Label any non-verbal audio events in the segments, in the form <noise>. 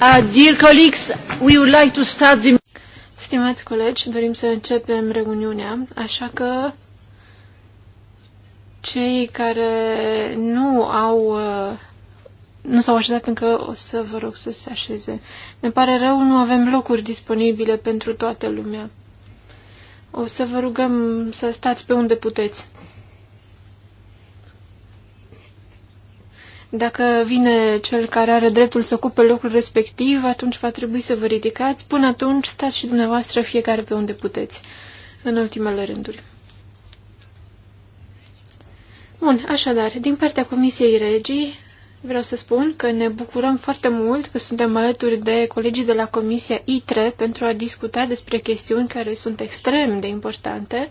Uh, Stimați colegi, dorim să începem reuniunea, așa că cei care nu au uh, nu s-au așezat încă, o să vă rog să se așeze. Ne pare rău, nu avem locuri disponibile pentru toată lumea. O să vă rugăm să stați pe unde puteți. Dacă vine cel care are dreptul să ocupe locul respectiv, atunci va trebui să vă ridicați. Până atunci, stați și dumneavoastră fiecare pe unde puteți, în ultimele rânduri. Bun, așadar, din partea Comisiei Regii, vreau să spun că ne bucurăm foarte mult că suntem alături de colegii de la Comisia ITRE pentru a discuta despre chestiuni care sunt extrem de importante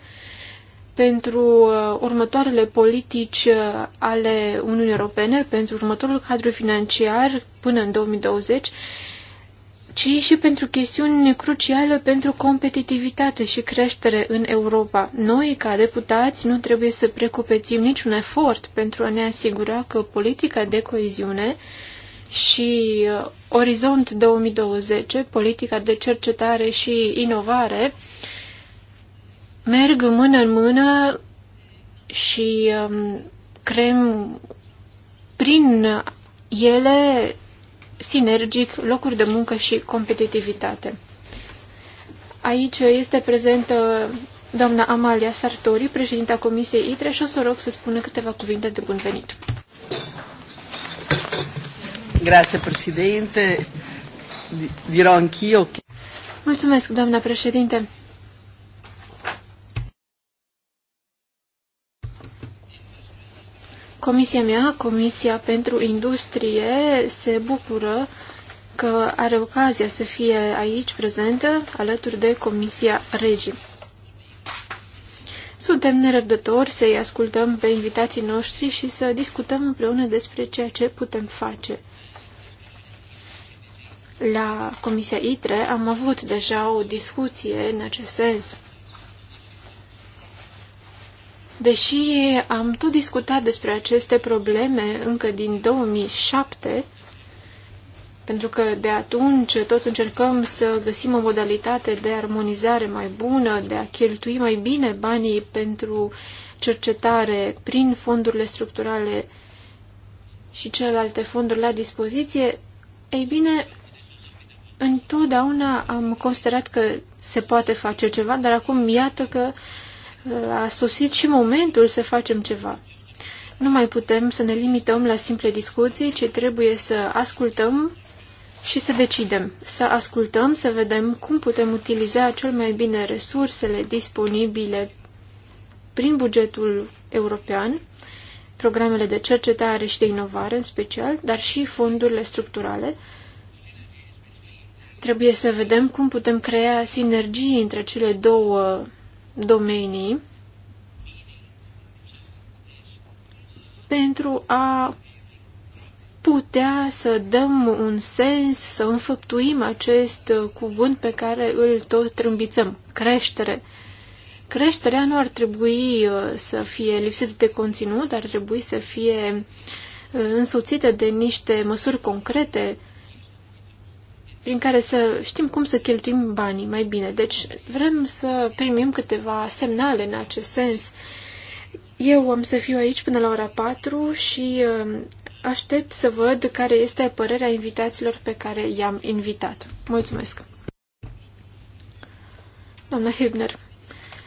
pentru uh, următoarele politici uh, ale Uniunii Europene, pentru următorul cadru financiar până în 2020, ci și pentru chestiuni cruciale pentru competitivitate și creștere în Europa. Noi, ca deputați, nu trebuie să precupețim niciun efort pentru a ne asigura că politica de coeziune și uh, Orizont 2020, politica de cercetare și inovare, merg mână în mână și um, creăm prin ele sinergic locuri de muncă și competitivitate. Aici este prezentă doamna Amalia Sartori, președinta Comisiei ITRE și o să rog să spună câteva cuvinte de bun venit. Grazie, președinte. Dirò anch'io. Mulțumesc, doamna președinte. Comisia mea, Comisia pentru Industrie, se bucură că are ocazia să fie aici prezentă alături de Comisia Regii. Suntem nerăbdători să-i ascultăm pe invitații noștri și să discutăm împreună despre ceea ce putem face. La Comisia ITRE am avut deja o discuție în acest sens. Deși am tot discutat despre aceste probleme încă din 2007, pentru că de atunci tot încercăm să găsim o modalitate de armonizare mai bună, de a cheltui mai bine banii pentru cercetare prin fondurile structurale și celelalte fonduri la dispoziție, ei bine, întotdeauna am considerat că se poate face ceva, dar acum iată că uh, a sosit și momentul să facem ceva. Nu mai putem să ne limităm la simple discuții, ci trebuie să ascultăm și să decidem. Să ascultăm, să vedem cum putem utiliza cel mai bine resursele disponibile prin bugetul european, programele de cercetare și de inovare în special, dar și fondurile structurale. Trebuie să vedem cum putem crea sinergii între cele două domenii pentru a putea să dăm un sens, să înfăptuim acest cuvânt pe care îl tot trâmbițăm, creștere. Creșterea nu ar trebui uh, să fie lipsită de conținut, ar trebui să fie uh, însoțită de niște măsuri concrete, prin care să știm cum să cheltuim banii mai bine. Deci vrem să primim câteva semnale în acest sens. Eu am să fiu aici până la ora 4 și um, aștept să văd care este părerea invitaților pe care i-am invitat. Mulțumesc! Doamna Hübner,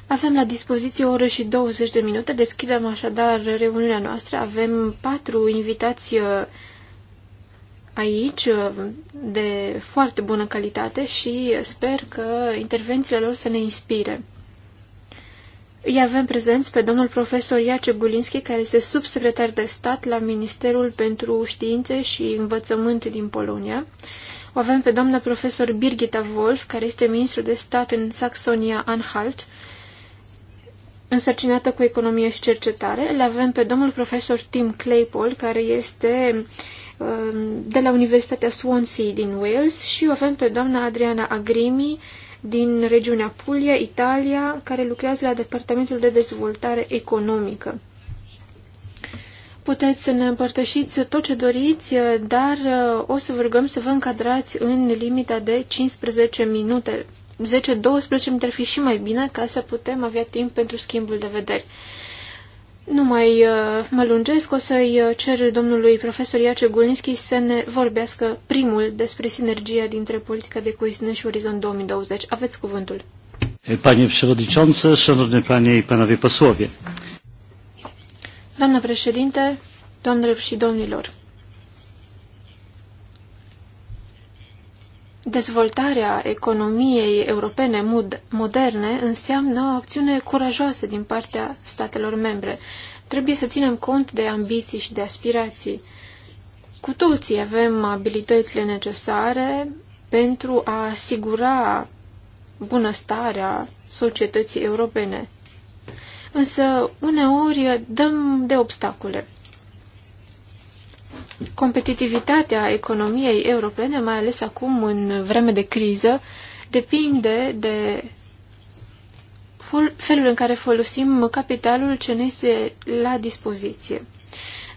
avem la dispoziție o oră și 20 de minute. Deschidem așadar reuniunea noastră. Avem patru invitații uh, aici de foarte bună calitate și sper că intervențiile lor să ne inspire. Îi avem prezenți pe domnul profesor Iace Gulinski, care este subsecretar de stat la Ministerul pentru Științe și Învățământ din Polonia. O avem pe doamna profesor Birgita Wolf, care este ministru de stat în Saxonia-Anhalt, însărcinată cu economie și cercetare. Îl avem pe domnul profesor Tim Claypole, care este um, de la Universitatea Swansea din Wales și o avem pe doamna Adriana Agrimi din regiunea Puglia, Italia, care lucrează la Departamentul de Dezvoltare Economică. Puteți să ne împărtășiți tot ce doriți, dar uh, o să vă rugăm să vă încadrați în limita de 15 minute 10-12 minute ar fi și mai bine ca să putem avea timp pentru schimbul de vederi. Nu mai uh, mă lungesc, o să-i uh, cer domnului profesor Iace Gulinski să ne vorbească primul despre sinergia dintre politica de coeziune și Orizont 2020. Aveți cuvântul. Panie președinte, Szanowne Panie și panovi Posłowie. Doamnă președinte, doamnelor și domnilor, Dezvoltarea economiei europene moderne înseamnă o acțiune curajoasă din partea statelor membre. Trebuie să ținem cont de ambiții și de aspirații. Cu toții avem abilitățile necesare pentru a asigura bunăstarea societății europene. Însă, uneori, dăm de obstacole. Competitivitatea economiei europene, mai ales acum în vreme de criză, depinde de felul în care folosim capitalul ce ne este la dispoziție.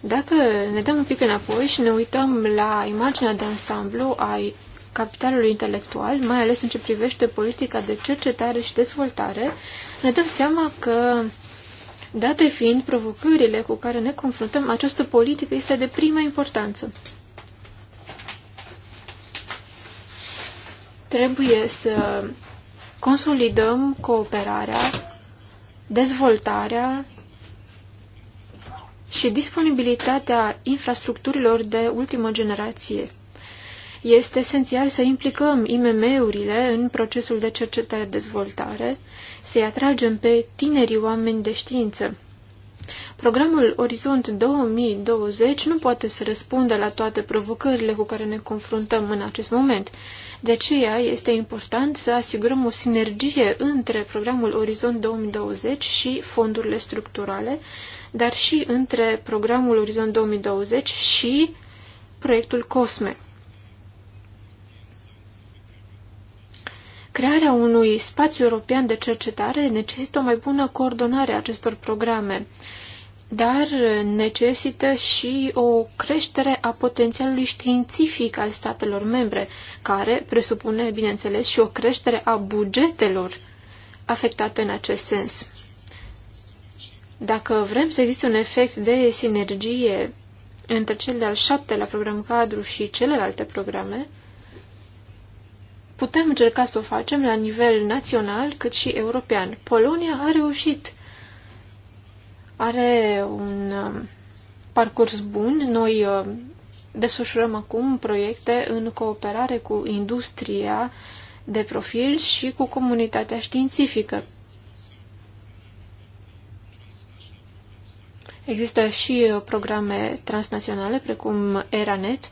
Dacă ne dăm un pic înapoi și ne uităm la imaginea de ansamblu a capitalului intelectual, mai ales în ce privește politica de cercetare și dezvoltare, ne dăm seama că Date fiind provocările cu care ne confruntăm, această politică este de primă importanță. Trebuie să consolidăm cooperarea, dezvoltarea și disponibilitatea infrastructurilor de ultimă generație. Este esențial să implicăm IMM-urile în procesul de cercetare-dezvoltare, să-i atragem pe tinerii oameni de știință. Programul Orizont 2020 nu poate să răspundă la toate provocările cu care ne confruntăm în acest moment. De aceea este important să asigurăm o sinergie între programul Orizont 2020 și fondurile structurale, dar și între programul Orizont 2020 și proiectul COSME. Crearea unui spațiu european de cercetare necesită o mai bună coordonare a acestor programe, dar necesită și o creștere a potențialului științific al statelor membre, care presupune, bineînțeles, și o creștere a bugetelor afectate în acest sens. Dacă vrem să existe un efect de sinergie între cel de-al șaptelea program cadru și celelalte programe, Putem încerca să o facem la nivel național cât și european. Polonia a reușit. Are un um, parcurs bun. Noi um, desfășurăm acum proiecte în cooperare cu industria de profil și cu comunitatea științifică. Există și uh, programe transnaționale, precum ERANET,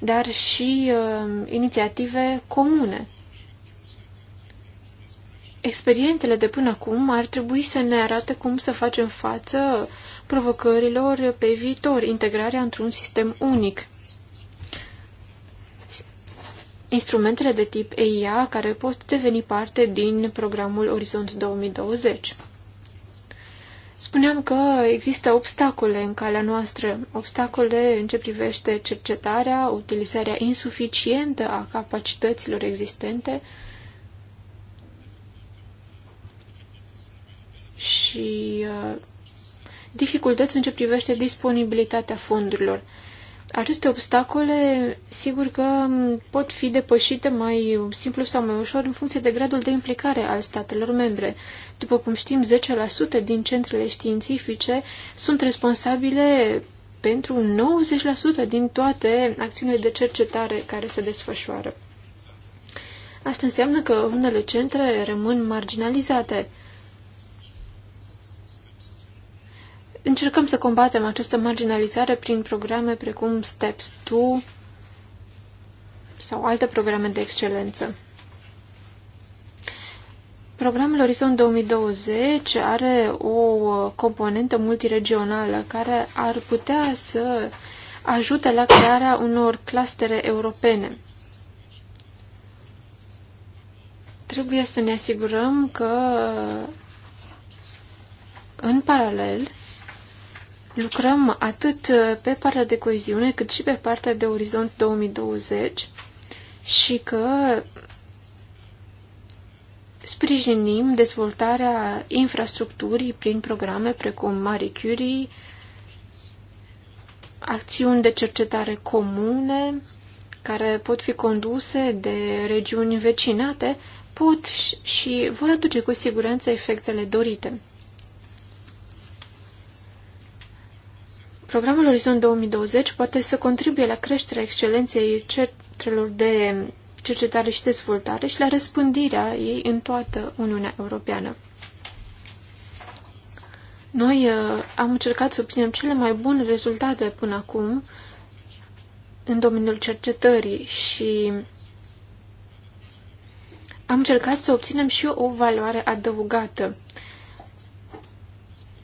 dar și uh, inițiative comune. Experiențele de până acum ar trebui să ne arate cum să facem față provocărilor pe viitor, integrarea într-un sistem unic. Instrumentele de tip EIA care pot deveni parte din programul Orizont 2020. Spuneam că există obstacole în calea noastră, obstacole în ce privește cercetarea, utilizarea insuficientă a capacităților existente și uh, dificultăți în ce privește disponibilitatea fondurilor. Aceste obstacole, sigur că pot fi depășite mai simplu sau mai ușor în funcție de gradul de implicare al statelor membre. După cum știm, 10% din centrele științifice sunt responsabile pentru 90% din toate acțiunile de cercetare care se desfășoară. Asta înseamnă că unele centre rămân marginalizate. Încercăm să combatem această marginalizare prin programe precum STEPS 2 sau alte programe de excelență. Programul Orizont 2020 are o uh, componentă multiregională care ar putea să ajute la crearea unor clustere europene. Trebuie să ne asigurăm că în paralel lucrăm atât uh, pe partea de coeziune cât și pe partea de orizont 2020 și că sprijinim dezvoltarea infrastructurii prin programe precum Marie Curie, acțiuni de cercetare comune care pot fi conduse de regiuni vecinate, pot și vor aduce cu siguranță efectele dorite. Programul Orizont 2020 poate să contribuie la creșterea excelenței centrelor de cercetare și dezvoltare și la răspândirea ei în toată Uniunea Europeană. Noi uh, am încercat să obținem cele mai bune rezultate până acum în domeniul cercetării și am încercat să obținem și o valoare adăugată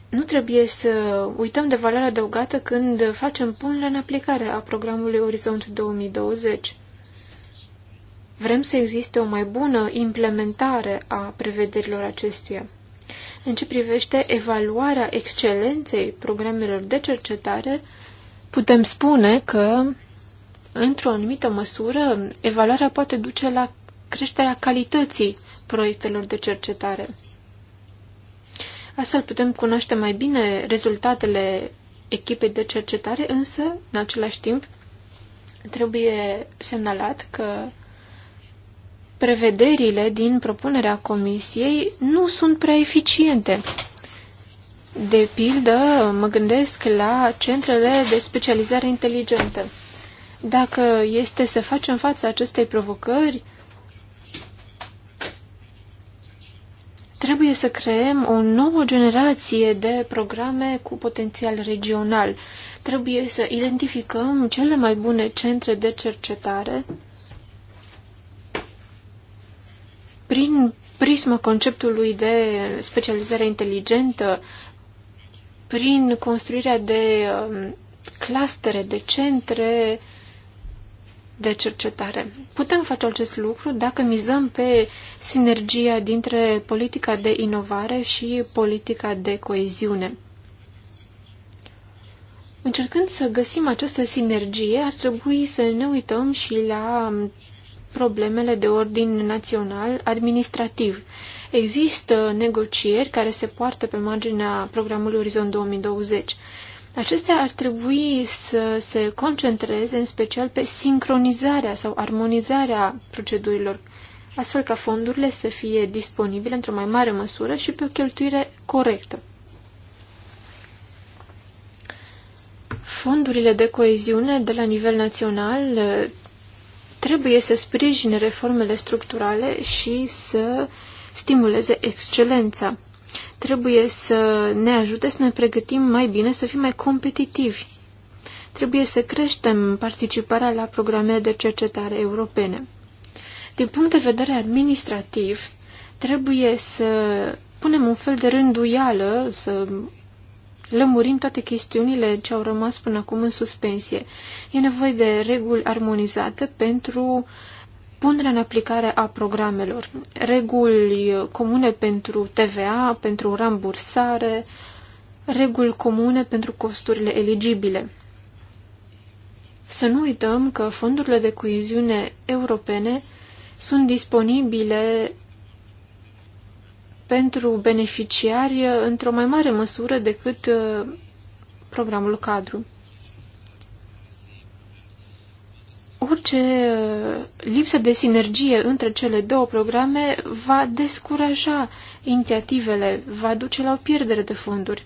nu trebuie să uităm de valoarea adăugată când facem punerea în aplicare a programului Orizont 2020. Vrem să existe o mai bună implementare a prevederilor acestuia. În ce privește evaluarea excelenței programelor de cercetare, putem spune că, într-o anumită măsură, evaluarea poate duce la creșterea calității proiectelor de cercetare. Astfel putem cunoaște mai bine rezultatele echipei de cercetare, însă, în același timp, trebuie semnalat că prevederile din propunerea comisiei nu sunt prea eficiente. De pildă, mă gândesc la centrele de specializare inteligentă. Dacă este să facem față acestei provocări, Trebuie să creăm o nouă generație de programe cu potențial regional. Trebuie să identificăm cele mai bune centre de cercetare prin prisma conceptului de specializare inteligentă, prin construirea de um, clustere de centre de cercetare. Putem face acest lucru dacă mizăm pe sinergia dintre politica de inovare și politica de coeziune. Încercând să găsim această sinergie, ar trebui să ne uităm și la um, problemele de ordin național administrativ. Există negocieri care se poartă pe marginea programului Orizont 2020 Acestea ar trebui să se concentreze în special pe sincronizarea sau armonizarea procedurilor, astfel ca fondurile să fie disponibile într-o mai mare măsură și pe o cheltuire corectă. Fondurile de coeziune de la nivel național eh, trebuie să sprijine reformele structurale și să stimuleze excelența trebuie să ne ajute să ne pregătim mai bine, să fim mai competitivi. Trebuie să creștem participarea la programele de cercetare europene. Din punct de vedere administrativ, trebuie să punem un fel de rânduială, să lămurim toate chestiunile ce au rămas până acum în suspensie. E nevoie de reguli armonizate pentru uh, Punerea în aplicare a programelor, reguli comune pentru TVA, pentru rambursare, reguli comune pentru costurile eligibile. Să nu uităm că fondurile de coeziune europene sunt disponibile pentru beneficiari într-o mai mare măsură decât uh, programul cadru. orice uh, lipsă de sinergie între cele două programe va descuraja inițiativele, va duce la o pierdere de fonduri.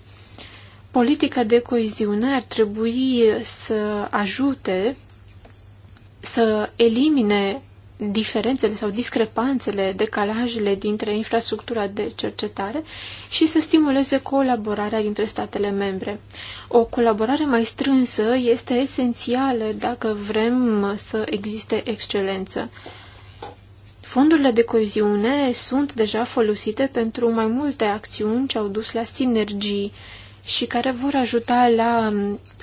Politica de coeziune ar trebui să ajute să elimine diferențele sau discrepanțele, decalajele dintre infrastructura de cercetare și să stimuleze colaborarea dintre statele membre. O colaborare mai strânsă este esențială dacă vrem să existe excelență. Fondurile de coziune sunt deja folosite pentru mai multe acțiuni ce au dus la sinergii și care vor ajuta la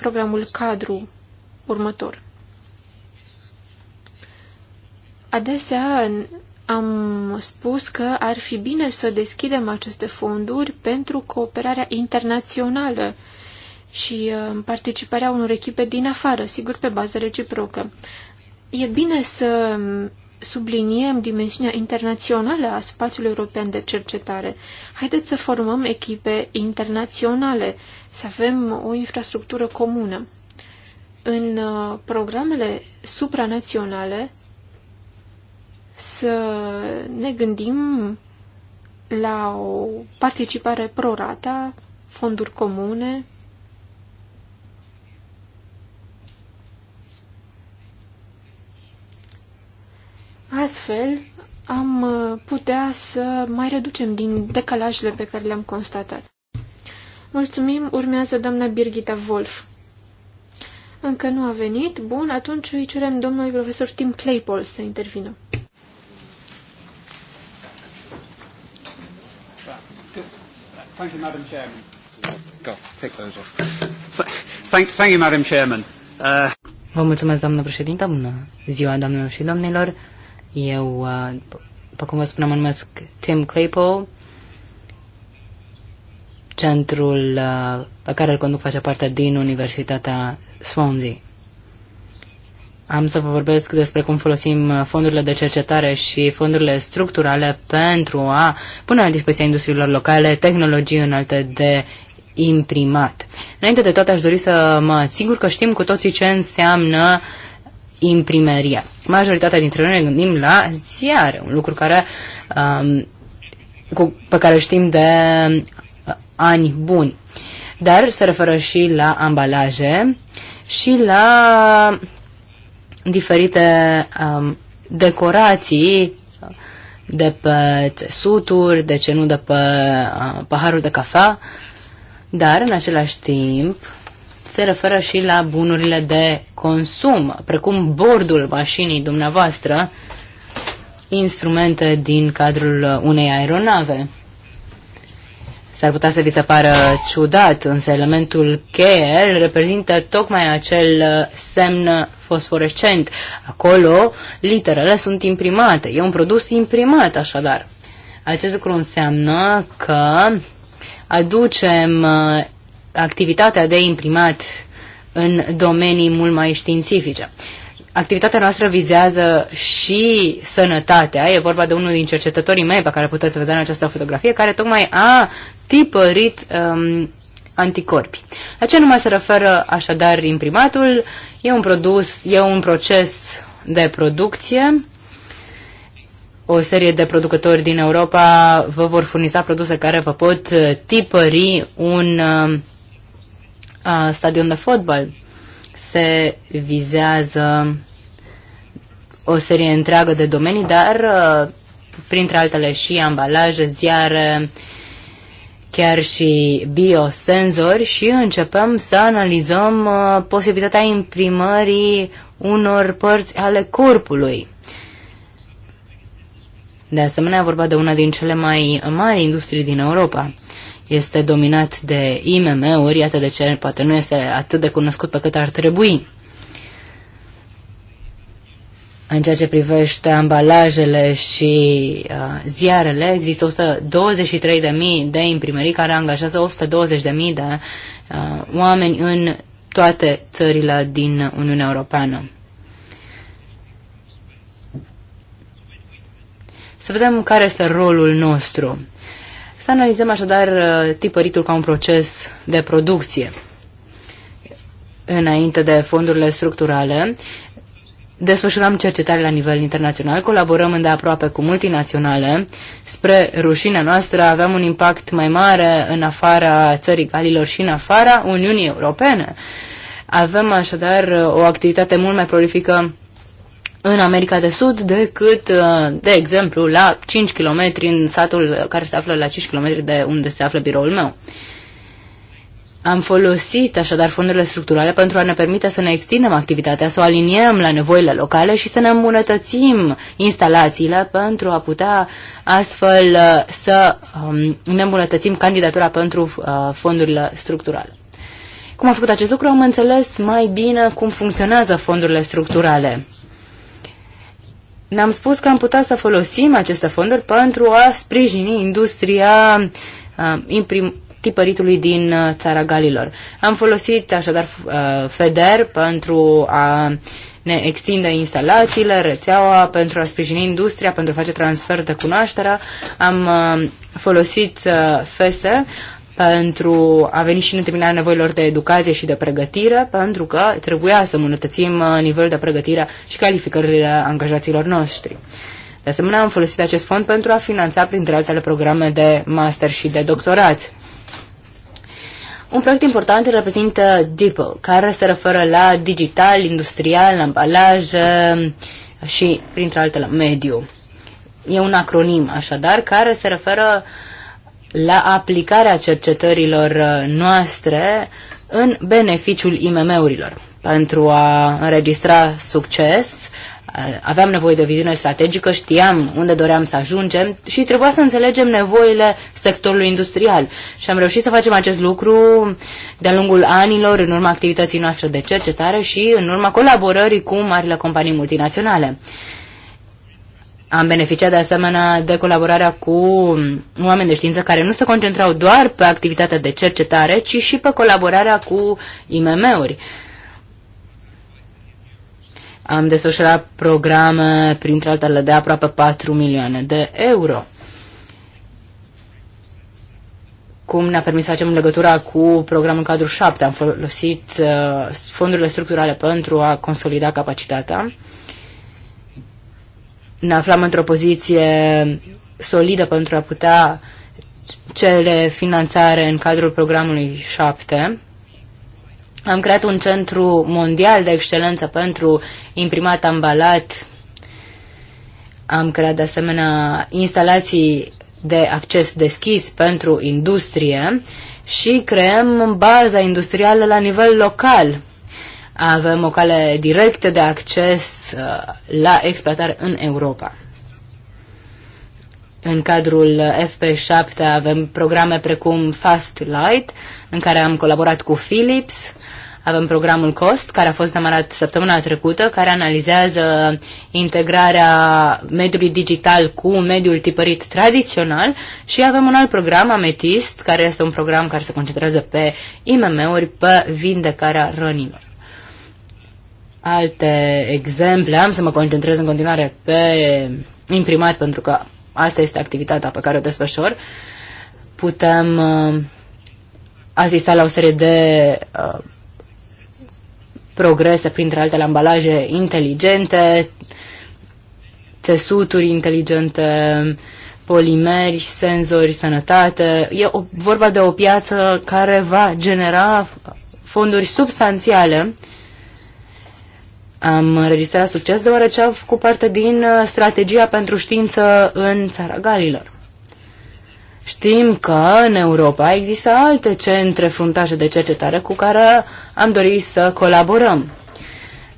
programul cadru următor. Adesea am spus că ar fi bine să deschidem aceste fonduri pentru cooperarea internațională și uh, participarea unor echipe din afară, sigur pe bază reciprocă. E bine să subliniem dimensiunea internațională a spațiului european de cercetare. Haideți să formăm echipe internaționale, să avem o infrastructură comună. În uh, programele supranaționale să ne gândim la o participare prorata, fonduri comune. Astfel, am uh, putea să mai reducem din decalajele pe care le-am constatat. Mulțumim, urmează doamna Birgita Wolf. Încă nu a venit? Bun, atunci îi cerem domnului profesor Tim Claypole să intervină. Thank you, Madam Chairman. Go, take those off. Thank, thank you, Madam Chairman. Uh... Vă mulțumesc, doamnă președintă. Bună ziua, doamnelor și domnilor. Eu, uh, după cum vă spuneam, mă numesc Tim Claypool. Centrul uh, pe care îl conduc face parte din Universitatea Swansea. Am să vă vorbesc despre cum folosim fondurile de cercetare și fondurile structurale pentru a pune la dispoziția industriilor locale tehnologii înalte de imprimat. Înainte de toate aș dori să mă asigur că știm cu toții ce înseamnă imprimeria. Majoritatea dintre noi ne gândim la ziare, un lucru care, um, cu, pe care știm de uh, ani buni. Dar se referă și la ambalaje și la diferite um, decorații de pe țesuturi, de ce nu de pe uh, paharul de cafea, dar în același timp se referă și la bunurile de consum, precum bordul mașinii dumneavoastră, instrumente din cadrul unei aeronave. S-ar putea să vi se pară ciudat, însă elementul cheie reprezintă tocmai acel uh, semn fosforescent. Acolo literele sunt imprimate. E un produs imprimat, așadar. Acest lucru înseamnă că aducem uh, activitatea de imprimat în domenii mult mai științifice. Activitatea noastră vizează și sănătatea. E vorba de unul din cercetătorii mei pe care puteți vedea în această fotografie, care tocmai a tipărit um, anticorpi. La ce numai se referă așadar imprimatul? E un produs, e un proces de producție. O serie de producători din Europa vă vor furniza produse care vă pot tipări un uh, uh stadion de fotbal. Se vizează o serie întreagă de domenii, dar uh, printre altele și ambalaje, ziare, uh, chiar și biosenzori și începem să analizăm uh, posibilitatea imprimării unor părți ale corpului. De asemenea, vorba de una din cele mai mari industrii din Europa. Este dominat de IMM-uri, iată de ce poate nu este atât de cunoscut pe cât ar trebui. În ceea ce privește ambalajele și uh, ziarele, există 123.000 de imprimării care angajează 820.000 de uh, oameni în toate țările din Uniunea Europeană. Să vedem care este rolul nostru. Să analizăm așadar uh, tipăritul ca un proces de producție înainte de fondurile structurale desfășurăm cercetare la nivel internațional, colaborăm îndeaproape cu multinaționale. Spre rușinea noastră avem un impact mai mare în afara țării Galilor și în afara Uniunii Europene. Avem așadar uh, o activitate mult mai prolifică în America de Sud decât, uh, de exemplu, la 5 km în satul care se află la 5 km de unde se află biroul meu. Am folosit așadar fondurile structurale pentru a ne permite să ne extindem activitatea, să o aliniem la nevoile locale și să ne îmbunătățim instalațiile pentru a putea astfel uh, să um, ne îmbunătățim candidatura pentru uh, fondurile structurale. Cum am făcut acest lucru, am înțeles mai bine cum funcționează fondurile structurale. Ne-am spus că am putea să folosim aceste fonduri pentru a sprijini industria uh, imprim tipăritului din uh, țara Galilor. Am folosit așadar uh, FEDER pentru a ne extinde instalațiile, rețeaua, pentru a sprijini industria, pentru a face transfer de cunoaștere. Am uh, folosit FESE pentru a veni și în întâmpinarea nevoilor de educație și de pregătire, pentru că trebuia să îmbunătățim nivelul de pregătire și calificările angajaților noștri. De asemenea, am folosit acest fond pentru a finanța, printre altele, programe de master și de doctorat. Un proiect important îl reprezintă DIPL, care se referă la digital, industrial, ambalaj și, printre altele, mediu. E un acronim, așadar, care se referă la aplicarea cercetărilor uh, noastre în beneficiul IMM-urilor. Pentru a înregistra succes, Eh, aveam nevoie de o viziune strategică, știam unde doream să ajungem și trebuia să înțelegem nevoile sectorului industrial. Și am reușit să facem acest lucru de-a lungul anilor, în urma activității noastre de cercetare și în urma colaborării cu marile companii multinaționale. Am beneficiat de asemenea de colaborarea cu oameni de știință care nu se concentrau doar pe activitatea de cercetare, ci și pe colaborarea cu IMM-uri. Uh, am desfășurat programe, printre altele, de aproape 4 milioane de euro. Cum ne-a permis să facem legătura cu programul cadru 7? Am folosit uh, fondurile structurale pentru a consolida capacitatea. Ne aflam într-o poziție solidă pentru a putea cere finanțare în cadrul programului 7 am creat un centru mondial de excelență pentru imprimat ambalat. Am creat de asemenea instalații de acces deschis pentru industrie și creăm baza industrială la nivel local. Avem o cale directă de acces uh, la exploatare în Europa. În cadrul FP7 avem programe precum Fast Light, în care am colaborat cu Philips, avem programul COST, care a fost demarat săptămâna trecută, care analizează integrarea mediului digital cu mediul tipărit tradițional și avem un alt program, Ametist, care este un program care se concentrează pe IMM-uri, pe vindecarea rănilor alte exemple. Am să mă concentrez în continuare pe imprimat, pentru că asta este activitatea pe care o desfășor. Putem uh, asista la o serie de uh, progrese, printre altele, ambalaje inteligente, țesuturi inteligente, polimeri, senzori, sănătate. E o, vorba de o piață care va genera fonduri substanțiale. Am înregistrat succes deoarece a făcut parte din uh, strategia pentru știință în țara Galilor. Știm că în Europa există alte centre fruntașe de cercetare cu care am dorit să colaborăm.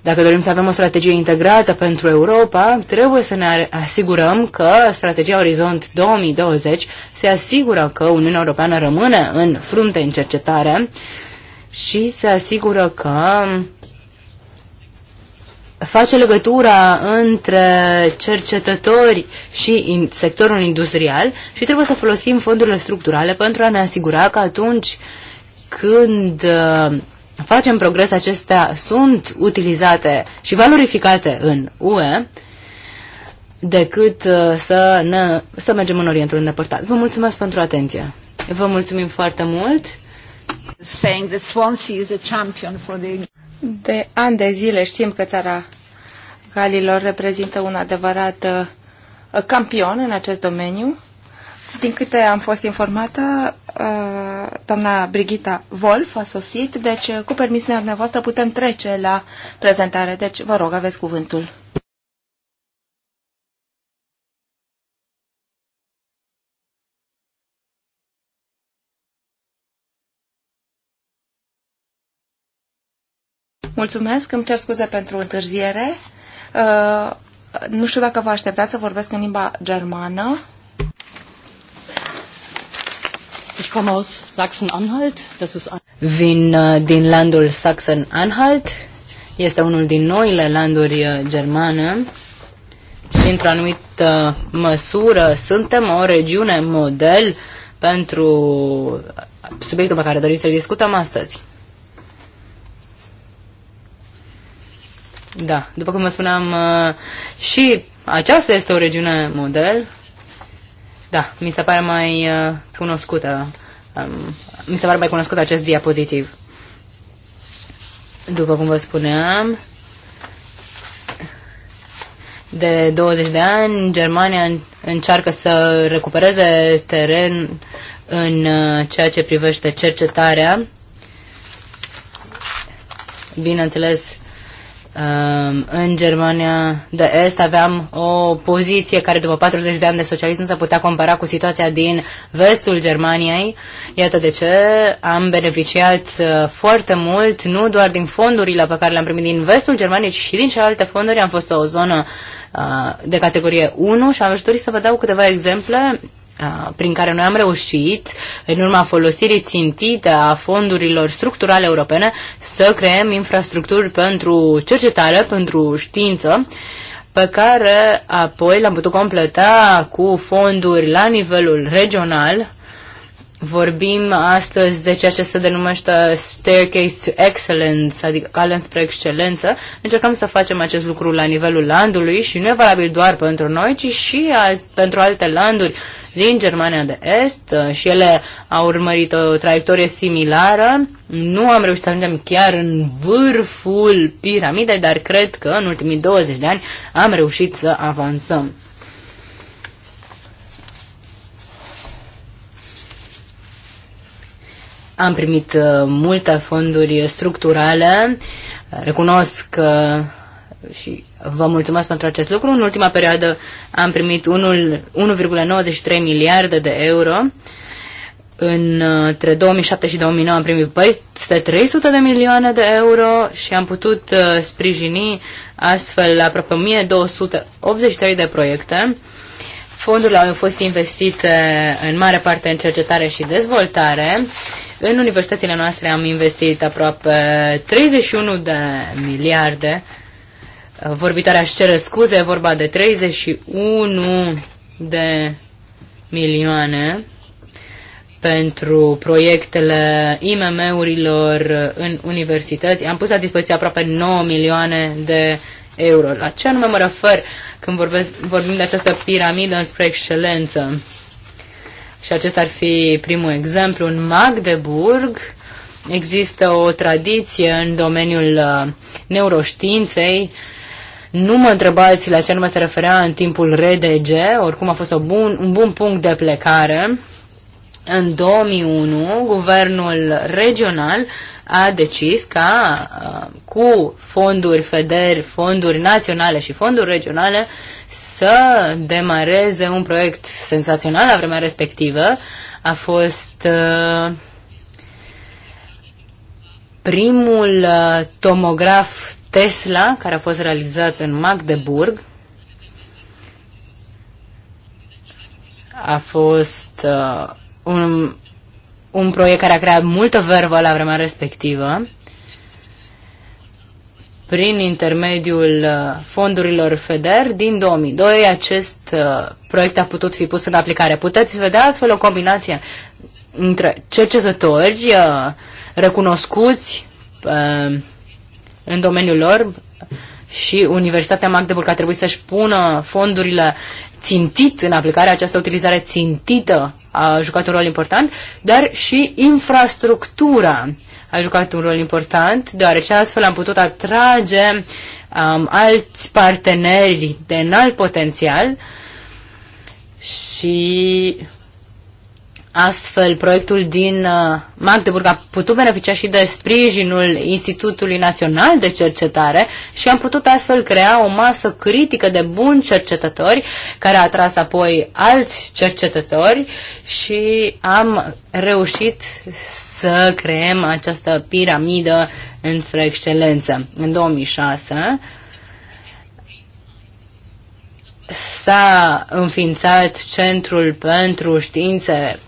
Dacă dorim să avem o strategie integrată pentru Europa, trebuie să ne asigurăm că strategia Orizont 2020 se asigură că Uniunea Europeană rămâne în frunte în cercetare și se asigură că face legătura între cercetători și in sectorul industrial și trebuie să folosim fondurile structurale pentru a ne asigura că atunci când uh, facem progres, acestea sunt utilizate și valorificate în UE, decât uh, să, ne, să mergem în Orientul îndepărtat. Vă mulțumesc pentru atenție. Vă mulțumim foarte mult. Saying that Swansea is a champion for the... De ani de zile știm că țara Galilor reprezintă un adevărat uh, campion în acest domeniu. Din câte am fost informată, uh, doamna Brigita Wolf a sosit, deci uh, cu permisiunea dumneavoastră putem trece la prezentare. Deci vă rog, aveți cuvântul. Mulțumesc, îmi cer scuze pentru întârziere. Uh, nu știu dacă vă așteptați să vorbesc în limba germană. Ich komme aus Sachsen-Anhalt. Das ist Vin uh, din landul Sachsen-Anhalt. Este unul din noile landuri uh, germane și într-o anumită uh, măsură suntem o regiune model pentru subiectul pe care doriți să-l discutăm astăzi. Da, după cum vă spuneam, uh, și aceasta este o regiune model. Da, mi se pare mai uh, cunoscută. Um, mi se pare mai cunoscut acest diapozitiv. După cum vă spuneam, de 20 de ani, Germania încearcă să recupereze teren în uh, ceea ce privește cercetarea. Bineînțeles, Ehm, în Germania de Est aveam o poziție care după 40 de ani de socialism se putea compara cu situația din vestul Germaniei. Iată de ce am beneficiat uh, foarte mult, nu doar din fondurile pe care le-am primit din vestul Germaniei, ci și din celelalte fonduri. Am fost o zonă uh, de categorie 1 și am dori să vă dau câteva exemple prin care noi am reușit, în urma folosirii țintite a fondurilor structurale europene, să creăm infrastructuri pentru cercetare, pentru știință, pe care apoi l-am putut completa cu fonduri la nivelul regional, Vorbim astăzi de ceea ce se denumește Staircase to Excellence, adică cale spre excelență. Încercăm să facem acest lucru la nivelul landului și nu e valabil doar pentru noi, ci și al, pentru alte landuri din Germania de Est și ele au urmărit o traiectorie similară. Nu am reușit să ajungem chiar în vârful piramidei, dar cred că în ultimii 20 de ani am reușit să avansăm. Am primit uh, multe fonduri structurale. Recunosc că uh, și vă mulțumesc pentru acest lucru. În ultima perioadă am primit 1,93 miliarde de euro. Uh, între 2007 și 2009 am primit peste 300 de milioane de euro și am putut sprijini astfel aproape 1283 de proiecte. Fondurile au fost investite în mare parte în cercetare și dezvoltare în universitățile noastre am investit aproape 31 de miliarde. Vorbitoarea își cere scuze, e vorba de 31 de milioane pentru proiectele IMM-urilor în universități. Am pus la dispoziție aproape 9 milioane de euro. La ce anume mă refer când vorbesc, vorbim de această piramidă înspre excelență? și acesta ar fi primul exemplu, în Magdeburg există o tradiție în domeniul uh, neuroștiinței. Nu mă întrebați la ce anume se referea în timpul RDG, oricum a fost o bun, un bun punct de plecare. În 2001, guvernul regional uh, a decis ca cu fonduri FEDER, fonduri naționale și fonduri regionale să demareze un proiect sensațional la vremea respectivă. A fost primul tomograf Tesla care a fost realizat în Magdeburg. A fost uh, un un proiect care a creat multă vervă la vremea respectivă. Prin intermediul uh, fondurilor FEDER din 2002, acest uh, proiect a putut fi pus în aplicare. Puteți vedea astfel o combinație între cercetători uh, recunoscuți în domeniul lor și Universitatea Magdeburg a trebuit să-și pună fondurile țintit în aplicarea această utilizare țintită a jucat un rol important, dar și infrastructura a jucat un rol important, deoarece astfel am putut atrage um, alți parteneri de înalt potențial și Astfel, proiectul din uh, Magdeburg a putut beneficia și de sprijinul Institutului Național de Cercetare și am putut astfel crea o masă critică de buni cercetători care a atras apoi alți cercetători și am reușit să creăm această piramidă înspre excelență. În 2006 s-a înființat Centrul pentru Științe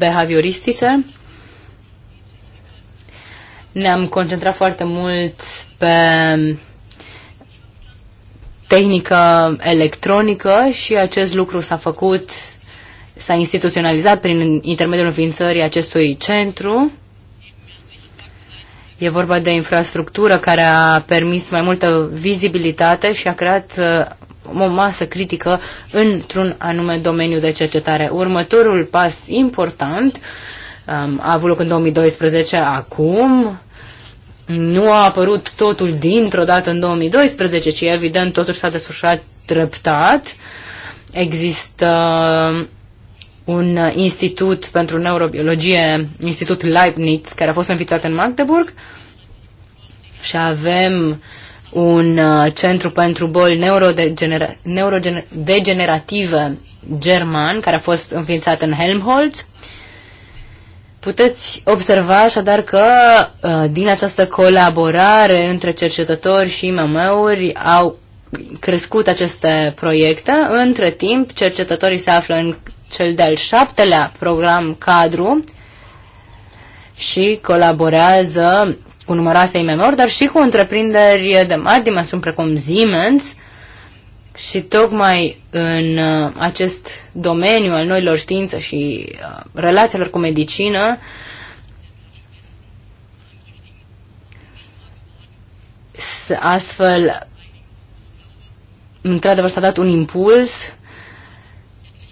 behavioristice. Ne-am concentrat foarte mult pe tehnică electronică și acest lucru s-a făcut, s-a instituționalizat prin intermediul înființării acestui centru. E vorba de infrastructură care a permis mai multă vizibilitate și a creat uh, o masă critică într-un anume domeniu de cercetare. Următorul pas important um, a avut loc în 2012, acum nu a apărut totul dintr-o dată în 2012, ci evident totul s-a desfășurat treptat. Există un uh, institut pentru neurobiologie, Institut Leibniz, care a fost înființat în Magdeburg și avem un uh, centru pentru boli neurodegenerative german, care a fost înființat în Helmholtz. Puteți observa așadar că uh, din această colaborare între cercetători și IMM-uri au crescut aceste proiecte. Între timp, cercetătorii se află în cel de-al șaptelea program cadru și colaborează cu numeroase imm dar și cu întreprinderi de mari dimensiuni precum Siemens și tocmai în uh, acest domeniu al noilor științe și uh, relațiilor cu medicină astfel într-adevăr s-a dat un impuls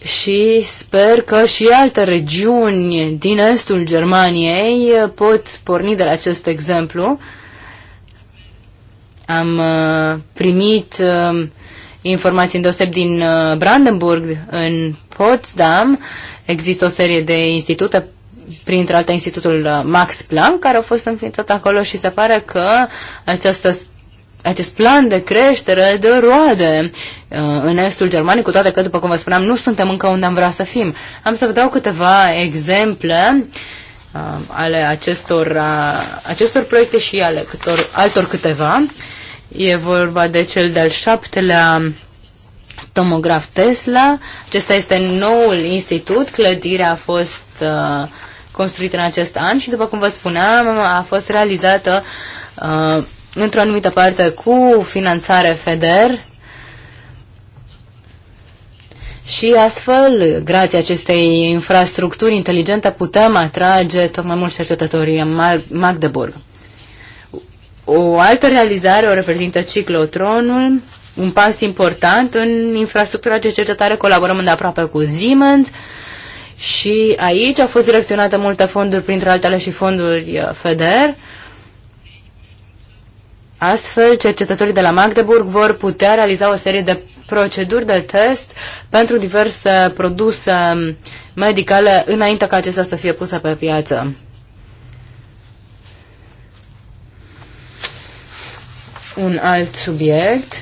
și sper că și alte regiuni din estul Germaniei pot porni de la acest exemplu. Am uh, primit uh, informații îndeoseb din uh, Brandenburg, în Potsdam. Există o serie de institute printre alte institutul Max Planck, care au fost înființat acolo și se pare că această acest plan de creștere de roade uh, în estul germanic cu toate că, după cum vă spuneam, nu suntem încă unde am vrea să fim. Am să vă dau câteva exemple uh, ale acestor, uh, acestor proiecte și ale câtor, altor câteva. E vorba de cel de-al șaptelea tomograf Tesla. Acesta este noul institut. Clădirea a fost construită în acest an și, după cum vă spuneam, a fost realizată într-o anumită parte cu finanțare FEDER și astfel, grație acestei infrastructuri inteligente, putem atrage tot mai mulți cercetători în Magdeburg. O altă realizare o reprezintă ciclotronul, un pas important în infrastructura de cercetare, colaborăm îndeaproape cu Siemens și aici au fost direcționate multe fonduri, printre altele și fonduri uh, FEDER. Astfel, cercetătorii de la Magdeburg vor putea realiza o serie de proceduri de test pentru diverse produse medicale înainte ca acestea să fie puse pe piață. Un alt subiect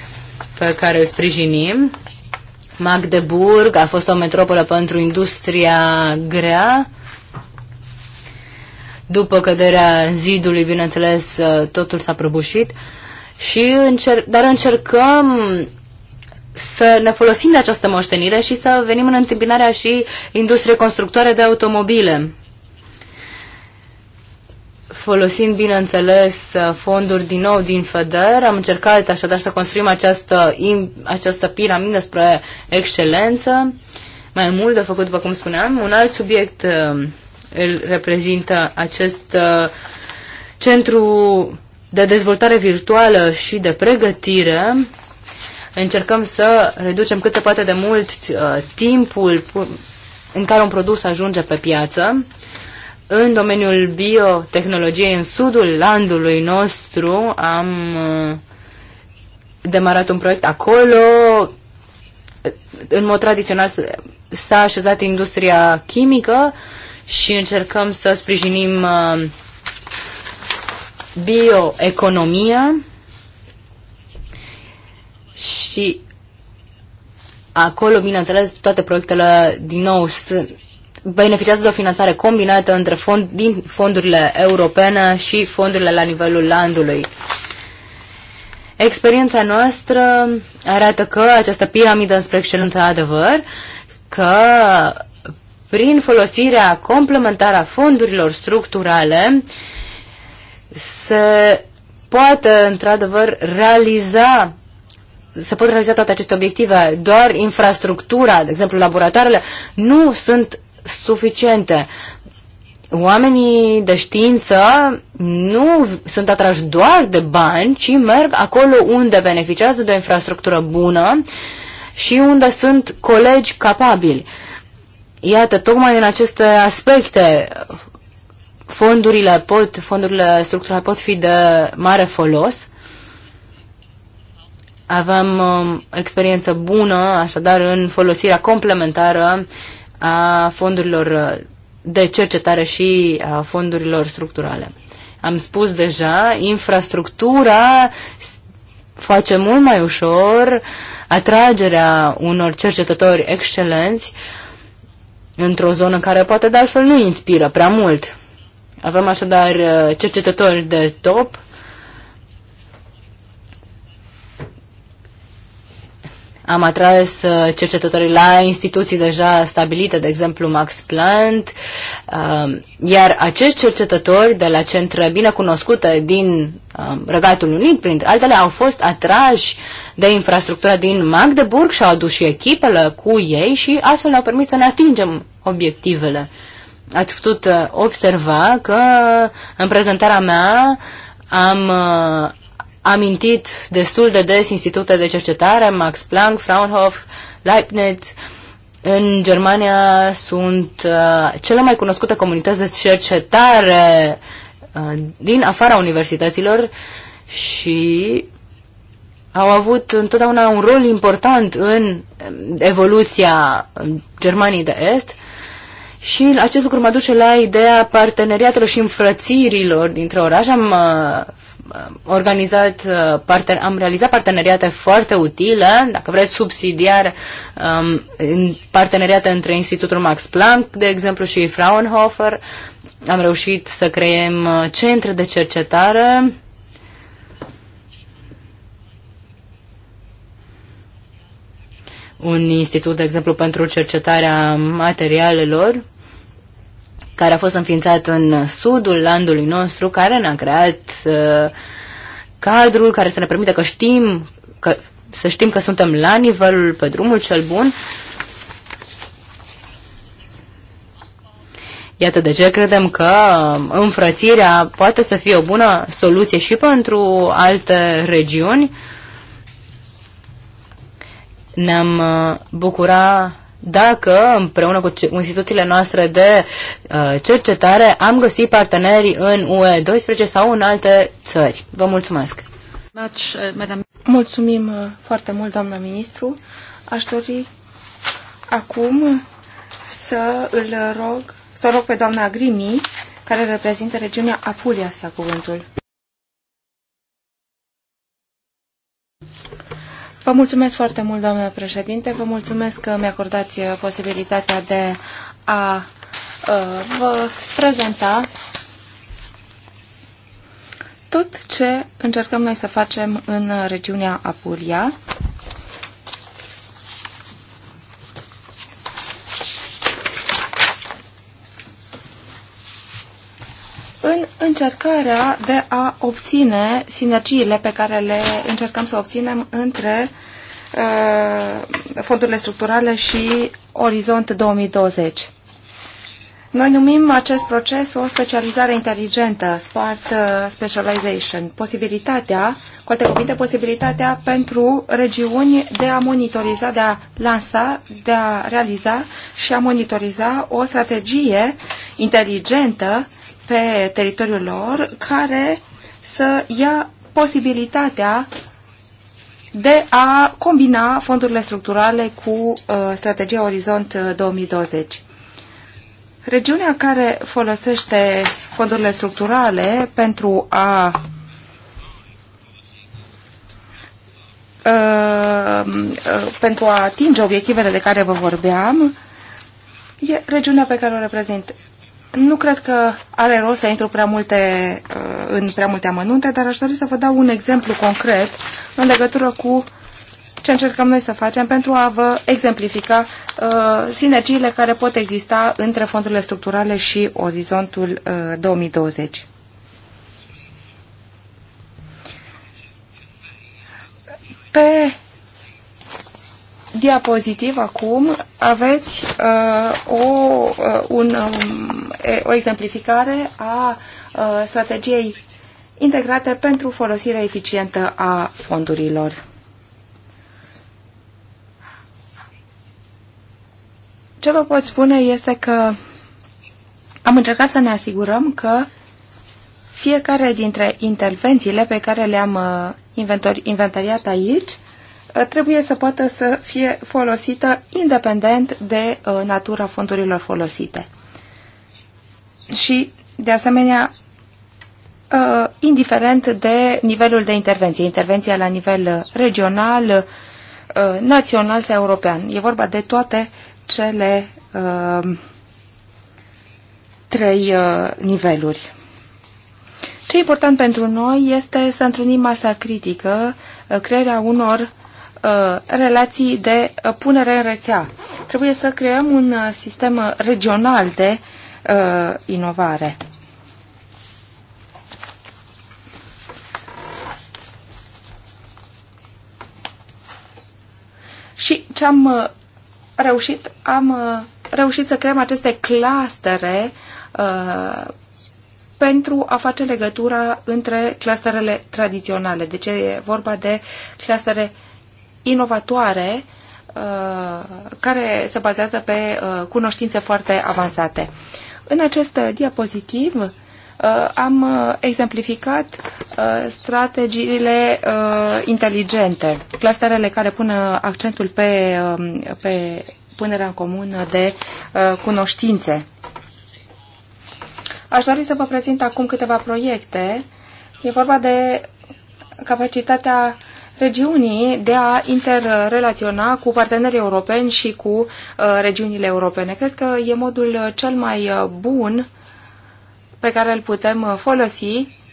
pe care îl sprijinim. Magdeburg a fost o metropolă pentru industria grea după căderea zidului, bineînțeles, uh, totul s-a prăbușit, și încer- dar încercăm să ne folosim de această moștenire și să venim în întâmpinarea și industriei constructoare de automobile. Folosind, bineînțeles, uh, fonduri din nou din FEDER, am încercat așadar să construim această, această piramidă spre excelență. Mai mult de făcut, după cum spuneam, un alt subiect uh, îl reprezintă acest uh, centru de dezvoltare virtuală și de pregătire. Încercăm să reducem cât se poate de mult uh, timpul în care un produs ajunge pe piață. În domeniul biotehnologiei, în sudul landului nostru, am uh, demarat un proiect acolo. În mod tradițional s-a așezat industria chimică, și încercăm să sprijinim uh, bioeconomia și acolo, bineînțeles, toate proiectele din nou sunt beneficiază de o finanțare combinată între fond, din fondurile europene și fondurile la nivelul landului. Experiența noastră arată că această piramidă, înspre excelență adevăr, că prin folosirea complementară a fondurilor structurale să poată într-adevăr realiza se pot realiza toate aceste obiective, doar infrastructura, de exemplu laboratoarele, nu sunt suficiente. Oamenii de știință nu sunt atrași doar de bani, ci merg acolo unde beneficiază de o infrastructură bună și unde sunt colegi capabili. Iată, tocmai în aceste aspecte fondurile pot, fondurile structurale pot fi de mare folos. Avem um, experiență bună, așadar, în folosirea complementară a fondurilor de cercetare și a fondurilor structurale. Am spus deja, infrastructura face mult mai ușor atragerea unor cercetători excelenți uh, într-o zonă care poate de altfel nu inspiră prea mult. Avem așadar uh, cercetători de top Am atras uh, cercetătorii la instituții deja stabilite, de exemplu Max Planck, um, iar acești cercetători de la centre bine cunoscute din um, Regatul Unit, printre altele, au fost atrași de infrastructura din Magdeburg și au adus și echipele cu ei și astfel ne-au permis să ne atingem obiectivele. Ați putut uh, observa că în prezentarea mea am uh, amintit destul de des institute de cercetare, Max Planck, Fraunhofer, Leibniz. În Germania sunt uh, cele mai cunoscute comunități de cercetare uh, din afara universităților și au avut întotdeauna un rol important în um, evoluția Germaniei de Est și acest lucru mă duce la ideea parteneriatelor și înfrățirilor dintre orașe. Am uh, Uh, organizat, uh, parten, am realizat parteneriate foarte utile, dacă vreți subsidiar, um, parteneriate între Institutul Max Planck, de exemplu, și Fraunhofer. Am reușit să creăm uh, centre de cercetare un institut, de exemplu, pentru cercetarea materialelor care a fost înființat în sudul landului nostru, care ne-a creat uh, cadrul care să ne permită că știm că, să știm că suntem la nivelul, pe drumul cel bun. Iată de ce credem că înfrățirea poate să fie o bună soluție și pentru alte regiuni. Ne-am uh, bucurat dacă împreună cu instituțiile noastre de uh, cercetare am găsit parteneri în UE12 sau în alte țări. Vă mulțumesc! Uh, Mulțumim uh, foarte mult, doamnă ministru. Aș dori acum să îl rog, să rog pe doamna Grimi, care reprezintă regiunea Apulia, să ia cuvântul. Vă mulțumesc foarte mult, doamnă președinte. Vă mulțumesc că mi-acordați uh, posibilitatea de a uh, vă prezenta tot ce încercăm noi să facem în uh, regiunea Apulia în încercarea de a obține sinergiile pe care le încercăm să obținem între uh, fondurile structurale și Orizont 2020. Noi numim acest proces o specializare inteligentă, smart uh, specialization, posibilitatea, cu alte cuvinte, posibilitatea pentru regiuni de a monitoriza, de a lansa, de a realiza și a monitoriza o strategie inteligentă pe teritoriul lor care să ia posibilitatea de a combina fondurile structurale cu uh, strategia Orizont 2020. Uh, regiunea care folosește fondurile structurale pentru a uh, uh, pentru a atinge obiectivele de care vă vorbeam, e regiunea pe care o reprezint nu cred că are rost să intru prea multe, uh, în prea multe amănunte, dar aș dori să vă dau un exemplu concret în legătură cu ce încercăm noi să facem pentru a vă exemplifica uh, sinergiile care pot exista între fondurile structurale și orizontul uh, 2020. Pe diapozitiv acum aveți uh, o, uh, un, um, o exemplificare a uh, strategiei integrate pentru folosirea eficientă a fondurilor. Ce vă pot spune este că am încercat să ne asigurăm că fiecare dintre intervențiile pe care le-am uh, inventor, inventariat aici trebuie să poată să fie folosită independent de uh, natura fondurilor folosite. Și, de asemenea, uh, indiferent de nivelul de intervenție, intervenția la nivel regional, uh, național sau european. E vorba de toate cele trei niveluri. Ce important pentru noi este să întrunim masa critică, crearea unor Uh, relații de uh, punere în rețea. Trebuie să creăm un uh, sistem regional de inovare. Și ce am reușit, am reușit să creăm aceste clastere uh, pentru a face legătura între clusterele tradiționale. Deci e vorba de clastere inovatoare uh, care se bazează pe uh, cunoștințe foarte avansate. În acest uh, diapozitiv am exemplificat strategiile inteligente, clusterele care pun accentul pe, um, pe punerea în comun de cunoștințe. Aș dori să vă prezint acum câteva proiecte. E vorba de capacitatea regiunii de a interrelaționa cu partenerii europeni și cu uh, regiunile europene. Cred că e modul cel mai uh, bun pe care îl putem uh, folosi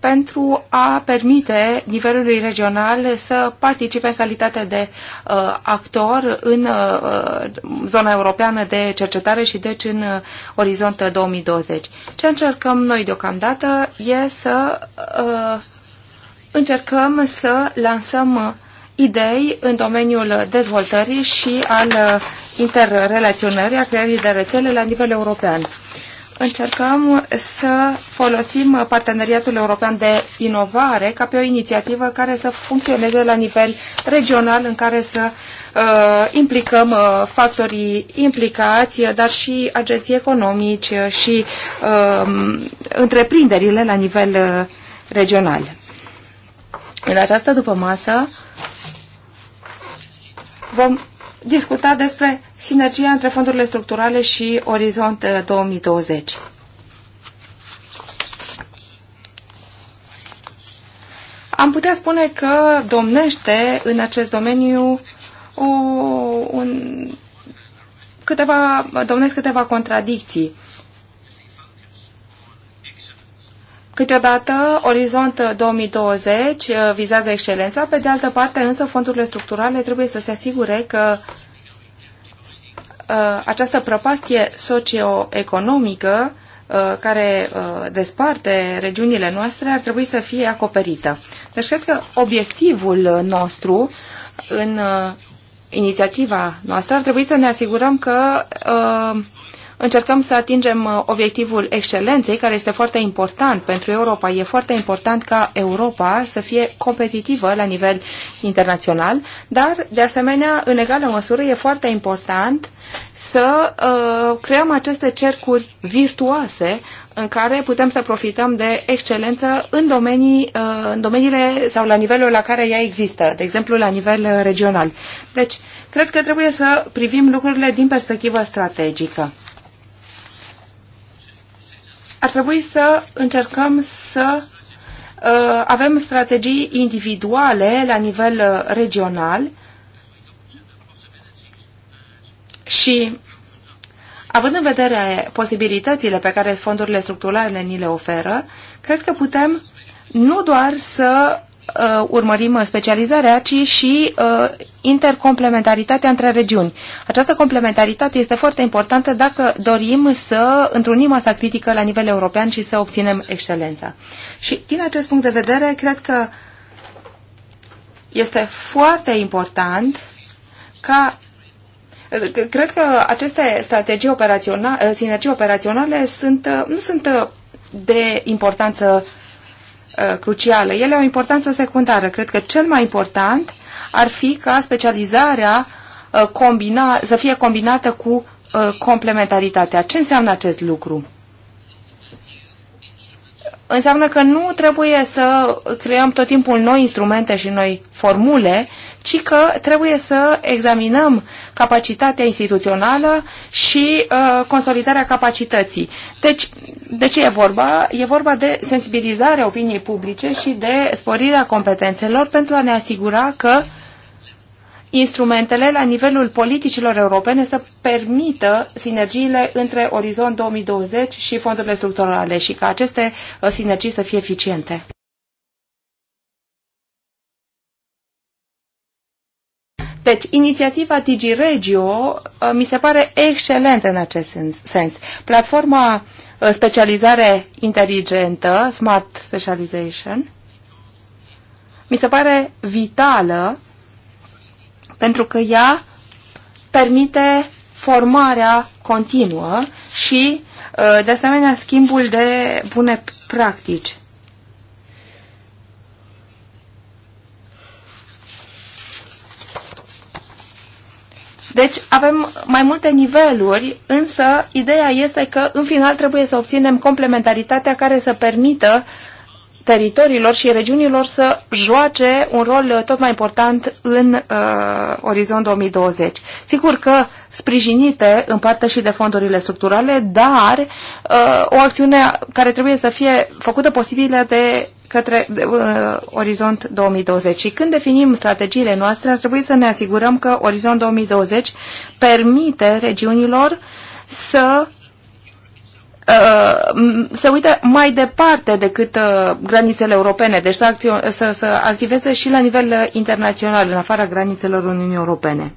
pentru a permite nivelului regional să participe în calitate de uh, actor în uh, zona europeană de cercetare și deci în uh, orizont 2020. Ce încercăm noi deocamdată e să uh, încercăm să lansăm uh, idei în domeniul dezvoltării și al uh, interrelaționării, a creării de rețele la nivel european. Încercăm să folosim uh, Parteneriatul European de Inovare ca pe o inițiativă care să funcționeze la nivel regional, în care să uh, implicăm uh, factorii implicați, dar și agenții economici și uh, întreprinderile la nivel uh, regional. În această masă vom discuta despre sinergia între fondurile structurale și Orizont 2020. Uh, Am putea spune că domnește în acest domeniu o, un, câteva, domnesc câteva contradicții. Câteodată, Orizont 2020 uh, uh, vizează excelența, pe de altă parte, însă, fondurile structurale trebuie să se asigure că uh, această prăpastie socioeconomică care desparte regiunile noastre ar trebui să fie acoperită. Deci cred că obiectivul nostru în inițiativa noastră ar trebui să ne asigurăm că uh, încercăm să atingem uh, obiectivul excelenței, care este foarte important pentru Europa. E foarte important ca Europa să fie competitivă la nivel internațional, dar, de asemenea, în egală măsură, e foarte important să uh, creăm aceste cercuri virtuoase în care putem să profităm de excelență în, domenii, uh, în domeniile sau la nivelul la care ea există, de exemplu la nivel uh, regional. Deci, cred că trebuie să privim lucrurile din perspectivă strategică ar trebui să încercăm să uh, avem strategii individuale la nivel uh, regional și având în vedere posibilitățile pe care fondurile structurale ni le oferă, cred că putem nu doar să uh, urmărim specializarea, ci și uh, intercomplementaritatea între regiuni. Această complementaritate este foarte importantă dacă dorim să întrunim masa critică la nivel european și să obținem excelența. Și din acest punct de vedere, cred că este foarte important ca uh, Cred că aceste strategii operaționale, uh, sinergii operaționale sunt, uh, nu sunt de importanță uh, Uh, cruciale. Ele au importanță secundară. Cred că cel mai important ar fi ca specializarea uh, combina, să fie combinată cu uh, complementaritatea. Ce înseamnă acest lucru? înseamnă că nu trebuie să creăm tot timpul noi instrumente și noi formule, ci că trebuie să examinăm capacitatea instituțională și uh, consolidarea capacității. Deci, de ce e vorba? E vorba de sensibilizarea opiniei publice și de sporirea competențelor pentru a ne asigura că uh, instrumentele la nivelul politicilor europene să permită sinergiile între Orizont 2020 și fondurile structurale și ca aceste uh, sinergii să fie eficiente. Deci, inițiativa DigiRegio uh, mi se pare excelentă în acest sens. Platforma uh, specializare inteligentă, Smart Specialization, mi se pare vitală pentru că ea permite formarea continuă și, uh, de asemenea, schimbul de bune practici. Deci avem mai multe niveluri, însă ideea este că în final trebuie să obținem complementaritatea care să permită teritoriilor și regiunilor să joace un rol uh, tot mai important în uh, orizont 2020. Sigur că sprijinite în parte și de fondurile structurale, dar uh, o acțiune care trebuie să fie făcută posibilă de către uh, Orizont 2020. Și când definim strategiile noastre, ar trebui să ne asigurăm că Orizont 2020 permite regiunilor să Uh, se uită mai departe decât uh, granițele europene, deci să, acțio- să, să activeze și la nivel uh, internațional, în afara granițelor Uniunii Europene.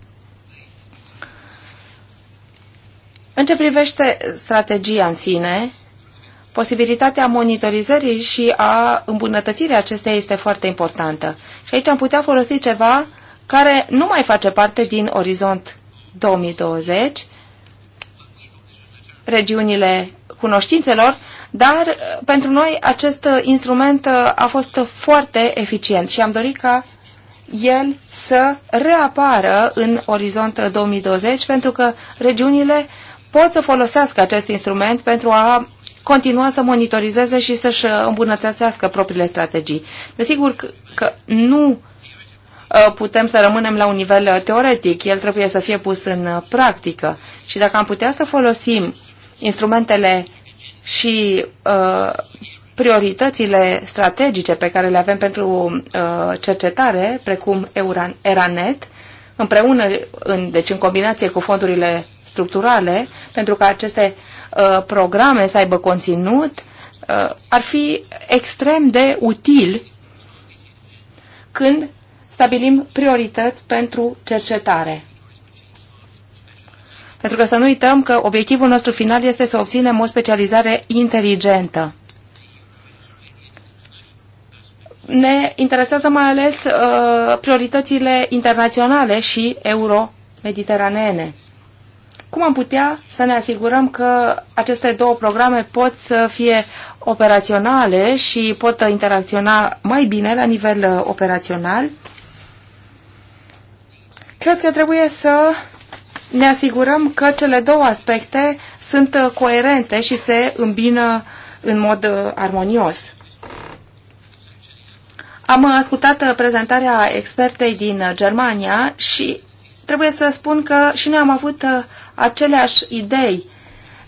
În ce privește strategia în sine, posibilitatea monitorizării și a îmbunătățirii acesteia este foarte importantă. Și aici am putea folosi ceva care nu mai face parte din Orizont 2020, regiunile cunoștințelor, dar uh, pentru noi acest uh, instrument uh, a fost foarte eficient și am dorit ca el să reapară în orizont 2020 pentru că regiunile pot să folosească acest instrument pentru a continua să monitorizeze și să-și îmbunătățească propriile strategii. Desigur că nu putem să rămânem la un nivel teoretic, el trebuie să fie pus în practică. Și dacă am putea să folosim instrumentele și uh, prioritățile strategice pe care le avem pentru uh, cercetare, precum Euran, Eranet, împreună, în, deci în combinație cu fondurile structurale, pentru că aceste uh, programe să aibă conținut, uh, ar fi extrem de util când stabilim priorități pentru cercetare. Pentru că să nu uităm că obiectivul nostru final este să obținem o specializare inteligentă. Ne interesează mai ales uh, prioritățile internaționale și euro-mediteraneene. Cum am putea să ne asigurăm că aceste două programe pot să fie operaționale și pot interacționa mai bine la nivel uh, operațional? Cred că trebuie să ne asigurăm că cele două aspecte sunt uh, coerente și se îmbină în mod uh, armonios. Am uh, ascultat prezentarea expertei din Germania și trebuie să spun că și noi am avut aceleași idei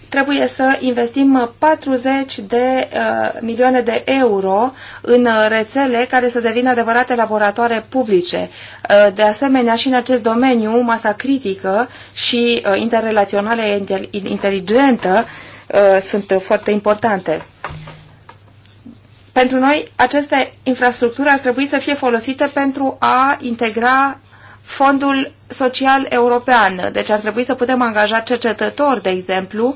trebuie să investim 40 de uh, milioane de euro în uh, rețele care să devină adevărate laboratoare publice. Uh, de asemenea, și în acest domeniu, masa critică și uh, interrelațională inteligentă uh, sunt foarte importante. Pentru noi, aceste infrastructuri ar trebui să fie folosite pentru a integra fondul social european. Deci ar trebui să putem angaja cercetători, de exemplu,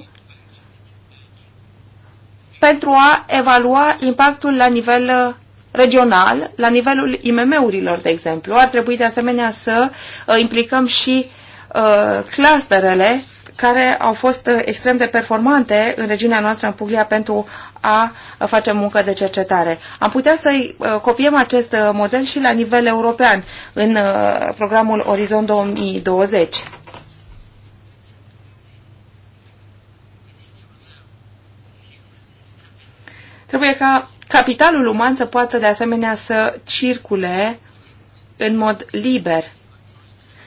pentru a evalua impactul la nivel uh, regional, la nivelul IMM-urilor, de exemplu. Ar trebui de asemenea să uh, implicăm și uh, clusterele care au fost extrem de performante în regiunea noastră, în Puglia, pentru a face muncă de cercetare. Am putea să copiem acest model și la nivel european în programul Orizont 2020. Trebuie ca capitalul uman să poată de asemenea să circule în mod liber.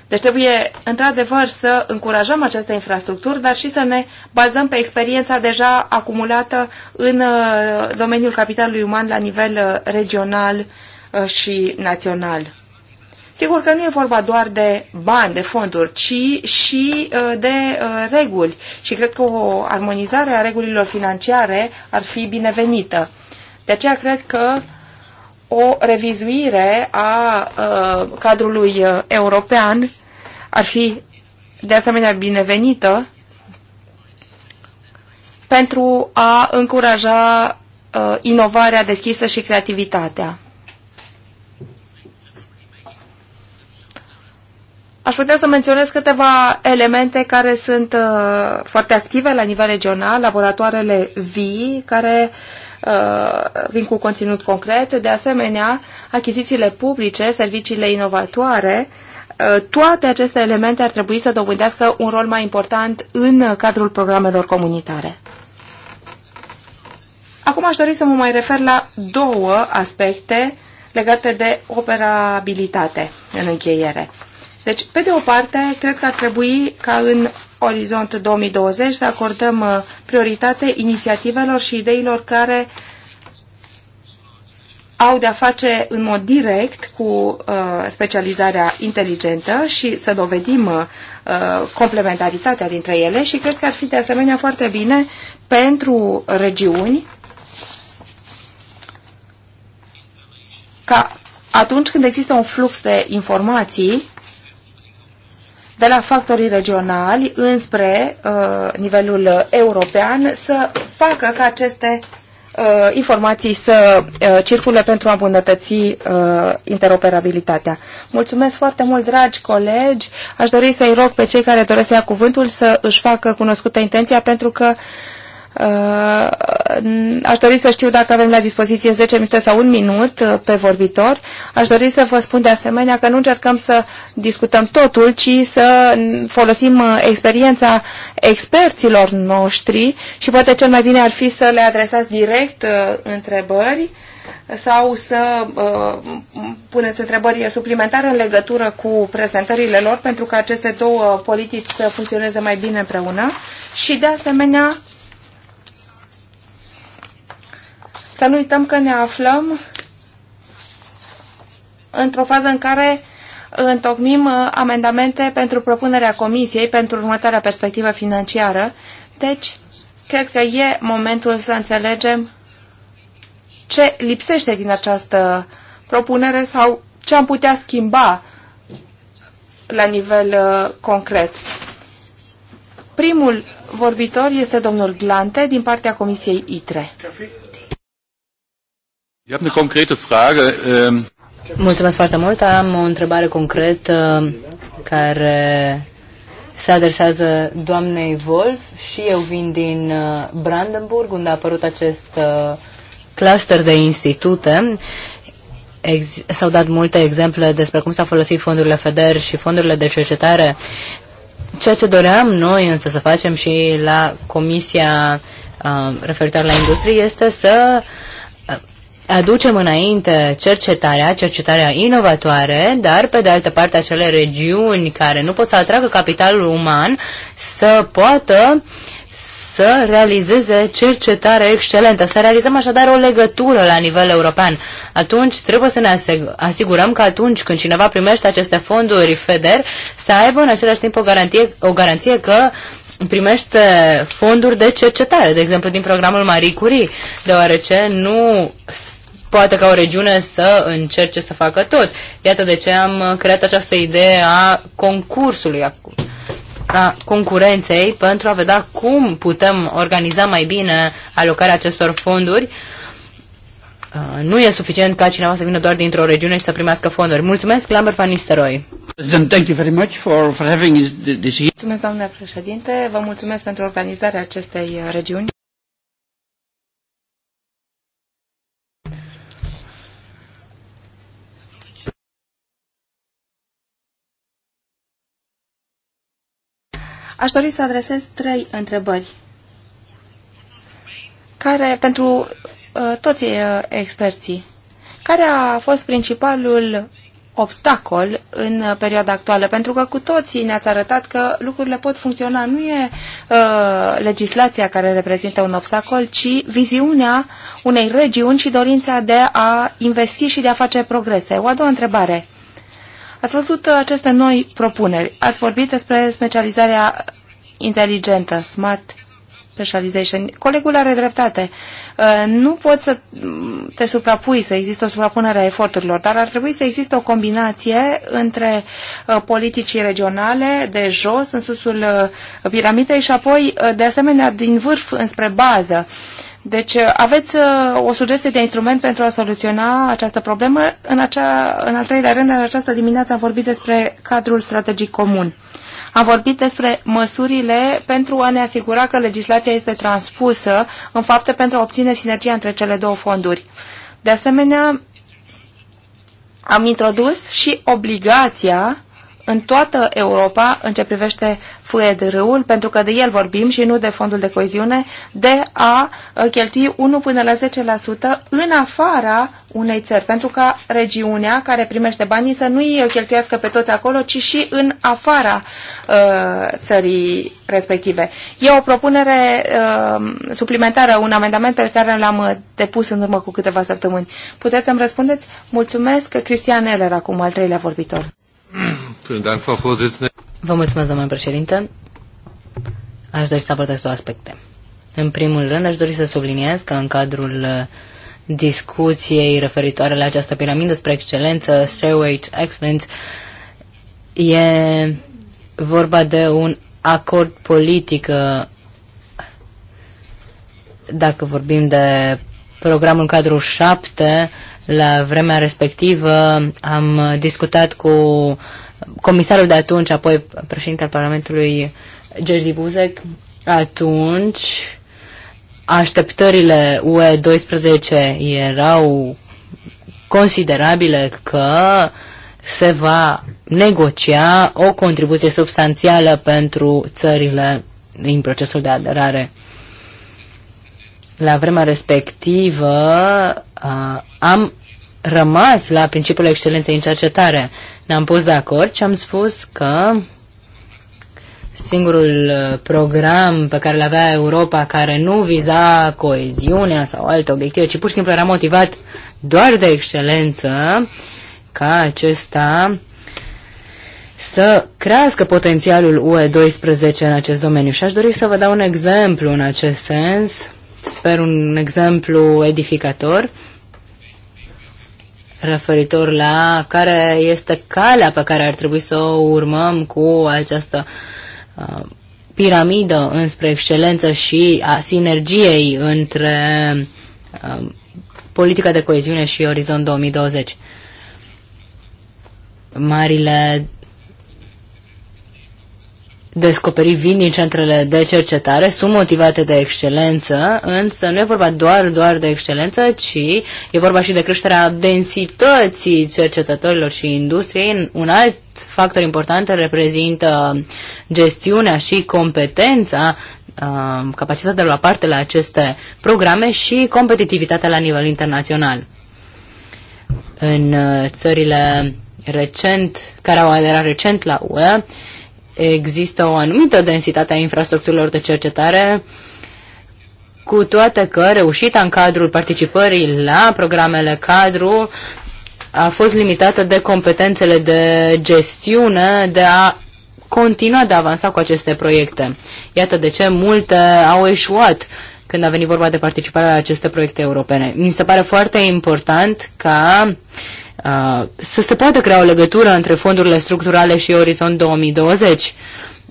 Deci trebuie, într-adevăr, să încurajăm aceste infrastructuri, dar și să ne bazăm pe experiența deja acumulată în uh, domeniul capitalului uman la nivel uh, regional uh, și național. Sigur că nu e vorba doar de bani, de fonduri, ci și uh, de uh, reguli. Și cred că o armonizare a regulilor financiare ar fi binevenită. De aceea cred că o revizuire a uh, cadrului european ar fi de asemenea binevenită pentru a încuraja inovarea deschisă și creativitatea. Aș putea să menționez câteva elemente care sunt uh, foarte active la nivel regional, laboratoarele vii, care uh, vin cu conținut concret, de asemenea achizițiile publice, serviciile inovatoare, uh, toate aceste elemente ar trebui să dobândească un rol mai important în cadrul programelor comunitare. Acum aș dori să mă mai refer la două aspecte legate de operabilitate în încheiere. Deci, pe de o parte, cred că ar trebui ca în Orizont 2020 să acordăm uh, prioritate inițiativelor și ideilor care au de-a face în mod direct cu uh, specializarea inteligentă și să dovedim uh, complementaritatea dintre ele și cred că ar fi de asemenea foarte bine pentru regiuni ca atunci când există un flux de informații de la factorii regionali înspre uh, nivelul european să facă ca aceste uh, informații să uh, circule pentru a îmbunătăți uh, interoperabilitatea. Mulțumesc foarte mult, dragi colegi. Aș dori să-i rog pe cei care doresc să ia cuvântul să își facă cunoscută intenția pentru că uh, Uh, aș dori să știu dacă avem la dispoziție 10 minute sau un minut uh, pe vorbitor. Aș dori să vă spun de asemenea că nu încercăm să discutăm totul, ci să folosim uh, experiența experților noștri și poate cel mai bine ar fi să le adresați direct întrebări sau să uh, puneți întrebări suplimentare în legătură cu prezentările lor pentru ca aceste două politici să funcționeze mai bine împreună și de asemenea Să nu uităm că ne aflăm într-o fază în care întocmim uh, amendamente pentru propunerea Comisiei pentru următoarea perspectivă financiară. Deci, cred că e momentul să înțelegem ce lipsește din această propunere sau ce am putea schimba la nivel uh, concret. Primul vorbitor este domnul Glante din partea Comisiei ITRE. Ähm, Mulțumesc foarte mult. Am o întrebare concretă um, care se adresează doamnei Wolf și eu vin din uh, Brandenburg, unde a apărut acest uh, cluster de institute. s-au dat multe exemple despre cum s-au folosit fondurile FEDER și fondurile de cercetare. Ceea ce doream noi însă să facem și la Comisia uh, referitoare la industrie este să uh, aducem înainte cercetarea, cercetarea inovatoare, dar pe de altă parte acele regiuni care nu pot să atragă capitalul uman să poată să realizeze cercetare excelentă, să realizăm așadar o legătură la nivel european. Atunci trebuie să ne asigurăm că atunci când cineva primește aceste fonduri FEDER, să aibă în același timp o garanție, o garanție că primește fonduri de cercetare, de exemplu din programul Marie Curie, deoarece nu poate ca o regiune să încerce să facă tot. Iată de ce am creat această idee a concursului, a concurenței, pentru a vedea cum putem organiza mai bine alocarea acestor fonduri Uh, nu e suficient ca cineva să vină doar dintr-o regiune și să primească fonduri. Mulțumesc, Lambert Van Nistelrooy. Mulțumesc, doamne președinte. Vă mulțumesc pentru organizarea acestei uh, regiuni. Aș dori să adresez trei întrebări care pentru Uh, toți uh, experții. Care a fost principalul obstacol în uh, perioada actuală, pentru că cu toții ne-ați arătat că lucrurile pot funcționa. Nu e uh, legislația care reprezintă un obstacol, ci viziunea unei regiuni și dorința de a investi și de a face progrese. O a doua întrebare. Ați văzut aceste noi propuneri. Ați vorbit despre specializarea inteligentă, smart specialization. Colegul are dreptate. Uh, nu poți să te suprapui, să există o suprapunere a eforturilor, dar ar trebui să există o combinație între uh, politicii regionale, de jos, în susul uh, piramidei și apoi, de asemenea, din vârf înspre bază. Deci aveți o sugestie de instrument pentru a soluționa această problemă. În, acea, în al treilea rând, în această dimineață am vorbit despre cadrul strategic comun. Am vorbit despre măsurile pentru a ne asigura că legislația este transpusă în fapte pentru a obține sinergia între cele două fonduri. De asemenea, am introdus și obligația în toată Europa, în ce privește fedr râul, pentru că de el vorbim și nu de fondul de coeziune, de a uh, cheltui 1 până la 10% în afara unei țări, pentru ca regiunea care primește banii să nu îi cheltuiască pe toți acolo, ci și în afara uh, țării respective. E o propunere uh, suplimentară, un amendament pe care l-am uh, depus în urmă cu câteva săptămâni. Puteți să-mi răspundeți? Mulțumesc, Cristian Eller, acum al treilea vorbitor. <clears throat> Vă mulțumesc, domnule președinte. Aș dori să abordez două aspecte. În primul rând, aș dori să subliniez că în cadrul discuției referitoare la această piramidă spre excelență, Stairway to Excellence, e vorba de un acord politic dacă vorbim de programul cadru 7, la vremea respectivă am discutat cu comisarul de atunci, apoi președintele Parlamentului George Buzek, atunci așteptările UE12 erau considerabile că se va negocia o contribuție substanțială pentru țările din procesul de aderare. La vremea respectivă am rămas la principiul excelenței în cercetare. Ne-am pus de acord și am spus că singurul uh, program pe care îl avea Europa care nu viza coeziunea sau alte obiective, ci pur și simplu era motivat doar de excelență, ca acesta să crească potențialul UE12 în acest domeniu. Și aș dori să vă dau un exemplu în acest sens, sper un exemplu edificator referitor la care este calea pe care ar trebui să o urmăm cu această uh, piramidă înspre excelență și a sinergiei între uh, politica de coeziune și Orizont 2020. Marile descoperi vin din centrele de cercetare, sunt motivate de excelență, însă nu e vorba doar, doar de excelență, ci e vorba și de creșterea densității cercetătorilor și industriei. Un alt factor important reprezintă gestiunea și competența uh, capacitatea de a lua parte la aceste programe și competitivitatea la nivel internațional. În uh, țările recent, care au aderat recent la UE, există o anumită densitate a infrastructurilor de cercetare, cu toate că reușita în cadrul participării la programele cadru a fost limitată de competențele de gestiune de a continua de a avansa cu aceste proiecte. Iată de ce multe au eșuat când a venit vorba de participarea la aceste proiecte europene. Mi se pare foarte important ca uh, Uh, să se poată crea o legătură între fondurile structurale și Orizont 2020.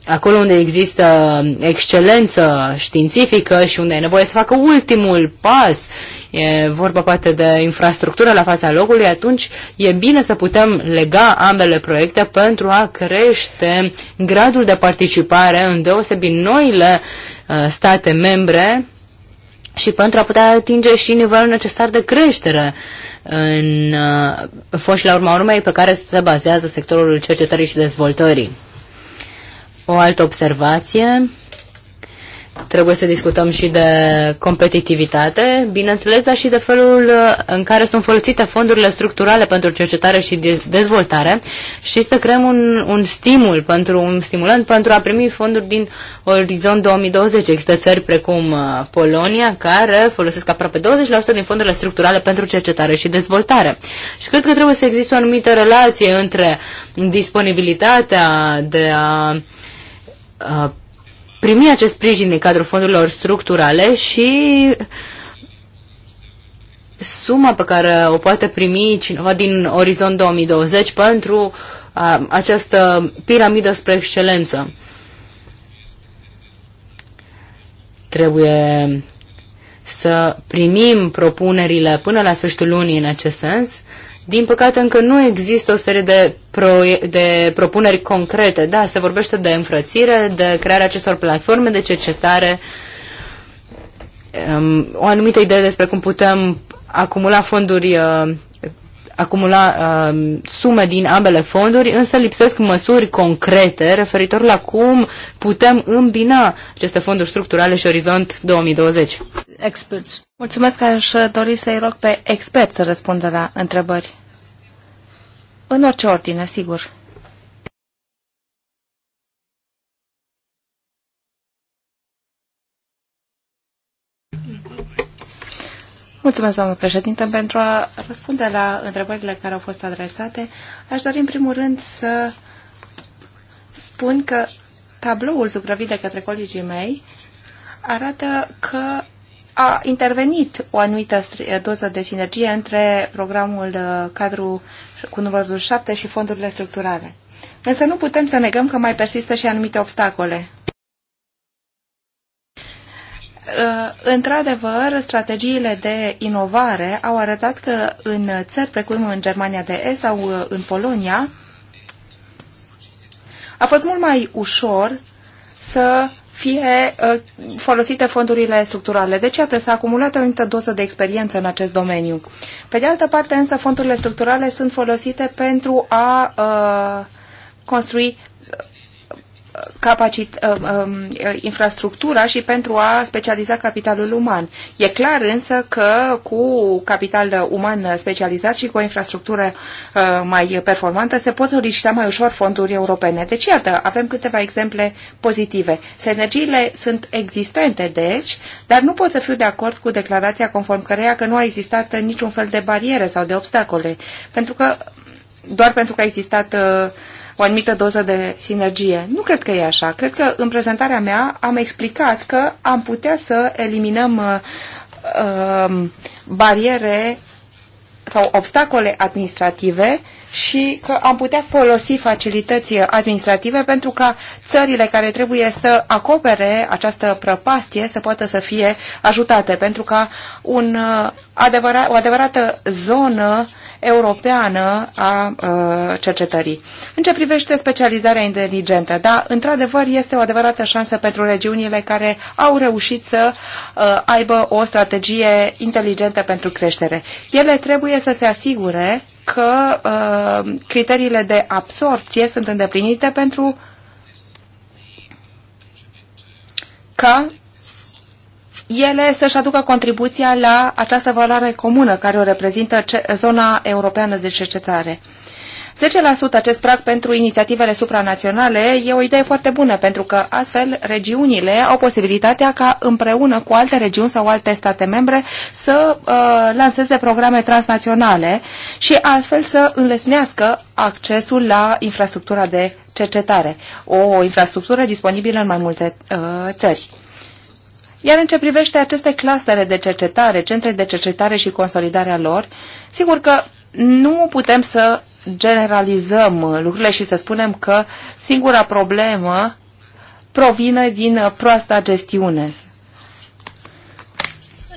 Acolo unde există excelență științifică și unde e nevoie să facă ultimul pas, e vorba poate de infrastructură la fața locului, atunci e bine să putem lega ambele proiecte pentru a crește gradul de participare în deosebit noile uh, state membre și pentru a putea atinge și nivelul necesar de creștere în uh, foști la urma urmei pe care se bazează sectorul cercetării și dezvoltării. O altă observație Trebuie să discutăm și de competitivitate, bineînțeles, dar și de felul uh, în care sunt folosite fondurile structurale pentru cercetare și dezvoltare și să creăm un, un stimul, pentru un stimulant pentru a primi fonduri din Orizont 2020. Există țări precum uh, Polonia care folosesc aproape 20% din fondurile structurale pentru cercetare și dezvoltare. Și cred că trebuie să existe o anumită relație între disponibilitatea de a, a uh, primi acest sprijin din cadrul fondurilor structurale și suma pe care o poate primi cineva din Orizont 2020 pentru a, această piramidă spre excelență. Trebuie să primim propunerile până la sfârșitul lunii în acest sens din păcate, încă nu există o serie de, pro, de propuneri concrete. Da, se vorbește de înfrățire, de crearea acestor platforme de cercetare, um, o anumită idee despre cum putem acumula fonduri uh, acumula uh, sume din ambele fonduri, însă lipsesc măsuri concrete referitor la cum putem îmbina aceste fonduri structurale și Orizont 2020. Experts. Mulțumesc, că aș dori să-i rog pe expert să răspundă la întrebări. În orice ordine, sigur. Mulțumesc, doamnă președinte, pentru a răspunde la întrebările care au fost adresate. Aș dori, în primul rând, să spun că tabloul supravit de către colegii mei arată că a intervenit o anumită doză de sinergie între programul uh, cadru cu numărul 7 și fondurile structurale. Însă nu putem să negăm că mai persistă și anumite obstacole Uh, într-adevăr, strategiile de inovare au arătat că în țări precum în Germania de Est sau uh, în Polonia, a fost mult mai ușor să fie uh, folosite fondurile structurale. Deci, iată, s-a acumulat o anumită doză de experiență în acest domeniu. Pe de altă parte, însă, fondurile structurale sunt folosite pentru a uh, construi capacit, uh, um, uh, infrastructura și pentru a specializa capitalul uman. E clar însă că cu capital uman specializat și cu o infrastructură uh, mai performantă se pot solicita mai ușor fonduri europene. Deci, iată, avem câteva exemple pozitive. Sinergiile sunt existente, deci, dar nu pot să fiu de acord cu declarația conform căreia că nu a existat niciun fel de bariere sau de obstacole. Pentru că, doar pentru că a existat uh, o anumită doză de sinergie. Nu cred că e așa. Cred că în prezentarea mea am explicat că am putea să eliminăm uh, uh, bariere sau obstacole administrative uh, și că am putea folosi facilități administrative pentru ca țările care trebuie să acopere această prăpastie să poată să fie ajutate, pentru ca un uh, adevărat, o adevărată zonă europeană a uh, cercetării. În ce privește specializarea inteligentă, da, într-adevăr este o adevărată șansă pentru regiunile care au reușit să uh, aibă o strategie inteligentă pentru creștere. Ele trebuie să se asigure că uh, criteriile de absorpție sunt îndeplinite pentru ca ele să-și aducă contribuția la această valoare comună care o reprezintă zona europeană de cercetare. 10% acest prag pentru inițiativele supranaționale e o idee foarte bună, pentru că astfel regiunile au posibilitatea ca împreună cu alte regiuni sau alte state membre să uh, lanseze programe transnaționale și astfel să înlesnească accesul la infrastructura de cercetare, o infrastructură disponibilă în mai multe uh, țări. Iar în ce privește aceste clastere de cercetare, centre de cercetare și consolidarea lor, sigur că nu putem să generalizăm lucrurile și să spunem că singura problemă provine din proasta gestiune.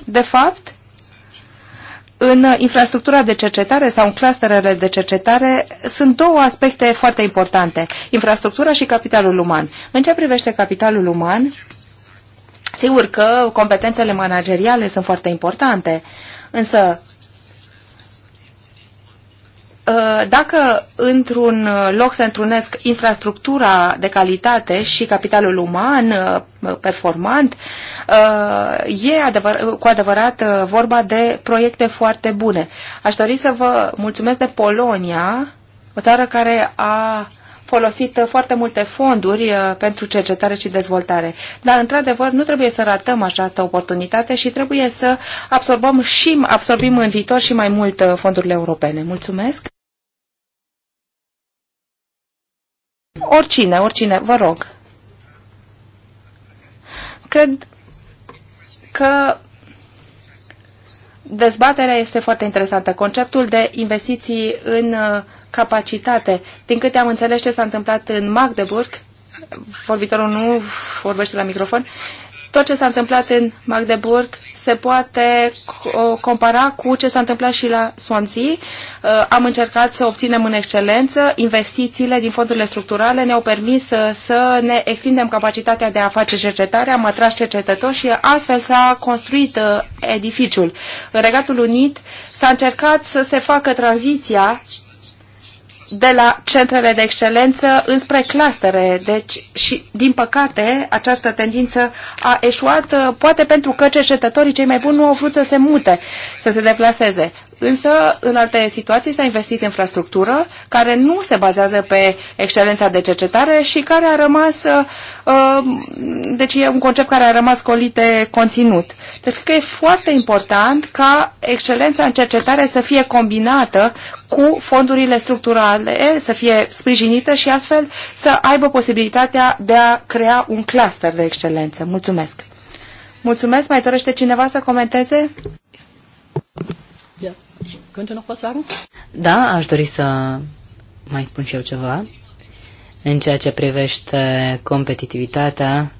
De fapt, în infrastructura de cercetare sau în clusterele de cercetare sunt două aspecte foarte importante, infrastructura și capitalul uman. În ce privește capitalul uman, sigur că competențele manageriale sunt foarte importante, însă Uh, dacă într-un uh, loc se întrunesc infrastructura de calitate și capitalul uman uh, performant, e adevăr, cu adevărat vorba de proiecte foarte bune. Aș dori să vă mulțumesc de Polonia, o țară care a folosit foarte multe fonduri pentru cercetare și dezvoltare. Dar, într-adevăr, nu trebuie să ratăm această oportunitate și trebuie să absorbăm și absorbim în viitor și mai mult fondurile europene. Mulțumesc! Oricine, oricine, vă rog. Cred că dezbaterea este foarte interesantă. Conceptul de investiții în uh, capacitate. Din câte am înțeles ce s-a întâmplat în Magdeburg, vorbitorul nu vorbește la microfon, tot ce s-a întâmplat în Magdeburg se poate compara cu ce s-a întâmplat și la Swansea. Uh, am încercat să obținem în excelență. Investițiile din fondurile structurale ne-au permis să, să ne extindem capacitatea de a face cercetare, am atras cercetători și astfel s-a construit uh, edificiul. În Regatul Unit s-a încercat să se facă tranziția de la centrele de excelență înspre clastere. Deci, și din păcate, această tendință a eșuat, uh, poate pentru că cercetătorii cei mai buni nu au vrut să se mute, să se deplaseze. Însă, în alte situații s-a investit infrastructură care nu se bazează pe excelența de cercetare și care a rămas, uh, uh, deci e un concept care a rămas colit de conținut. Deci, cred că e foarte important ca excelența în cercetare să fie combinată cu fondurile structurale, să fie sprijinită și astfel să aibă posibilitatea de a crea un cluster de excelență. Mulțumesc! Mulțumesc! Mai dorește cineva să comenteze? Da. da, aș dori să mai spun și eu ceva. În ceea ce privește competitivitatea,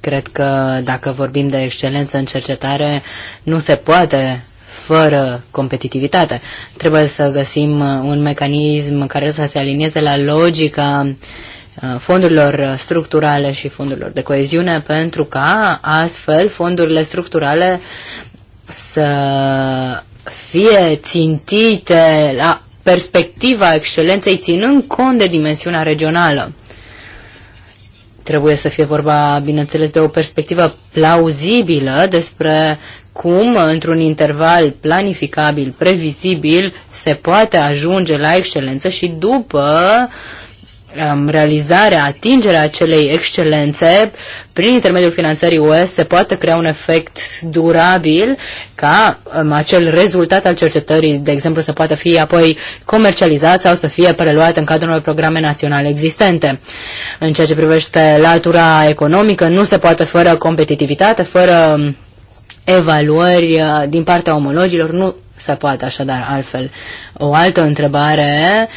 cred că dacă vorbim de excelență în cercetare, nu se poate fără competitivitate. Trebuie să găsim uh, un mecanism care să se alinieze la logica uh, fondurilor structurale și fondurilor de coeziune pentru ca astfel fondurile structurale să fie țintite la perspectiva excelenței ținând cont de dimensiunea regională. Trebuie să fie vorba, bineînțeles, de o perspectivă plauzibilă despre cum, într-un interval planificabil, previzibil, se poate ajunge la excelență și după um, realizarea, atingerea acelei excelențe, prin intermediul finanțării UE se poate crea un efect durabil ca um, acel rezultat al cercetării, de exemplu, să poată fi apoi comercializat sau să fie preluat în cadrul unor programe naționale existente. În ceea ce privește latura economică, nu se poate fără competitivitate, fără um, evaluări uh, din partea omologilor. Nu se poate așadar altfel. O altă întrebare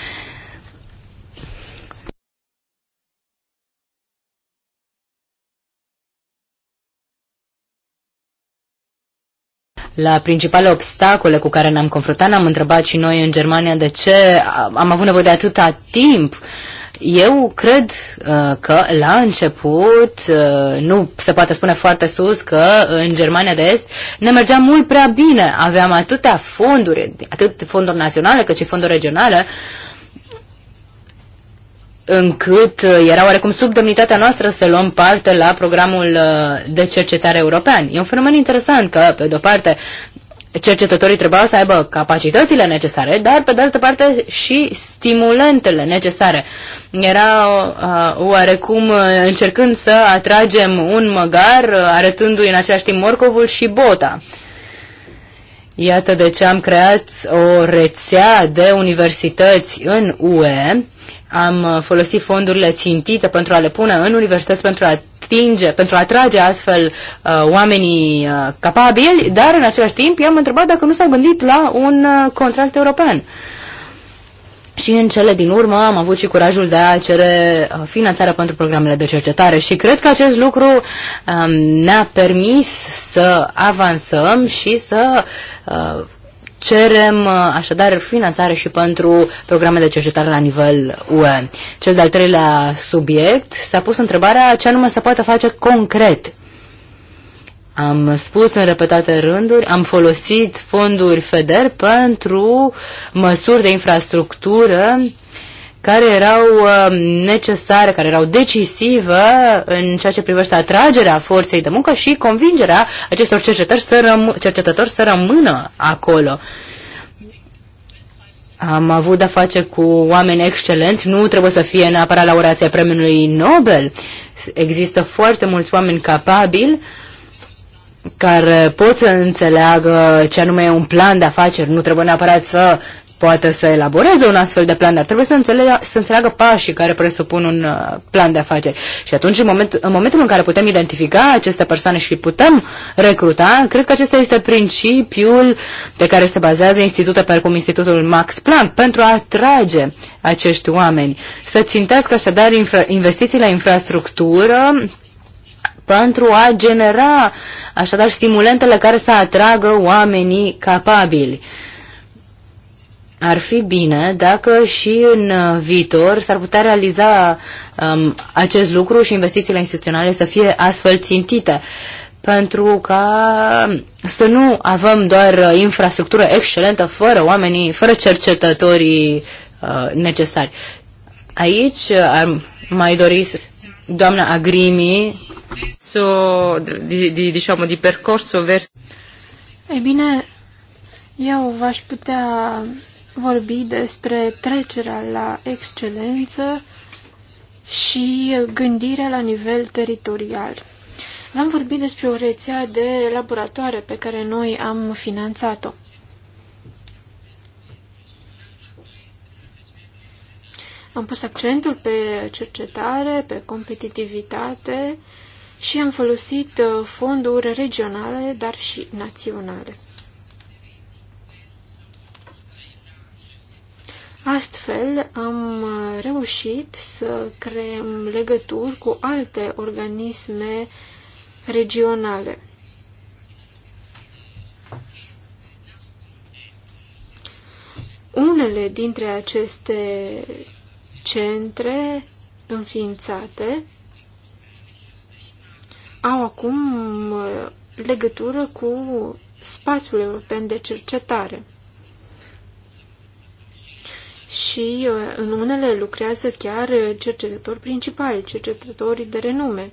la principale obstacole cu care ne-am confruntat. Ne-am întrebat și noi în Germania de ce am avut nevoie de atâta timp eu cred uh, că la început uh, nu se poate spune foarte sus că în Germania de Est ne mergea mult prea bine. Aveam atâtea fonduri, atât fonduri naționale cât și fonduri regionale, încât uh, era oarecum sub demnitatea noastră să luăm parte la programul uh, de cercetare european. E un fenomen interesant că, pe de-o parte, cercetătorii trebuiau să aibă capacitățile necesare, dar pe de altă parte și stimulentele necesare. Era uh, oarecum uh, încercând să atragem un măgar, uh, arătându-i în același timp morcovul și bota. Iată de ce am creat o rețea de universități în UE. Am uh, folosit fondurile țintite pentru a le pune în universități pentru a atinge, pentru a atrage astfel uh, oamenii uh, capabili, dar în același timp i-am întrebat dacă nu s-a gândit la un uh, contract european. Și în cele din urmă am avut și curajul de a cere uh, finanțarea pentru programele de cercetare și cred că acest lucru um, ne-a permis să avansăm și să uh, Cerem uh, așadar finanțare și pentru programe de cercetare la nivel UE. Cel de-al treilea subiect s-a pus întrebarea ce anume se poate face concret. Am spus în repetate rânduri, am folosit fonduri FEDER pentru măsuri de infrastructură care erau um, necesare, care erau decisivă în ceea ce privește atragerea forței de muncă și convingerea acestor cercetători să, răm- cercetători să rămână acolo. Am avut de-a face cu oameni excelenți, nu trebuie să fie neapărat laureația premiului Nobel. Există foarte mulți oameni capabili care pot să înțeleagă ce anume e un plan de afaceri, nu trebuie neapărat să poate să elaboreze un astfel de plan, dar trebuie să, înțeleagă, să înțeleagă pașii care presupun un uh, plan de afaceri. Și atunci, în, moment, în momentul în care putem identifica aceste persoane și putem recruta, cred că acesta este principiul pe care se bazează institute precum Institutul Max Planck pentru a atrage acești oameni. Să țintească așadar infra- investiții la infrastructură, pentru a genera așadar stimulentele care să atragă oamenii capabili. Ar fi bine dacă și în uh, viitor s-ar putea realiza um, acest lucru și investițiile instituționale să fie astfel țintite pentru ca um, să nu avem doar uh, infrastructură excelentă fără oamenii, fără cercetătorii uh, necesari. Aici uh, ar mai dori doamna Agrimi să, so, di, di, diciamo, di percorso verso... E bine, eu v-aș putea vorbi despre trecerea la excelență și gândirea la nivel teritorial. Am vorbit despre o rețea de laboratoare pe care noi am finanțat-o. Am pus accentul pe cercetare, pe competitivitate și am folosit uh, fonduri regionale, dar și naționale. Astfel, am uh, reușit să creăm legături cu alte organisme regionale. Unele dintre aceste centre înființate au acum uh, legătură cu spațiul european de cercetare și uh, în unele lucrează chiar uh, cercetători principali, cercetători de renume.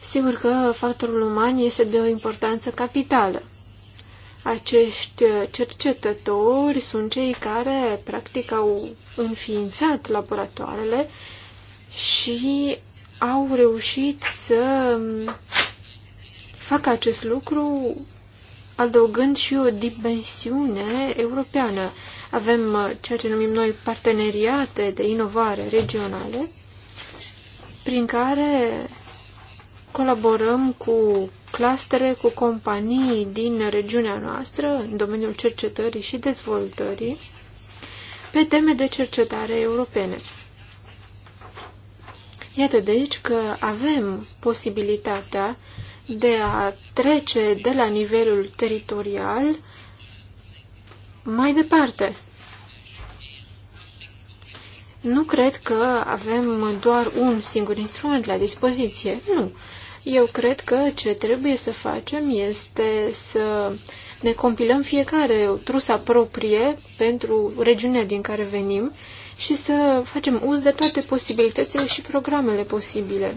Sigur că factorul uman este de o importanță capitală. Acești uh, cercetători sunt cei care, practic, au înființat laboratoarele și au reușit să um, facă acest lucru adăugând și o dimensiune europeană. Avem uh, ceea ce numim noi parteneriate de inovare regionale, prin care colaborăm cu clustere, cu companii din regiunea noastră, în domeniul cercetării și dezvoltării, pe teme de cercetare europene. Iată de aici că avem posibilitatea de a trece de la nivelul teritorial mai departe. Nu cred că avem doar un singur instrument la dispoziție. Nu. Eu cred că ce trebuie să facem este să ne compilăm fiecare trusa proprie pentru regiunea din care venim și să facem uz de toate posibilitățile și programele posibile.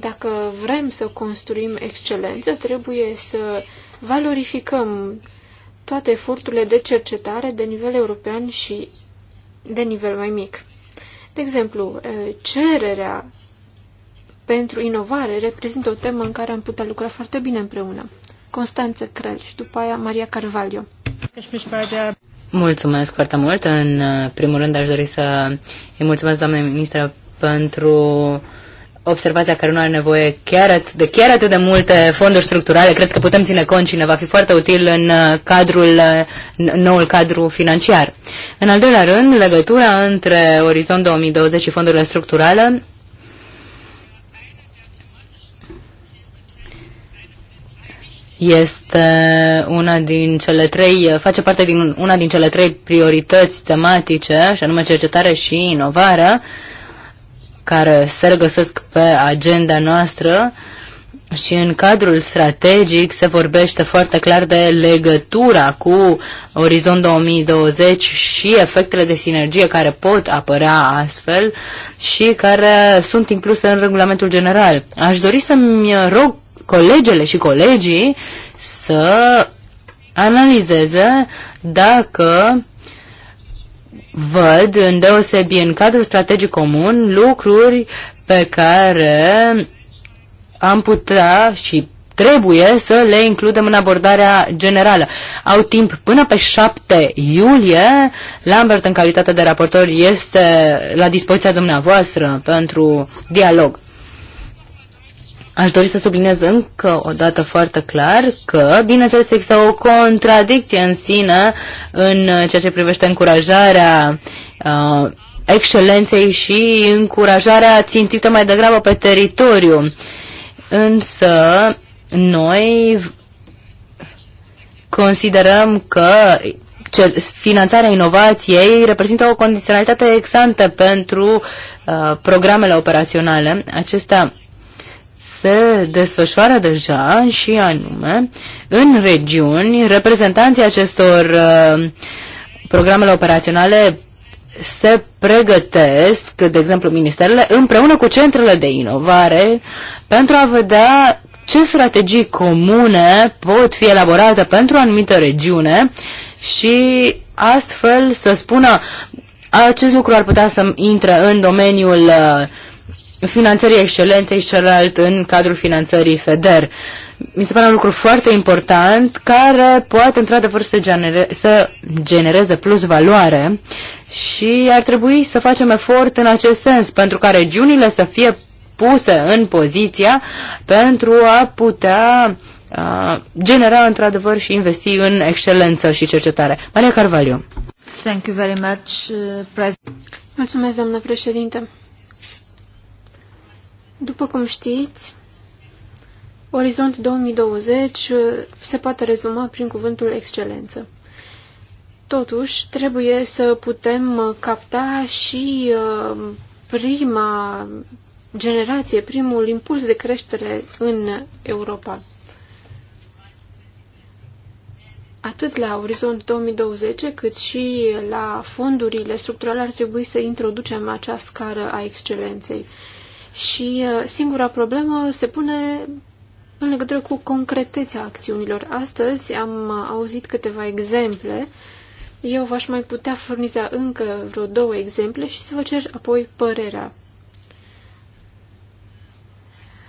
Dacă vrem să construim excelență, trebuie să valorificăm toate eforturile de cercetare de nivel european și de nivel mai mic. De exemplu, cererea pentru inovare reprezintă o temă în care am putea lucra foarte bine împreună. Constanță Crel și după aia Maria Carvalho. Mulțumesc foarte mult. În uh, primul rând aș dori să îi mulțumesc doamnei ministră pentru observația care nu are nevoie chiar at- de chiar atât de multe fonduri structurale. Cred că putem ține cont și ne va fi foarte util în uh, cadrul, în uh, noul cadru financiar. În al doilea rând, legătura între Orizont 2020 și fondurile structurale este una din cele trei, uh, face parte din una din cele trei priorități tematice, și anume cercetare și inovarea, uh, care se regăsesc pe agenda noastră și în cadrul strategic se vorbește foarte clar de legătura cu Orizont 2020 și efectele de sinergie care pot apărea astfel și care sunt incluse în regulamentul general. Aș dori să-mi rog colegele și colegii să analizeze dacă văd, îndeosebi în cadrul strategic comun, lucruri pe care am putea și trebuie să le includem în abordarea generală. Au timp până pe 7 iulie. Lambert, în calitate de raportor, este la dispoziția dumneavoastră pentru dialog. Aș dori să subliniez încă o dată foarte clar că, bineînțeles, există o contradicție în sine în ceea ce privește încurajarea uh, excelenței și încurajarea țintită mai degrabă pe teritoriu. Însă, noi considerăm că finanțarea inovației reprezintă o condiționalitate exantă pentru uh, programele operaționale. Acestea se desfășoară deja și anume în regiuni reprezentanții acestor uh, programele operaționale se pregătesc, de exemplu, ministerele împreună cu centrele de inovare pentru a vedea ce strategii comune pot fi elaborate pentru o anumită regiune și astfel să spună acest lucru ar putea să intre în domeniul uh, finanțării excelenței și celălalt în cadrul finanțării FEDER. Mi se pare un lucru foarte important care poate într-adevăr să, genere- să genereze plus valoare și ar trebui să facem efort în acest sens pentru ca regiunile să fie puse în poziția pentru a putea a, genera într-adevăr și investi în excelență și cercetare. Maria Carvalho. Thank you very much, uh, Mulțumesc, doamnă președinte. După cum știți, Orizont 2020 uh, se poate rezuma prin cuvântul excelență. Totuși, trebuie să putem uh, capta și uh, prima generație, primul impuls de creștere în Europa. Atât la Orizont 2020, cât și la fondurile structurale ar trebui să introducem acea scară a excelenței. Și uh, singura problemă se pune în legătură cu concretețea acțiunilor. Astăzi am uh, auzit câteva exemple. Eu v-aș mai putea furniza încă vreo două exemple și să vă cer apoi părerea.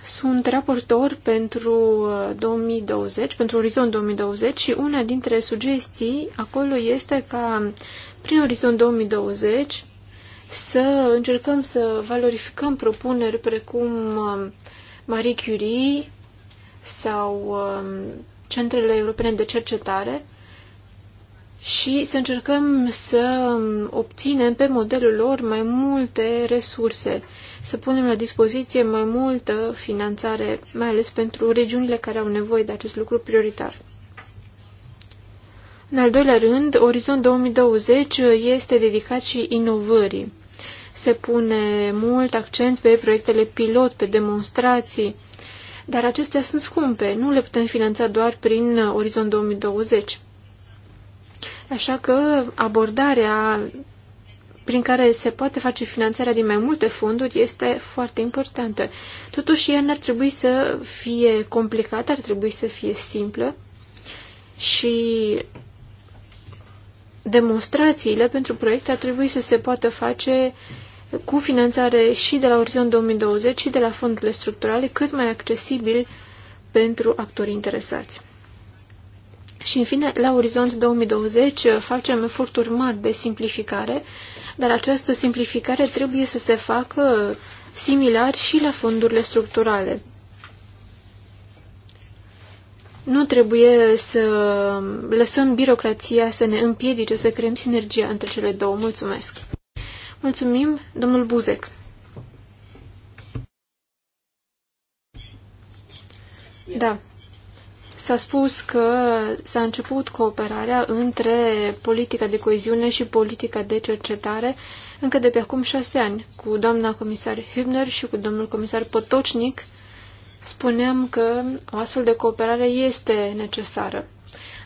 Sunt raportor pentru 2020, uh, pentru Orizont 2020 și una dintre sugestii acolo este ca prin Orizont 2020 să încercăm să valorificăm propuneri precum um, Marie Curie sau um, centrele europene de cercetare și să încercăm să um, obținem pe modelul lor mai multe resurse, să punem la dispoziție mai multă finanțare, mai ales pentru regiunile care au nevoie de acest lucru prioritar. În al doilea rând, Orizont 2020 este dedicat și inovării se pune mult accent pe proiectele pilot, pe demonstrații, dar acestea sunt scumpe, nu le putem finanța doar prin Orizont 2020. Așa că abordarea prin care se poate face finanțarea din mai multe fonduri este foarte importantă. Totuși, ea n-ar trebui să fie complicată, ar trebui să fie simplă și demonstrațiile pentru proiecte ar trebui să se poată face cu finanțare și de la Orizont 2020 și de la fondurile structurale cât mai accesibil pentru actorii interesați. Și, în fine, la Orizont 2020 uh, facem eforturi mari de simplificare, dar această simplificare trebuie să se facă uh, similar și la fondurile structurale. Nu trebuie să uh, lăsăm birocrația să ne împiedice să creăm sinergia între cele două. Mulțumesc! Mulțumim, domnul Buzec. Da. S-a spus că s-a început cooperarea între politica de coeziune și politica de cercetare încă de pe acum șase ani. Cu doamna comisar Hübner și cu domnul comisar Potocnic spuneam că o astfel de cooperare este necesară.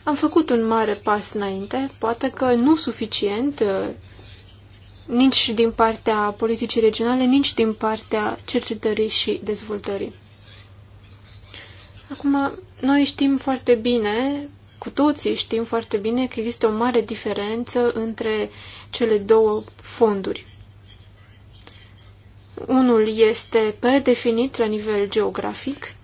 Am făcut un mare pas înainte, poate că nu suficient, nici din partea politicii regionale, nici din partea cercetării și dezvoltării. Acum, noi știm foarte bine, cu toții știm foarte bine că există o mare diferență între cele două fonduri. Unul este predefinit la nivel geografic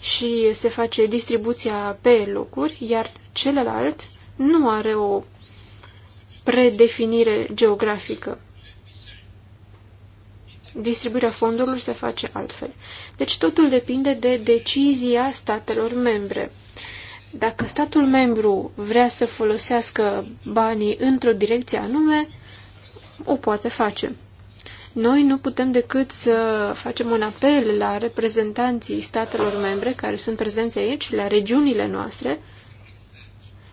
și se face distribuția pe locuri, iar celălalt nu are o predefinire geografică. Distribuirea fondurilor se face altfel. Deci totul depinde de decizia statelor membre. Dacă statul membru vrea să folosească banii într-o direcție anume, o poate face. Noi nu putem decât să facem un apel la reprezentanții statelor membre care sunt prezenți aici, la regiunile noastre,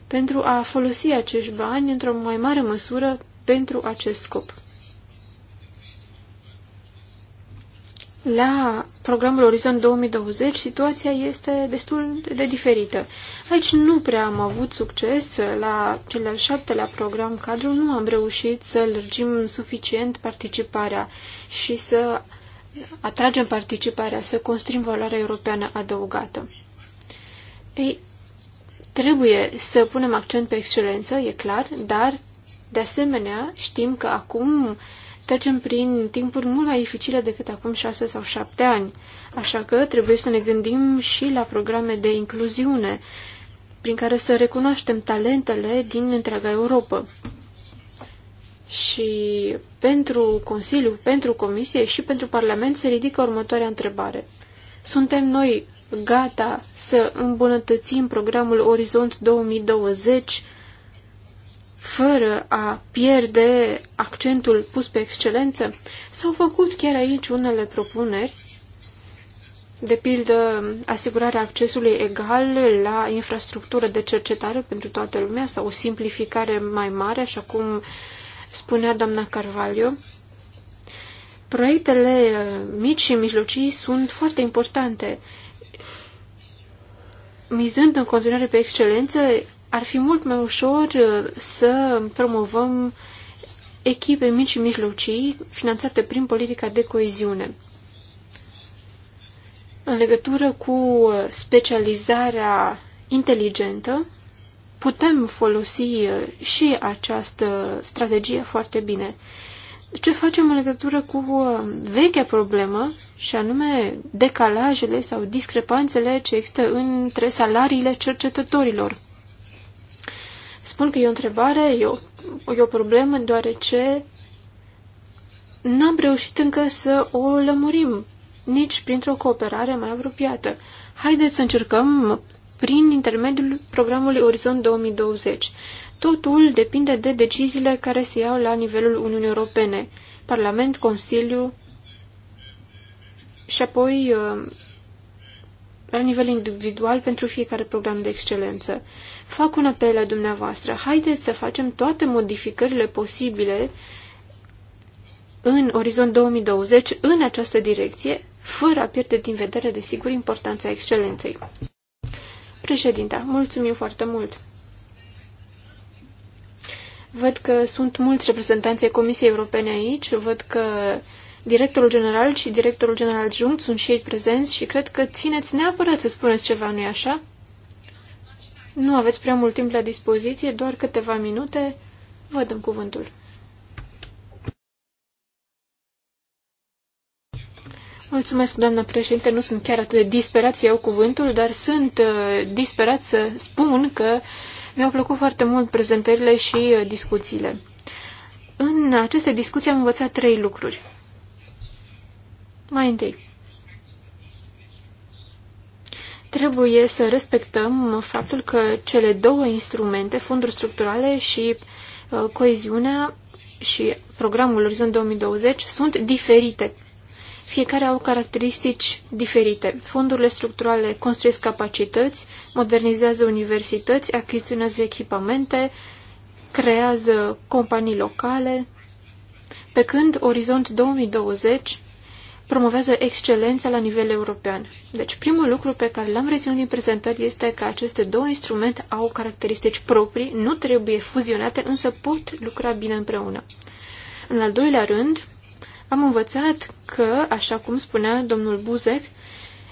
pentru a folosi acești bani într-o mai mare măsură pentru acest scop. La programul Orizont 2020 situația este destul de diferită. Aici nu prea am avut succes. La cel de-al șaptelea program cadru nu am reușit să lărgim suficient participarea și să atragem participarea, să construim valoarea europeană adăugată. Ei, Trebuie să punem accent pe excelență, e clar, dar, de asemenea, știm că acum trecem prin timpuri mult mai dificile decât acum șase sau șapte ani. Așa că trebuie să ne gândim și la programe de incluziune, prin care să recunoaștem talentele din întreaga Europa. Și pentru Consiliu, pentru Comisie și pentru Parlament se ridică următoarea întrebare. Suntem noi gata să îmbunătățim programul Orizont 2020 fără a pierde accentul pus pe excelență? S-au făcut chiar aici unele propuneri, de pildă asigurarea accesului egal la infrastructură de cercetare pentru toată lumea sau o simplificare mai mare, așa cum spunea doamna Carvalho. Proiectele uh, mici și mijlocii sunt foarte importante mizând în continuare pe excelență, ar fi mult mai ușor uh, să promovăm echipe mici și mijlocii finanțate prin politica de coeziune. În legătură cu uh, specializarea inteligentă, putem folosi uh, și această strategie foarte bine. Ce facem în legătură cu vechea problemă și anume decalajele sau discrepanțele ce există între salariile cercetătorilor. Spun că e o întrebare, e o, e o problemă, deoarece n-am reușit încă să o lămurim, nici printr-o cooperare mai apropiată. Haideți să încercăm prin intermediul programului Orizont 2020. Totul depinde de deciziile care se iau la nivelul Uniunii Europene, Parlament, Consiliu, și apoi uh, la nivel individual pentru fiecare program de excelență. Fac un apel la dumneavoastră. Haideți să facem toate modificările posibile în orizont 2020 în această direcție, fără a pierde din vedere, desigur, importanța excelenței. Președinta, mulțumim foarte mult! Văd că sunt mulți reprezentanți ai Comisiei Europene aici, văd că Directorul general și directorul general adjunct sunt și ei prezenți și cred că țineți neapărat să spuneți ceva, nu-i așa? Nu aveți prea mult timp la dispoziție, doar câteva minute. Vă dăm cuvântul. Mulțumesc, doamna președinte. Nu sunt chiar atât de disperat să iau cuvântul, dar sunt uh, disperat să spun că mi-au plăcut foarte mult prezentările și uh, discuțiile. În aceste discuții am învățat trei lucruri. Mai întâi, trebuie să respectăm faptul că cele două instrumente, fonduri structurale și uh, coeziunea și programul Orizont 2020, sunt diferite. Fiecare au caracteristici diferite. Fondurile structurale construiesc capacități, modernizează universități, achiziționează echipamente, creează companii locale, pe când Orizont 2020 promovează excelența la nivel european. Deci, primul lucru pe care l-am reținut din prezentări este că aceste două instrumente au caracteristici proprii, nu trebuie fuzionate, însă pot lucra bine împreună. În al doilea rând, am învățat că, așa cum spunea domnul Buzek,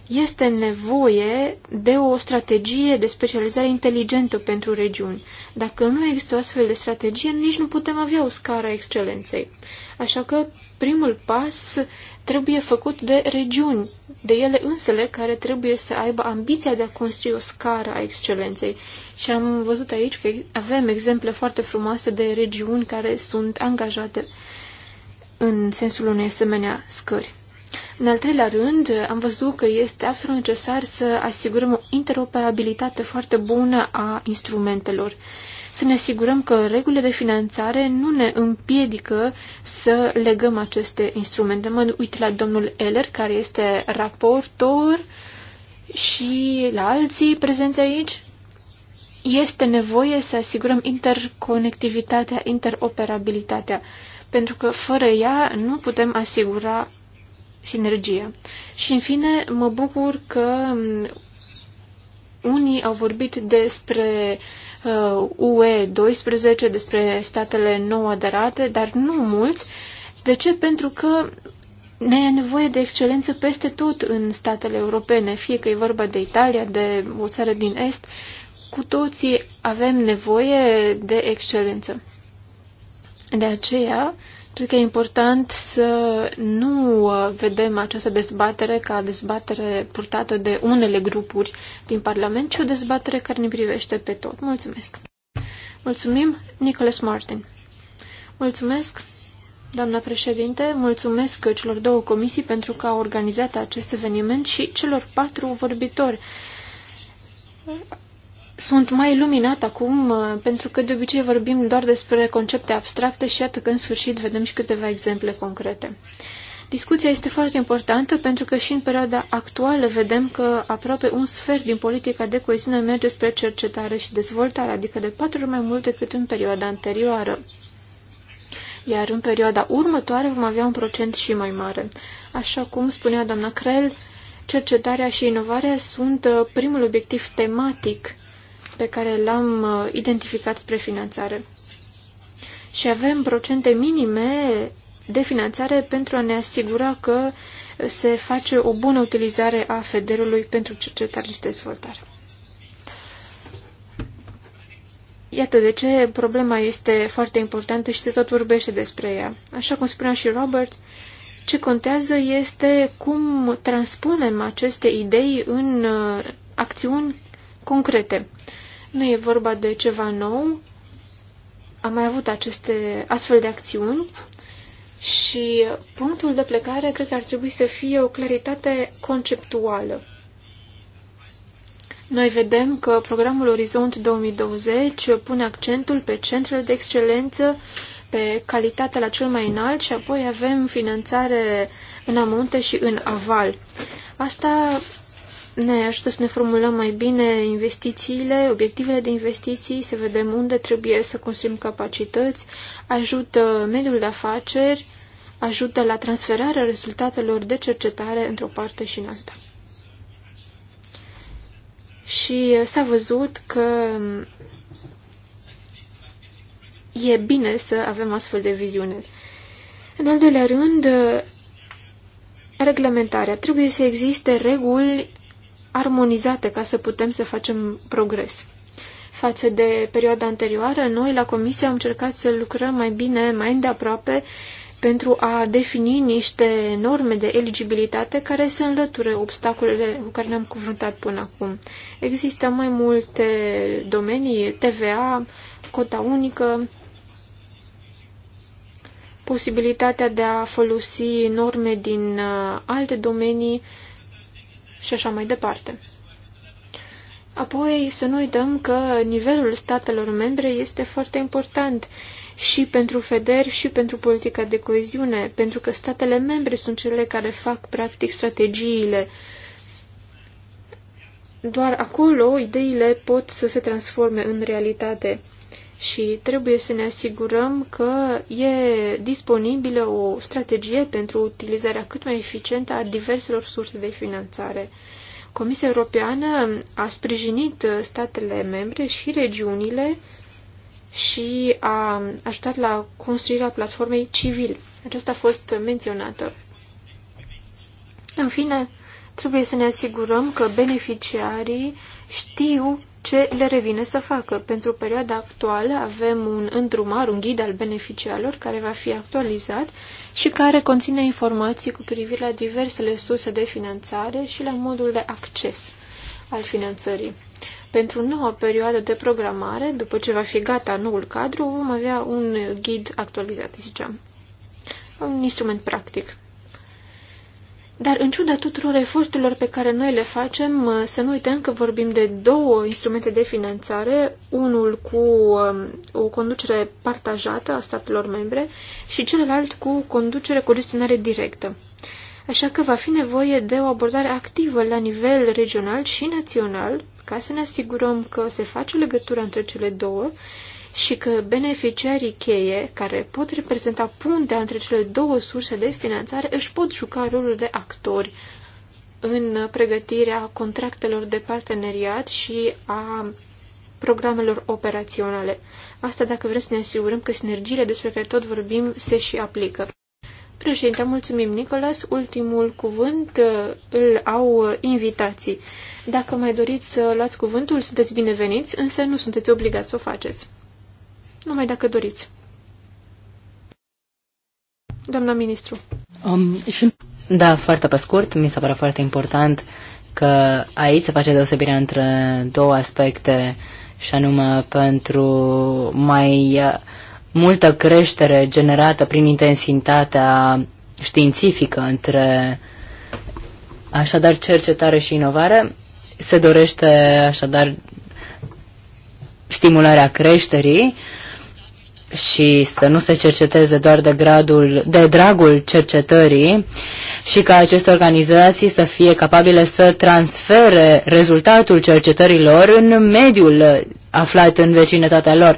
este nevoie de o strategie de specializare inteligentă pentru regiuni. Dacă nu există o astfel de strategie, nici nu putem avea o scară excelenței. Așa că primul pas trebuie făcut de regiuni, de ele însele care trebuie să aibă ambiția de a construi o scară a excelenței. Și am văzut aici că avem exemple foarte frumoase de regiuni care sunt angajate în sensul unei asemenea scări. În al treilea rând, am văzut că este absolut necesar să asigurăm o interoperabilitate foarte bună a instrumentelor să ne asigurăm că regulile de finanțare nu ne împiedică să legăm aceste instrumente. Mă uit la domnul Eller, care este raportor, și la alții prezenți aici. Este nevoie să asigurăm interconectivitatea, interoperabilitatea, pentru că fără ea nu putem asigura sinergia. Și în fine, mă bucur că unii au vorbit despre UE uh, 12 despre statele nou aderate, dar nu mulți. De ce? Pentru că ne e nevoie de excelență peste tot în statele europene, fie că e vorba de Italia, de o țară din Est, cu toții avem nevoie de excelență. De aceea, Cred că e important să nu uh, vedem această dezbatere ca dezbatere purtată de unele grupuri din Parlament, ci o dezbatere care ne privește pe tot. Mulțumesc! Mulțumim, Nicholas Martin! Mulțumesc, doamna președinte, mulțumesc celor două comisii pentru că au organizat acest eveniment și celor patru vorbitori sunt mai luminat acum, uh, pentru că de obicei vorbim doar despre concepte abstracte și iată că în sfârșit vedem și câteva exemple concrete. Discuția este foarte importantă pentru că și în perioada actuală vedem că aproape un sfert din politica de coeziune merge spre cercetare și dezvoltare, adică de patru ori mai mult decât în perioada anterioară. Iar în perioada următoare vom avea un procent și mai mare. Așa cum spunea doamna Crel, cercetarea și inovarea sunt uh, primul obiectiv tematic pe care l-am uh, identificat spre finanțare. Și avem procente minime de finanțare pentru a ne asigura că se face o bună utilizare a federului pentru cercetare și dezvoltare. Iată de ce problema este foarte importantă și se tot vorbește despre ea. Așa cum spunea și Robert, ce contează este cum transpunem aceste idei în uh, acțiuni concrete. Nu e vorba de ceva nou. Am mai avut aceste astfel de acțiuni și punctul de plecare cred că ar trebui să fie o claritate conceptuală. Noi vedem că programul Orizont 2020 pune accentul pe centrele de excelență, pe calitatea la cel mai înalt și apoi avem finanțare în amonte și în aval. Asta ne ajută să ne formulăm mai bine investițiile, obiectivele de investiții, să vedem unde trebuie să construim capacități, ajută mediul de afaceri, ajută la transferarea rezultatelor de cercetare într-o parte și în alta. Și uh, s-a văzut că mm, e bine să avem astfel de viziune. În al doilea rând, uh, reglementarea. Trebuie să existe reguli armonizate ca să putem să facem progres. Față de perioada anterioară, noi la Comisie am încercat să lucrăm mai bine, mai îndeaproape, pentru a defini niște norme de eligibilitate care să înlăture obstacolele cu care ne-am confruntat până acum. Există mai multe domenii, TVA, cota unică, posibilitatea de a folosi norme din uh, alte domenii, și așa mai departe. Apoi să nu uităm că nivelul statelor membre este foarte important și pentru FEDER și pentru politica de coeziune, pentru că statele membre sunt cele care fac practic strategiile. Doar acolo ideile pot să se transforme în realitate și trebuie să ne asigurăm că e disponibilă o strategie pentru utilizarea cât mai eficientă a diverselor surse de finanțare. Comisia Europeană a sprijinit statele membre și regiunile și a ajutat la construirea platformei civil. Aceasta a fost menționată. În fine, trebuie să ne asigurăm că beneficiarii știu ce le revine să facă. Pentru perioada actuală avem un îndrumar, un ghid al beneficiarilor care va fi actualizat și care conține informații cu privire la diversele surse de finanțare și la modul de acces al finanțării. Pentru noua perioadă de programare, după ce va fi gata noul cadru, vom avea un ghid actualizat, ziceam. Un instrument practic. Dar în ciuda tuturor eforturilor pe care noi le facem, să nu uităm că vorbim de două instrumente de finanțare, unul cu um, o conducere partajată a statelor membre și celălalt cu conducere cu gestionare directă. Așa că va fi nevoie de o abordare activă la nivel regional și național ca să ne asigurăm că se face legătura între cele două și că beneficiarii cheie, care pot reprezenta puntea între cele două surse de finanțare, își pot juca rolul de actori în pregătirea contractelor de parteneriat și a programelor operaționale. Asta dacă vreți să ne asigurăm că sinergiile despre care tot vorbim se și aplică. Președinte, mulțumim, Nicolas. Ultimul cuvânt uh, îl au uh, invitații. Dacă mai doriți să luați cuvântul, sunteți bineveniți, însă nu sunteți obligați să o faceți numai dacă doriți. Doamna ministru. Um, da, foarte pe scurt, mi se pare foarte important că aici se face deosebirea între două aspecte și anume pentru mai uh, multă creștere generată prin intensitatea științifică între așadar cercetare și inovare. Se dorește așadar stimularea creșterii și să nu se cerceteze doar de, gradul, de dragul cercetării și ca aceste organizații să fie capabile să transfere rezultatul cercetărilor în mediul aflat în vecinătatea lor.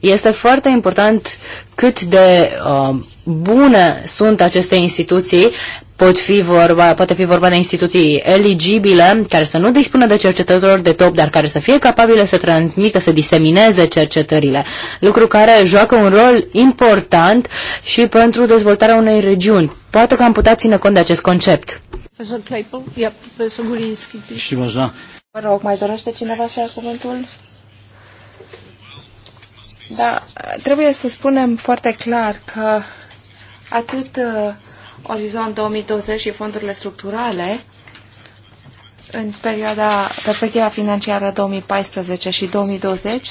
Este foarte important cât de uh, bune sunt aceste instituții, pot fi vorba, poate fi vorba de instituții eligibile, care să nu dispună de cercetători de top, dar care să fie capabile să transmită, să disemineze cercetările. Lucru care joacă un rol important și pentru dezvoltarea unei regiuni. Poate că am putea ține cont de acest concept. Și Vă rog, mai dorește cineva să ia cuvântul? Da, trebuie să spunem foarte clar că atât uh, Orizont 2020 și fondurile structurale în perioada perspectiva financiară 2014 și 2020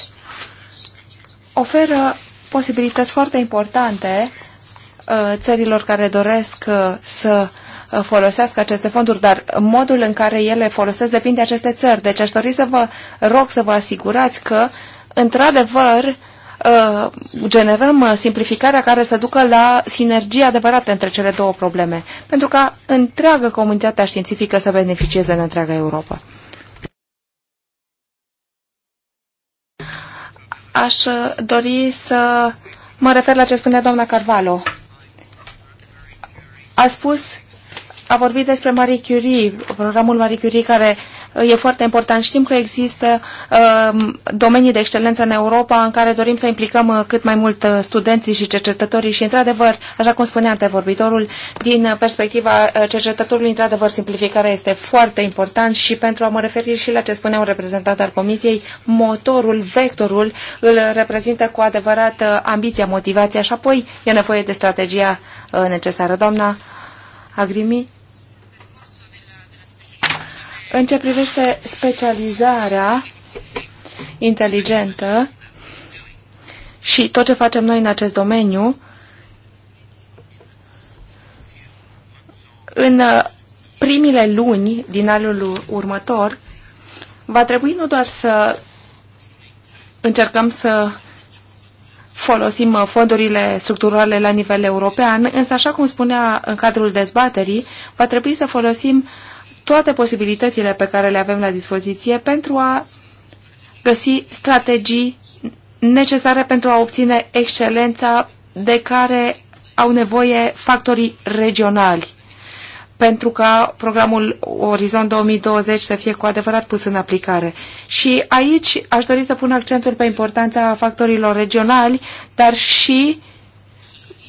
oferă posibilități foarte importante uh, țărilor care doresc uh, să uh, folosească aceste fonduri, dar modul în care ele folosesc depinde de aceste țări. Deci aș dori să vă rog să vă asigurați că, într-adevăr, Uh, generăm uh, simplificarea care să ducă la sinergie adevărată între cele două probleme, pentru ca întreaga comunitatea științifică să beneficieze în întreaga Europa. Aș uh, dori să mă refer la ce spunea doamna Carvalho. A spus, a vorbit despre Marie Curie, programul Marie Curie care uh, e foarte important. Știm că există um, domenii de excelență în Europa în care dorim să implicăm uh, cât mai mult uh, studenții și cercetătorii și, într-adevăr, așa cum spunea vorbitorul din perspectiva uh, cercetătorului, într-adevăr, simplificarea este foarte important și pentru a mă referi și la ce spunea un reprezentant al Comisiei, motorul, vectorul îl reprezintă cu adevărat ambiția, motivația și apoi e nevoie de strategia necesară. Doamna Agrimi în ce privește specializarea inteligentă și tot ce facem noi în acest domeniu, în uh, primile luni din anul următor, va trebui nu doar să încercăm să folosim uh, fondurile structurale la nivel european, însă, așa cum spunea în cadrul dezbaterii, va trebui să folosim toate posibilitățile pe care le avem la dispoziție pentru a găsi strategii necesare pentru a obține excelența de care au nevoie factorii regionali pentru ca programul Orizont 2020 să fie cu adevărat pus în aplicare. Și aici aș dori să pun accentul pe importanța factorilor regionali, dar și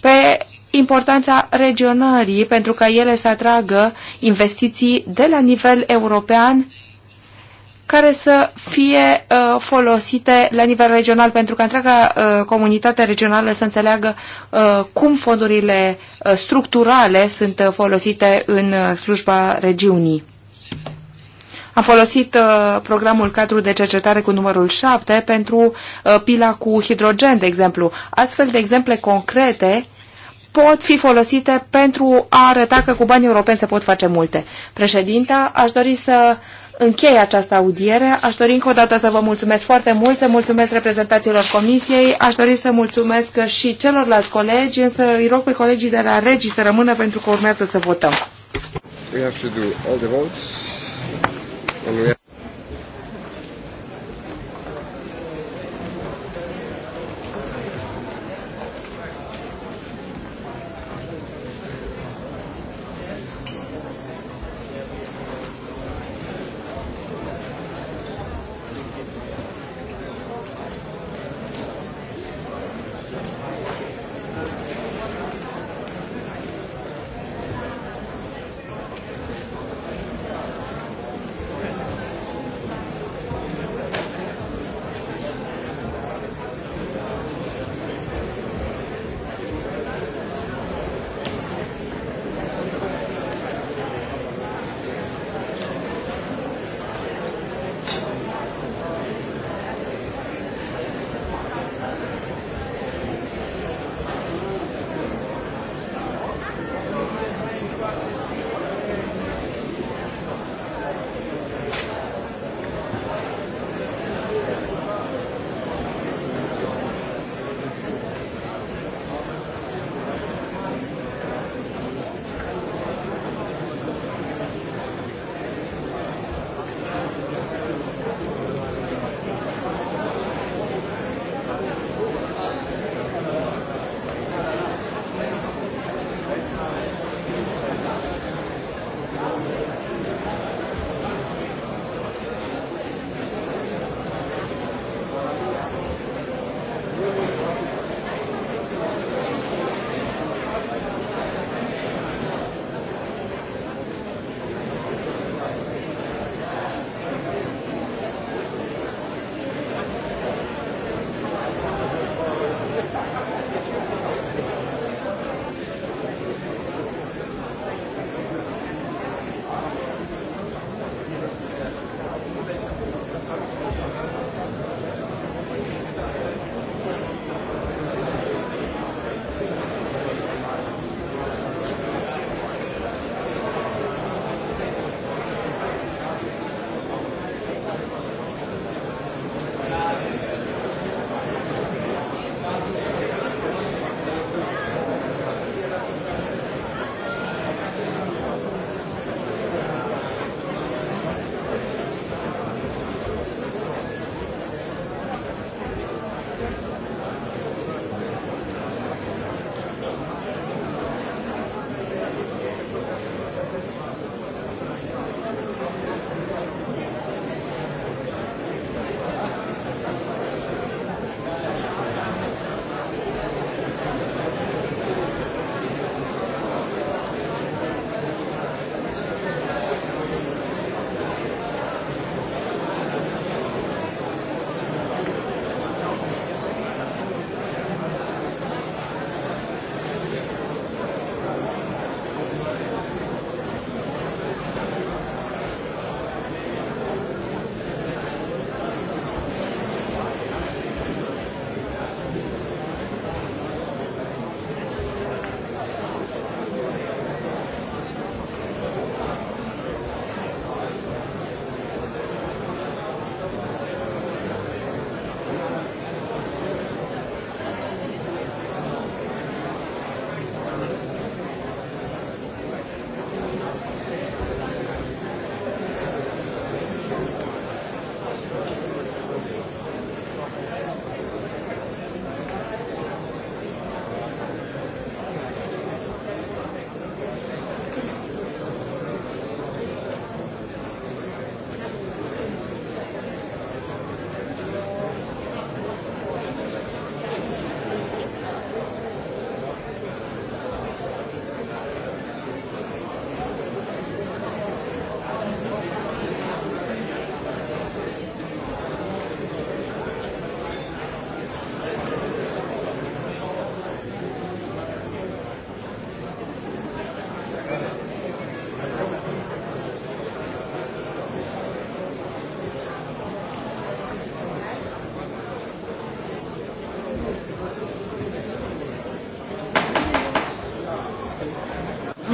pe importanța regionării pentru ca ele să atragă investiții de la nivel european care să fie uh, folosite la nivel regional pentru ca întreaga uh, comunitate regională să înțeleagă uh, cum fondurile uh, structurale sunt uh, folosite în uh, slujba regiunii. Am folosit uh, programul cadru de cercetare cu numărul 7 pentru uh, pila cu hidrogen, de exemplu. Astfel de exemple concrete uh, pot fi folosite pentru a arăta că cu banii europeni se pot face multe. Președinta, aș dori să închei această audiere. Aș dori încă o dată să vă mulțumesc foarte mult, să mulțumesc reprezentanților comisiei, aș dori să mulțumesc și celorlalți colegi, însă îi rog pe colegii de la regii să rămână pentru că urmează să votăm. We have to do all the votes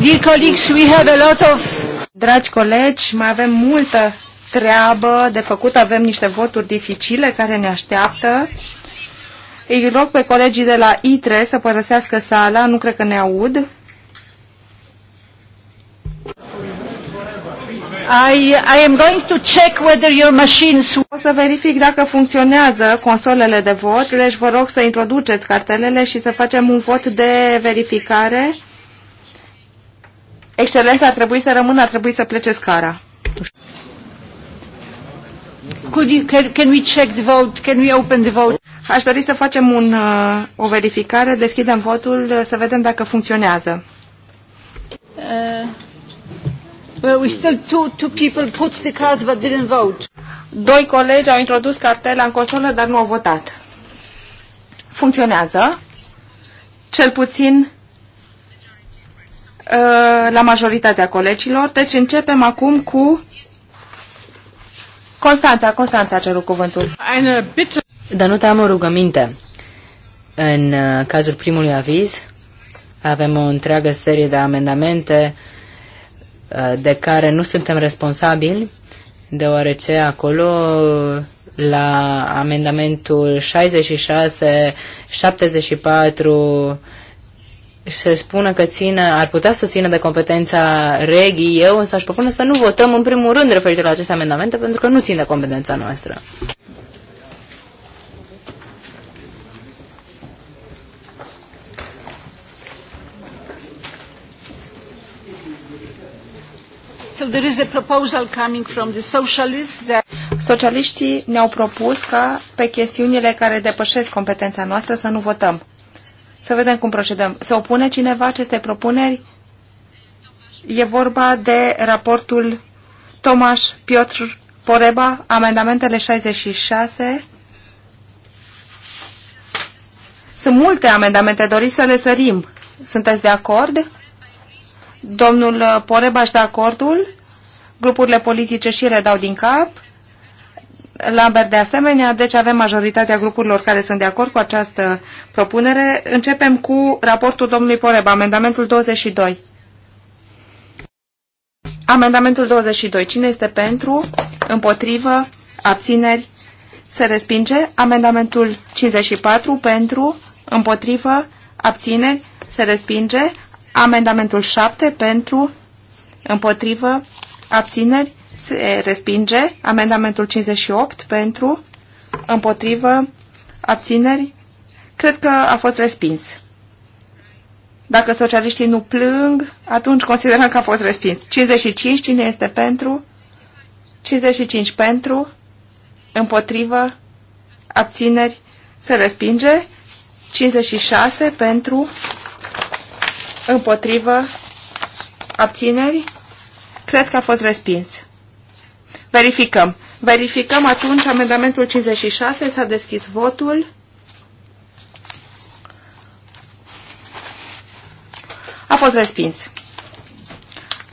Dear colleagues, we have a lot of... Dragi colegi, mai avem multă treabă de făcut, avem niște voturi dificile care ne așteaptă. Îi rog pe colegii de la ITRE să părăsească sala, nu cred că ne aud. I, I am going to check whether your machines... O să verific dacă funcționează consolele de vot, deci vă rog să introduceți cartelele și să facem un vot de verificare. Excelența a trebuit să rămână, a trebuit să plece scara. Could you, can, can we check the vote? Can we open the vote? Aș dori să facem un, uh, o verificare, deschidem votul, uh, să vedem dacă funcționează. Uh, well, we still two, two people put the cards but didn't vote. Doi colegi au introdus cartela în consolă, dar nu au votat. Funcționează. Cel puțin Uh, la majoritatea colegilor. Deci începem acum cu Constanța. Constanța a cerut cuvântul. te am o rugăminte. În uh, cazul primului aviz avem o întreagă serie de amendamente uh, de care nu suntem responsabili, deoarece acolo la amendamentul 66, 74, se spune că ține, ar putea să țină de competența regii, eu însă aș propune să nu votăm în primul rând referitor la aceste amendamente, pentru că nu țin de competența noastră. So there is a proposal coming from the socialists that... Socialiștii ne-au propus ca pe chestiunile care depășesc competența noastră să nu votăm. Să vedem cum procedăm. Se opune cineva acestei propuneri? E vorba de raportul Tomaș Piotr Poreba, amendamentele 66. Sunt multe amendamente, doriți să le sărim. Sunteți de acord? Domnul Poreba și de acordul? Grupurile politice și ele dau din cap? Lambert de asemenea, deci avem majoritatea grupurilor care sunt de acord cu această propunere. Începem cu raportul domnului Poreba, amendamentul 22. Amendamentul 22. Cine este pentru? Împotrivă? Abțineri? Se respinge. Amendamentul 54 pentru? Împotrivă? Abțineri? Se respinge. Amendamentul 7 pentru? Împotrivă? Abțineri? se respinge. Amendamentul 58 pentru, împotrivă, abțineri, cred că a fost respins. Dacă socialiștii nu plâng, atunci considerăm că a fost respins. 55, cine este pentru? 55 pentru, împotrivă, abțineri, se respinge. 56 pentru, împotrivă, abțineri, cred că a fost respins. Verificăm. Verificăm atunci amendamentul 56. S-a deschis votul. A fost respins.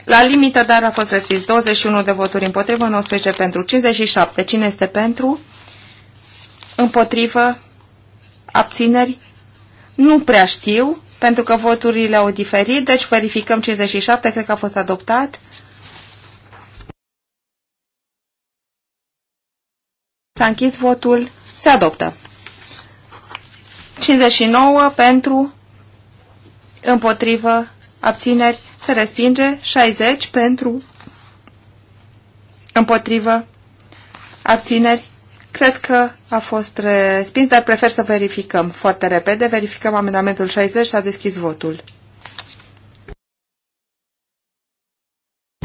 La limită, dar a fost respins 21 de voturi împotrivă, 19 pentru, 57. Cine este pentru? Împotrivă? Abțineri? Nu prea știu, pentru că voturile au diferit, deci verificăm 57, cred că a fost adoptat. S-a închis votul. Se adoptă. 59 pentru, împotrivă, abțineri, se respinge. 60 pentru, împotrivă, abțineri. Cred că a fost respins, dar prefer să verificăm foarte repede. Verificăm amendamentul 60, s-a deschis votul.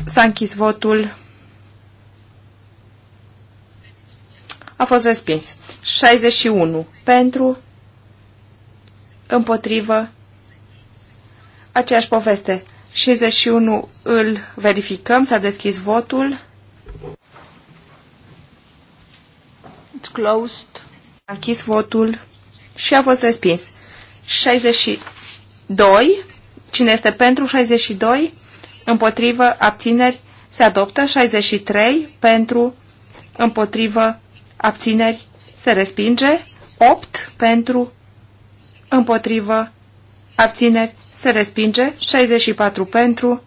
S-a închis votul. a fost respins. 61 pentru, împotrivă, aceeași poveste. 61 îl verificăm, s-a deschis votul. It's closed. A închis votul și a fost respins. 62. Cine este pentru 62? Împotrivă, abțineri, se adoptă. 63 pentru, împotrivă, abțineri, se respinge. 8 pentru, împotrivă, abțineri, se respinge. 64 pentru,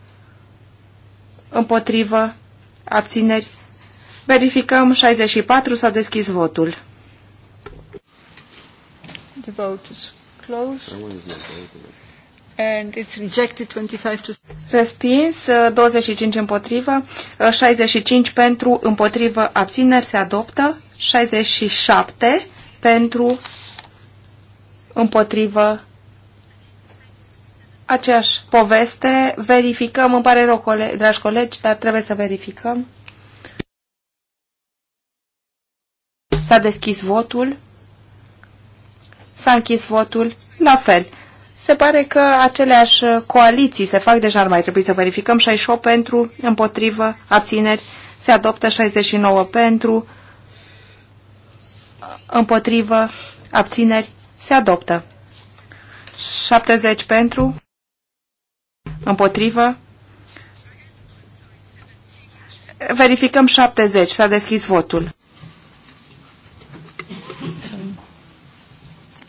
împotrivă, abțineri. Verificăm 64, s-a deschis votul. The vote is closed. And it's rejected 25 to... Respins, 25 uh, împotrivă, 65 uh, pentru, împotrivă, abțineri, se adoptă. 67 pentru împotrivă aceeași poveste. Verificăm, îmi pare rău, cole dragi colegi, dar trebuie să verificăm. S-a deschis votul. S-a închis votul. La fel. Se pare că aceleași coaliții se fac deja, ar mai trebui să verificăm 68 pentru, împotrivă, abțineri, se adoptă 69 pentru, împotrivă, abțineri, se adoptă. 70 pentru, împotrivă. Verificăm 70, s-a deschis votul.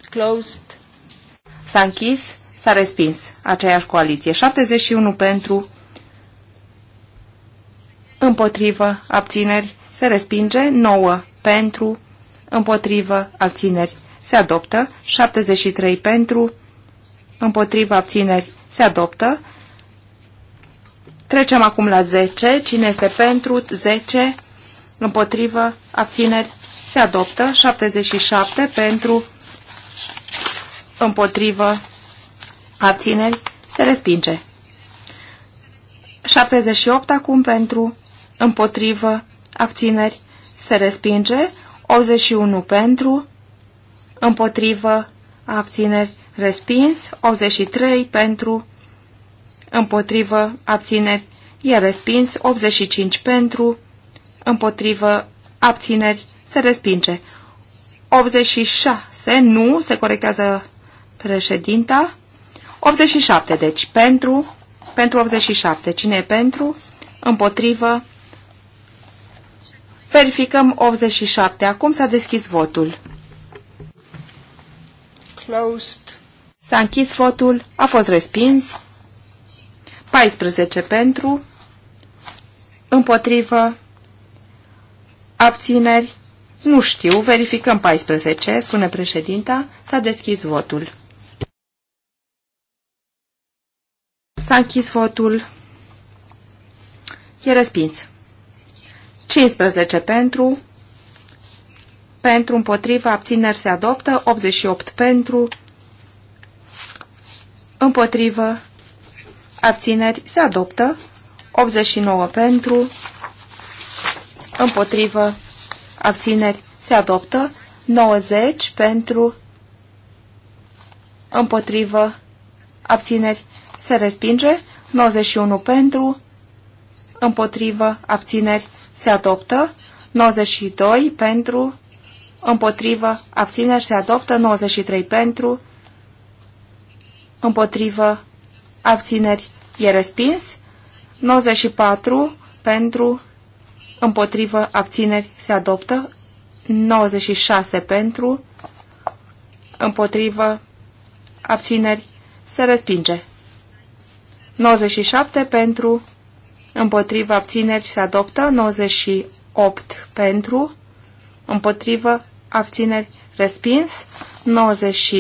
Closed. S-a închis, s-a respins aceeași coaliție. 71 pentru, împotrivă, abțineri, se respinge, 9 pentru, împotrivă, abțineri, se adoptă. 73 pentru, împotrivă, abțineri, se adoptă. Trecem acum la 10. Cine este pentru? 10. Împotrivă, abțineri, se adoptă. 77 pentru, împotrivă, abțineri, se respinge. 78 acum pentru, împotrivă, abțineri, se respinge. 81 pentru, împotrivă, abțineri, respins, 83 pentru, împotrivă, abțineri, e respins, 85 pentru, împotrivă, abțineri, se respinge. 86, nu, se corectează președinta. 87, deci, pentru, pentru 87, cine e pentru, împotrivă, Verificăm 87. Acum s-a deschis votul. Closed. S-a închis votul. A fost respins. 14 pentru. Împotrivă. Abțineri. Nu știu. Verificăm 14. Spune președinta. S-a deschis votul. S-a închis votul. E respins. 15 pentru, pentru, împotriva, abțineri se adoptă, 88 pentru, împotrivă, abțineri se adoptă, 89 pentru, împotrivă, abțineri se adoptă, 90 pentru, împotrivă, abțineri se respinge, 91 pentru, împotrivă, abțineri se adoptă. 92 pentru, împotrivă, abțineri, se adoptă. 93 pentru, împotrivă, abțineri, e respins. 94 pentru, împotrivă, abțineri, se adoptă. 96 pentru, împotrivă, abțineri, se respinge. 97 pentru, împotriva abțineri se adoptă, 98 pentru, împotriva abțineri respins, 90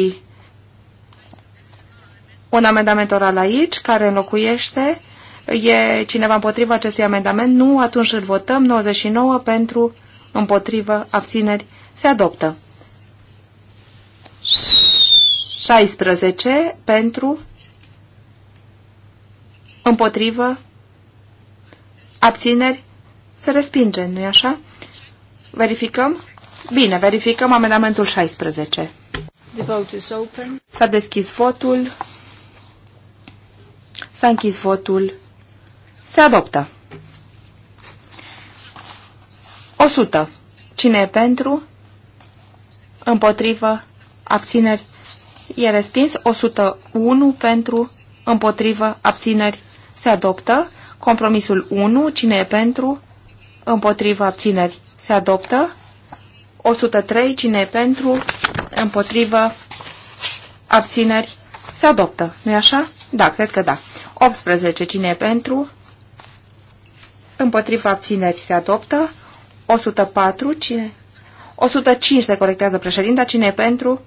un amendament oral aici care înlocuiește e cineva împotriva acestui amendament? Nu, atunci îl votăm 99 pentru, împotrivă, abțineri, se adoptă 16 pentru, împotrivă, Abțineri? Se respinge, nu-i așa? Verificăm? Bine, verificăm amendamentul 16. The vote is open. S-a deschis votul. S-a închis votul. Se adoptă. 100. Cine e pentru? Împotrivă? Abțineri? E respins. 101 pentru? Împotrivă? Abțineri? Se adoptă. Compromisul 1, cine e pentru? Împotriva abțineri se adoptă. 103, cine e pentru? Împotriva abțineri se adoptă. nu e așa? Da, cred că da. 18, cine e pentru? Împotriva abțineri se adoptă. 104, cine? 105 se corectează președinta, cine e pentru?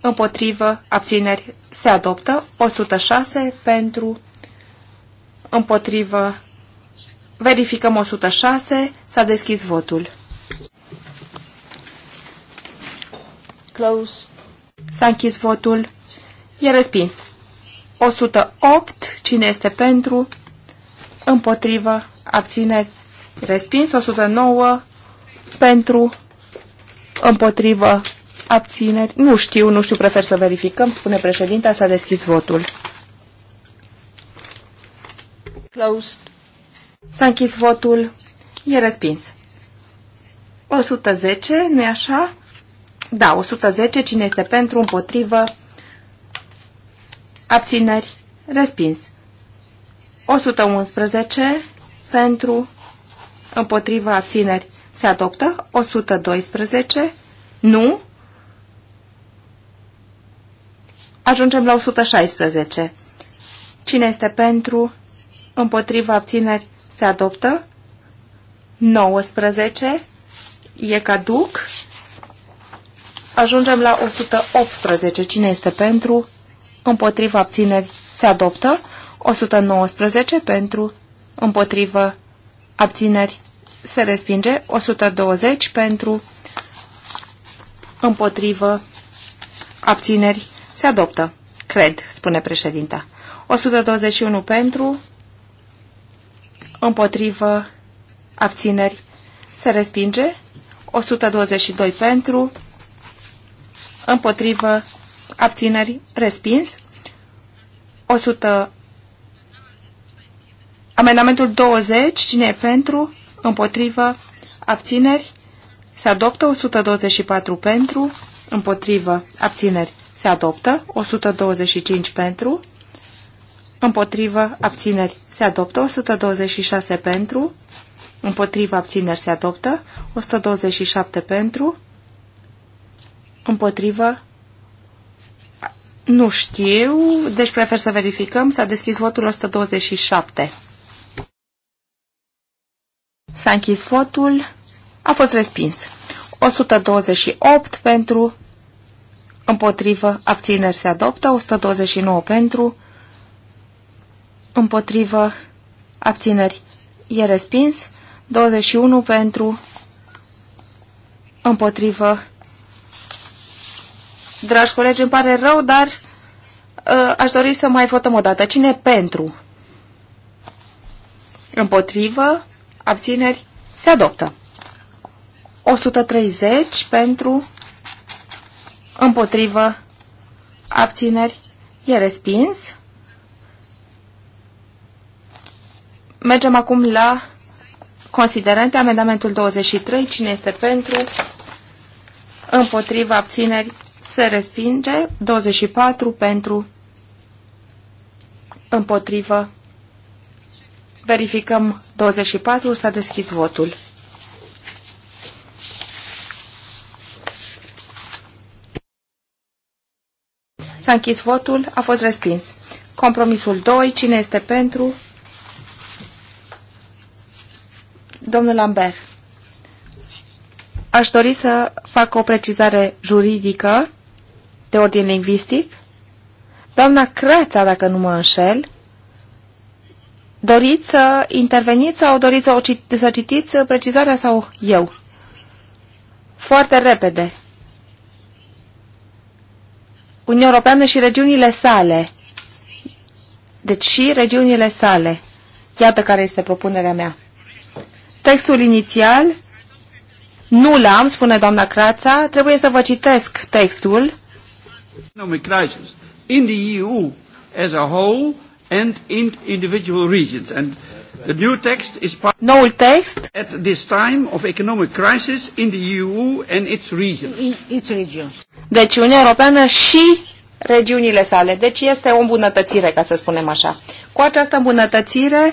Împotrivă, abțineri, se adoptă. 106 pentru, împotrivă, verificăm 106, s-a deschis votul. Close. S-a închis votul. E respins. 108. Cine este pentru? Împotrivă. Abține. Respins. 109. Pentru. Împotrivă. Abțineri. Nu știu, nu știu, prefer să verificăm. Spune președinta, s-a deschis votul. Closed. S-a închis votul. E respins. 110, nu-i așa? Da, 110. Cine este pentru, împotrivă? Abțineri. Respins. 111 pentru, împotrivă, abțineri. Se adoptă. 112. Nu. Ajungem la 116. Cine este pentru? împotriva abțineri se adoptă. 19 e caduc. Ajungem la 118. Cine este pentru? Împotriva abțineri se adoptă. 119 pentru împotrivă abțineri se respinge. 120 pentru împotrivă abțineri se adoptă. Cred, spune președinta. 121 pentru împotrivă, abțineri, se respinge. 122 pentru, împotrivă, abțineri, respins. 100 Amendamentul 20, cine e pentru, împotrivă, abțineri, se adoptă 124 pentru, împotrivă, abțineri, se adoptă 125 pentru, împotrivă, abțineri, se adoptă. 126 pentru, împotrivă, abțineri, se adoptă. 127 pentru, împotrivă, nu știu, deci prefer să verificăm. S-a deschis votul 127. S-a închis votul. A fost respins. 128 pentru, împotrivă, abțineri se adoptă, 129 pentru, împotrivă, abțineri, e respins. 21 pentru, împotrivă. Dragi colegi, îmi pare rău, dar uh, aș dori să mai votăm o dată. Cine pentru? Împotrivă, abțineri, se adoptă. 130 pentru, împotrivă, abțineri, e respins. Mergem acum la considerente. Amendamentul 23. Cine este pentru? Împotriva abțineri se respinge. 24 pentru împotrivă. Verificăm 24. S-a deschis votul. S-a închis votul. A fost respins. Compromisul 2. Cine este pentru? Domnul Lambert, aș dori să fac o precizare juridică de ordin lingvistic. Doamna Creața, dacă nu mă înșel, doriți să interveniți sau doriți să, o cit să citiți precizarea sau eu? Foarte repede. Uniunea Europeană și regiunile sale. Deci și regiunile sale. Iată care este propunerea mea. Textul inițial nu l-am, spune doamna Crața, trebuie să vă citesc textul. Economic crisis in the EU as a whole and in individual regions. And the new text is part Noul text at this time of economic crisis in the EU and its regions. In its regions. Deci Uniunea Europeană și regiunile sale. Deci este o îmbunătățire, ca să spunem așa. Cu această îmbunătățire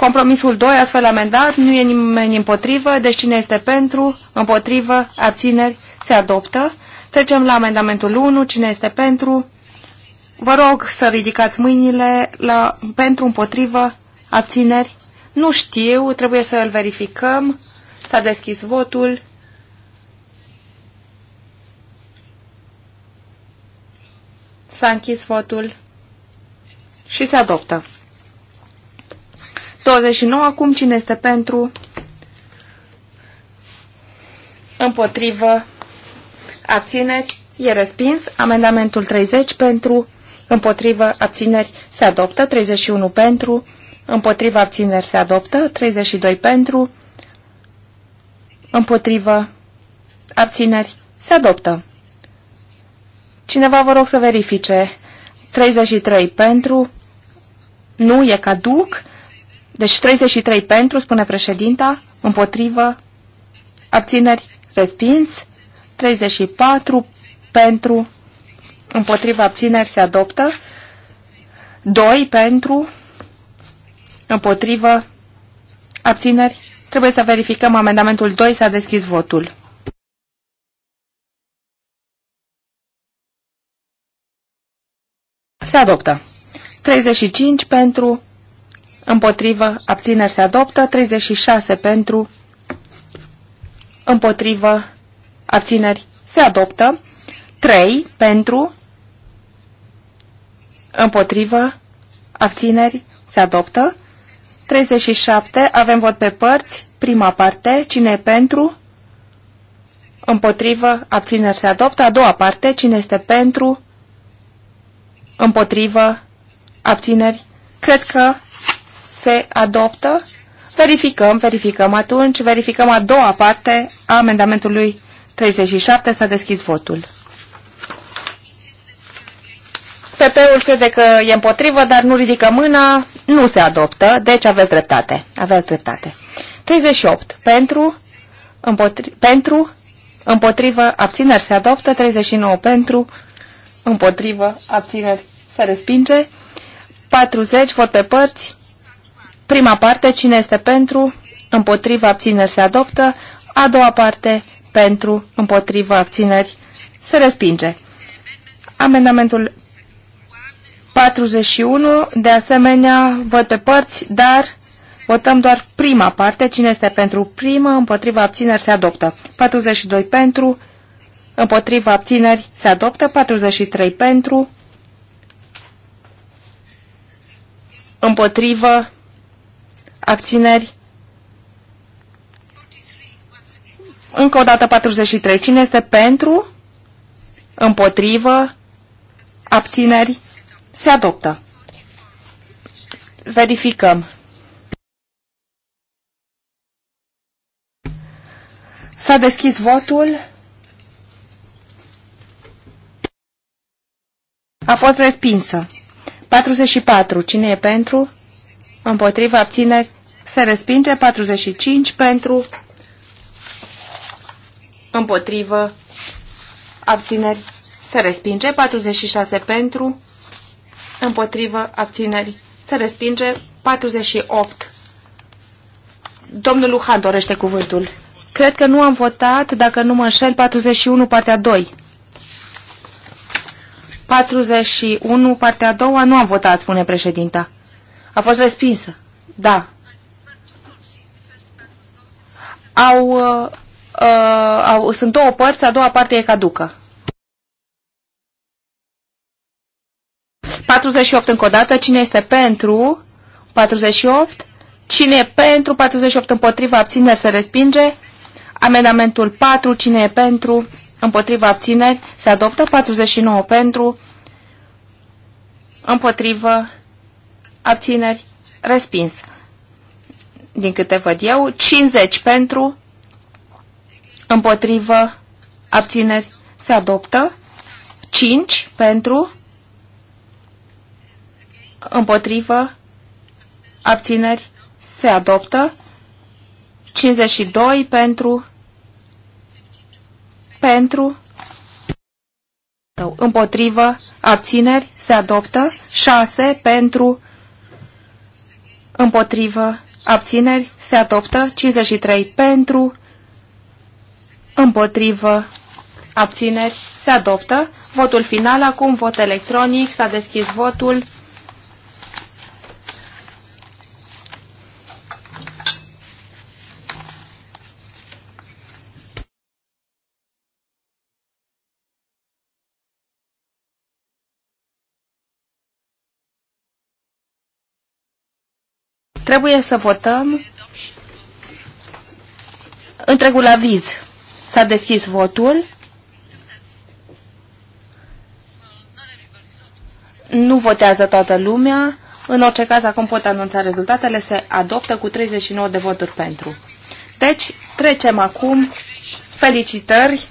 Compromisul 2, astfel amendat, nu e nimeni împotrivă, deci cine este pentru, împotrivă, abțineri, se adoptă. Trecem la amendamentul 1, cine este pentru. Vă rog să ridicați mâinile la, pentru, împotrivă, abțineri. Nu știu, trebuie să îl verificăm. S-a deschis votul. S-a închis votul și se adoptă. 29 acum. Cine este pentru? Împotrivă. Abțineri. E respins. Amendamentul 30 pentru. Împotrivă. Abțineri. Se adoptă. 31 pentru. Împotrivă. Abțineri. Se adoptă. 32 pentru. Împotrivă. Abțineri. Se adoptă. Cineva vă rog să verifice. 33 pentru. Nu e caduc. Deci 33 pentru, spune președinta, împotrivă, abțineri, respins, 34 pentru, împotrivă, abțineri, se adoptă, 2 pentru, împotrivă, abțineri. Trebuie să verificăm amendamentul 2, s-a deschis votul. Se adoptă. 35 pentru, împotrivă, abțineri se adoptă, 36 pentru, împotrivă, abțineri se adoptă, 3 pentru, împotrivă, abțineri se adoptă, 37 avem vot pe părți, prima parte, cine e pentru, împotrivă, abțineri se adoptă, a doua parte, cine este pentru, împotrivă, abțineri, cred că se adoptă. Verificăm, verificăm atunci, verificăm a doua parte a amendamentului 37, s-a deschis votul. PP-ul crede că e împotrivă, dar nu ridică mâna, nu se adoptă, deci aveți dreptate. Aveți dreptate. 38. Pentru, împotri, pentru împotrivă, abțineri se adoptă, 39 pentru, împotrivă, abțineri se respinge, 40 vot pe părți, Prima parte, cine este pentru, împotriva abțineri se adoptă. A doua parte, pentru, împotriva abțineri se respinge. Amendamentul 41, de asemenea, văd pe părți, dar votăm doar prima parte. Cine este pentru primă, împotriva abțineri se adoptă. 42 pentru, împotriva abțineri se adoptă. 43 pentru, împotriva abțineri. Încă o dată 43. Cine este pentru? Împotrivă? Abțineri? Se adoptă. Verificăm. S-a deschis votul. A fost respinsă. 44. Cine e pentru? Împotriva abțineri? se respinge 45 pentru împotrivă abțineri se respinge 46 pentru împotrivă abțineri se respinge 48 Domnul Luhan dorește cuvântul. Cred că nu am votat, dacă nu mă înșel, 41 partea 2. 41 partea 2 nu am votat, spune președinta. A fost respinsă. Da, au, uh, uh, au, sunt două părți, a doua parte e caducă. 48 încă o dată, cine este pentru 48? Cine e pentru 48 împotriva abțineri se respinge? Amendamentul 4, cine e pentru împotriva abțineri se adoptă? 49 pentru împotrivă abțineri respins din câte văd eu, 50 pentru, împotrivă, abțineri, se adoptă, 5 pentru, împotrivă, abțineri, se adoptă, 52 pentru, pentru, împotrivă, abțineri, se adoptă, 6 pentru, împotrivă, abțineri, se adoptă. 53 pentru, împotrivă, abțineri, se adoptă. Votul final acum, vot electronic, s-a deschis votul. Trebuie să votăm întregul aviz. S-a deschis votul. Nu votează toată lumea. În orice caz, acum pot anunța rezultatele. Se adoptă cu 39 de voturi pentru. Deci, trecem acum. Felicitări.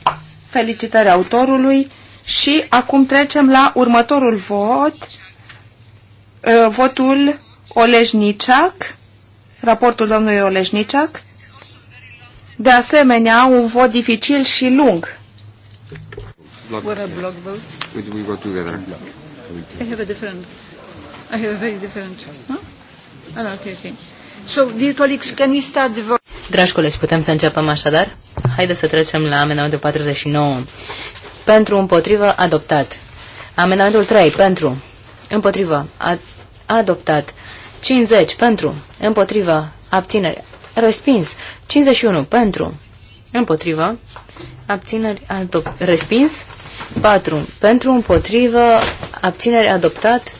Felicitări autorului. Și acum trecem la următorul vot. Uh, votul Oleșniciac, raportul domnului Oleșniciac, de asemenea, un vot dificil și lung. Deci ah, Dragi colegi, putem să începem așadar? Haideți să trecem la amendamentul 49. Pentru împotrivă, adoptat. Amendamentul 3. Pentru împotrivă, adoptat. 50 pentru, împotriva, abținere, respins. 51 pentru, împotriva, abțineri, adop, respins. 4 pentru, împotriva, abțineri, adoptat.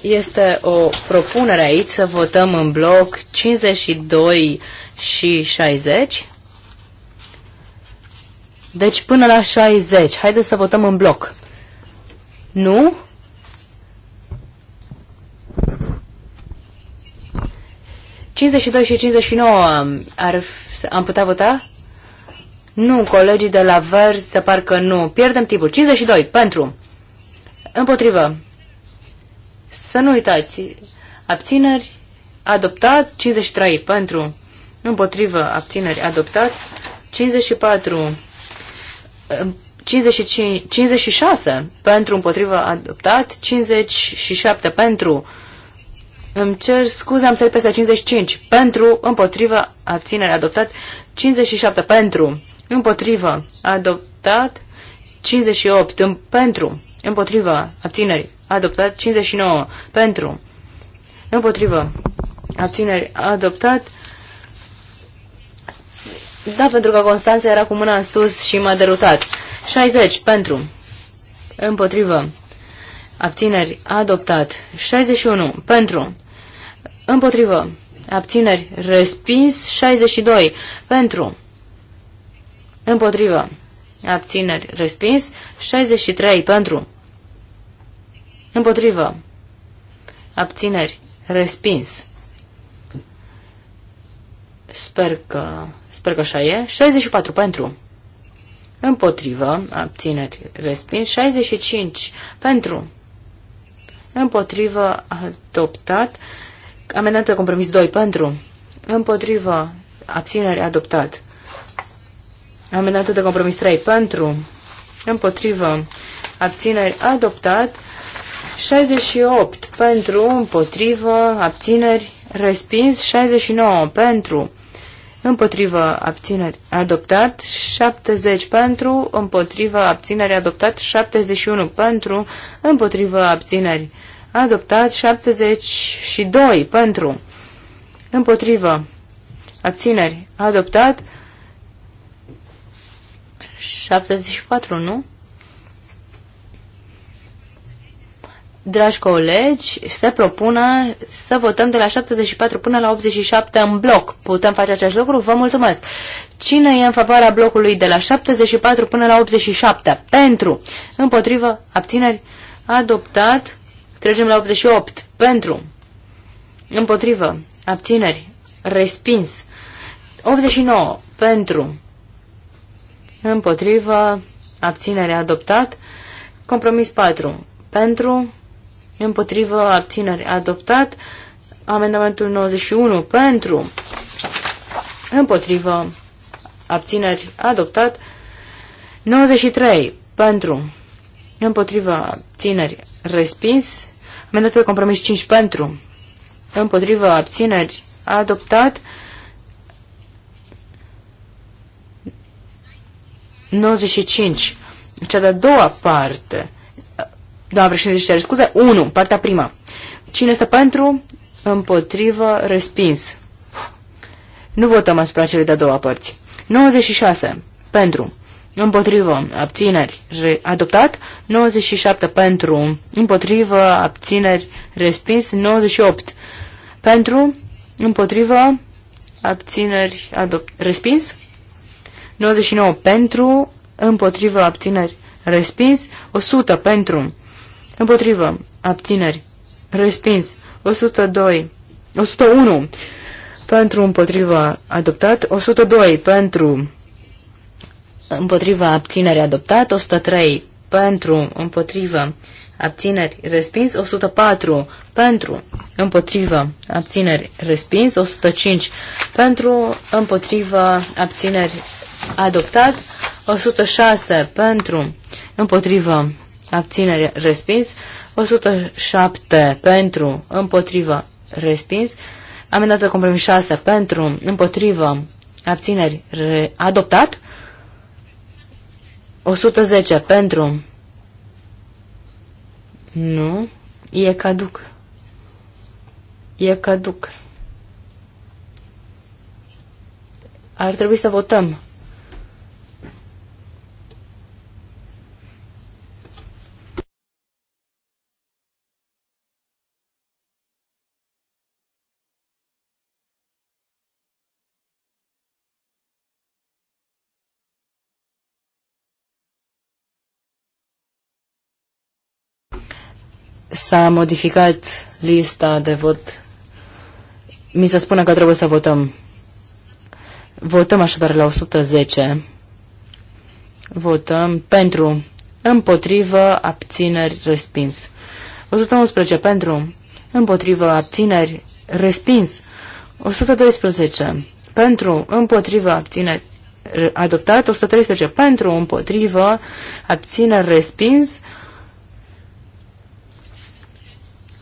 Este o propunere aici să votăm în bloc 52 și 60. Deci până la 60. Haideți să votăm în bloc. Nu? 52 și 59 ar, am putea vota? Nu, colegii de la Verzi se par că nu. Pierdem timpul. 52 pentru. Împotrivă. Să nu uitați. Abțineri. Adoptat. 53 pentru. Împotrivă. Abțineri. Adoptat. 54. 55, 56 pentru împotrivă adoptat, 57 pentru îmi cer scuze, am sărit peste 55. Pentru, împotrivă, abținere, adoptat. 57 pentru, împotrivă, adoptat. 58 în, pentru, împotrivă, abțineri, adoptat. 59 pentru, împotrivă, abțineri, adoptat. Da, pentru că Constanța era cu mâna în sus și m-a derutat. 60 pentru, împotrivă, Abțineri. Adoptat. 61. Pentru. Împotrivă. Abțineri. Respins. 62. Pentru. Împotrivă. Abțineri. Respins. 63. Pentru. Împotrivă. Abțineri. Respins. Sper că... Sper că așa e. 64. Pentru. Împotrivă. Abțineri. Respins. 65. Pentru. Împotrivă. Adoptat. Amendamentul de compromis 2 pentru. Împotrivă. Abținere adoptat. Amendamentul de compromis 3 pentru. Împotrivă. Abțineri adoptat. 68 pentru. Împotrivă. Abțineri respins. 69 pentru. Împotrivă abțineri adoptat 70 pentru, împotrivă abțineri adoptat 71 pentru, împotrivă abțineri adoptat 72 pentru, împotrivă, abțineri, adoptat 74, nu? Dragi colegi, se propune să votăm de la 74 până la 87 în bloc. Putem face acest lucru? Vă mulțumesc. Cine e în favoarea blocului de la 74 până la 87? Pentru, împotrivă, abțineri, adoptat Trecem la 88. Pentru. Împotrivă. Abțineri. Respins. 89. Pentru. Împotrivă. Abținere adoptat. Compromis 4. Pentru. Împotrivă. Abținere adoptat. Amendamentul 91. Pentru. Împotrivă. Abțineri adoptat. 93. Pentru. Împotrivă. Abțineri Respins. amendatul de compromis 5 pentru. Împotrivă abțineri. Adoptat. 95. Cea de-a doua parte. Doamna președinte, cer scuze. 1. Partea prima. Cine este pentru? Împotrivă. Respins. Nu votăm asupra celei de-a doua părți. 96. Pentru împotrivă, abțineri, adoptat, 97 pentru, împotrivă, abțineri, respins, 98 pentru, împotrivă, abțineri, adopt, respins, 99 pentru, împotrivă, abțineri, respins, 100 pentru, împotrivă, abțineri, respins, 102, 101 pentru, împotrivă, adoptat, 102 pentru, împotriva abținerii adoptat, 103 pentru, împotrivă, abțineri respins, 104 pentru, împotrivă, abțineri respins, 105 pentru, împotrivă, abțineri adoptat, 106 pentru, împotrivă, abțineri respins, 107 pentru, împotrivă, respins, amendată compromis 6 pentru, împotrivă, abțineri adoptat, 110 pentru. Nu. E caduc. E caduc. Ar trebui să votăm. S-a modificat lista de vot. Mi se spune că trebuie să votăm. Votăm așadar la 110. Votăm pentru, împotrivă, abțineri, respins. 111 pentru, împotrivă, abțineri, respins. 112 pentru, împotrivă, abțineri, adoptat. 113 pentru, împotrivă, abțineri, respins.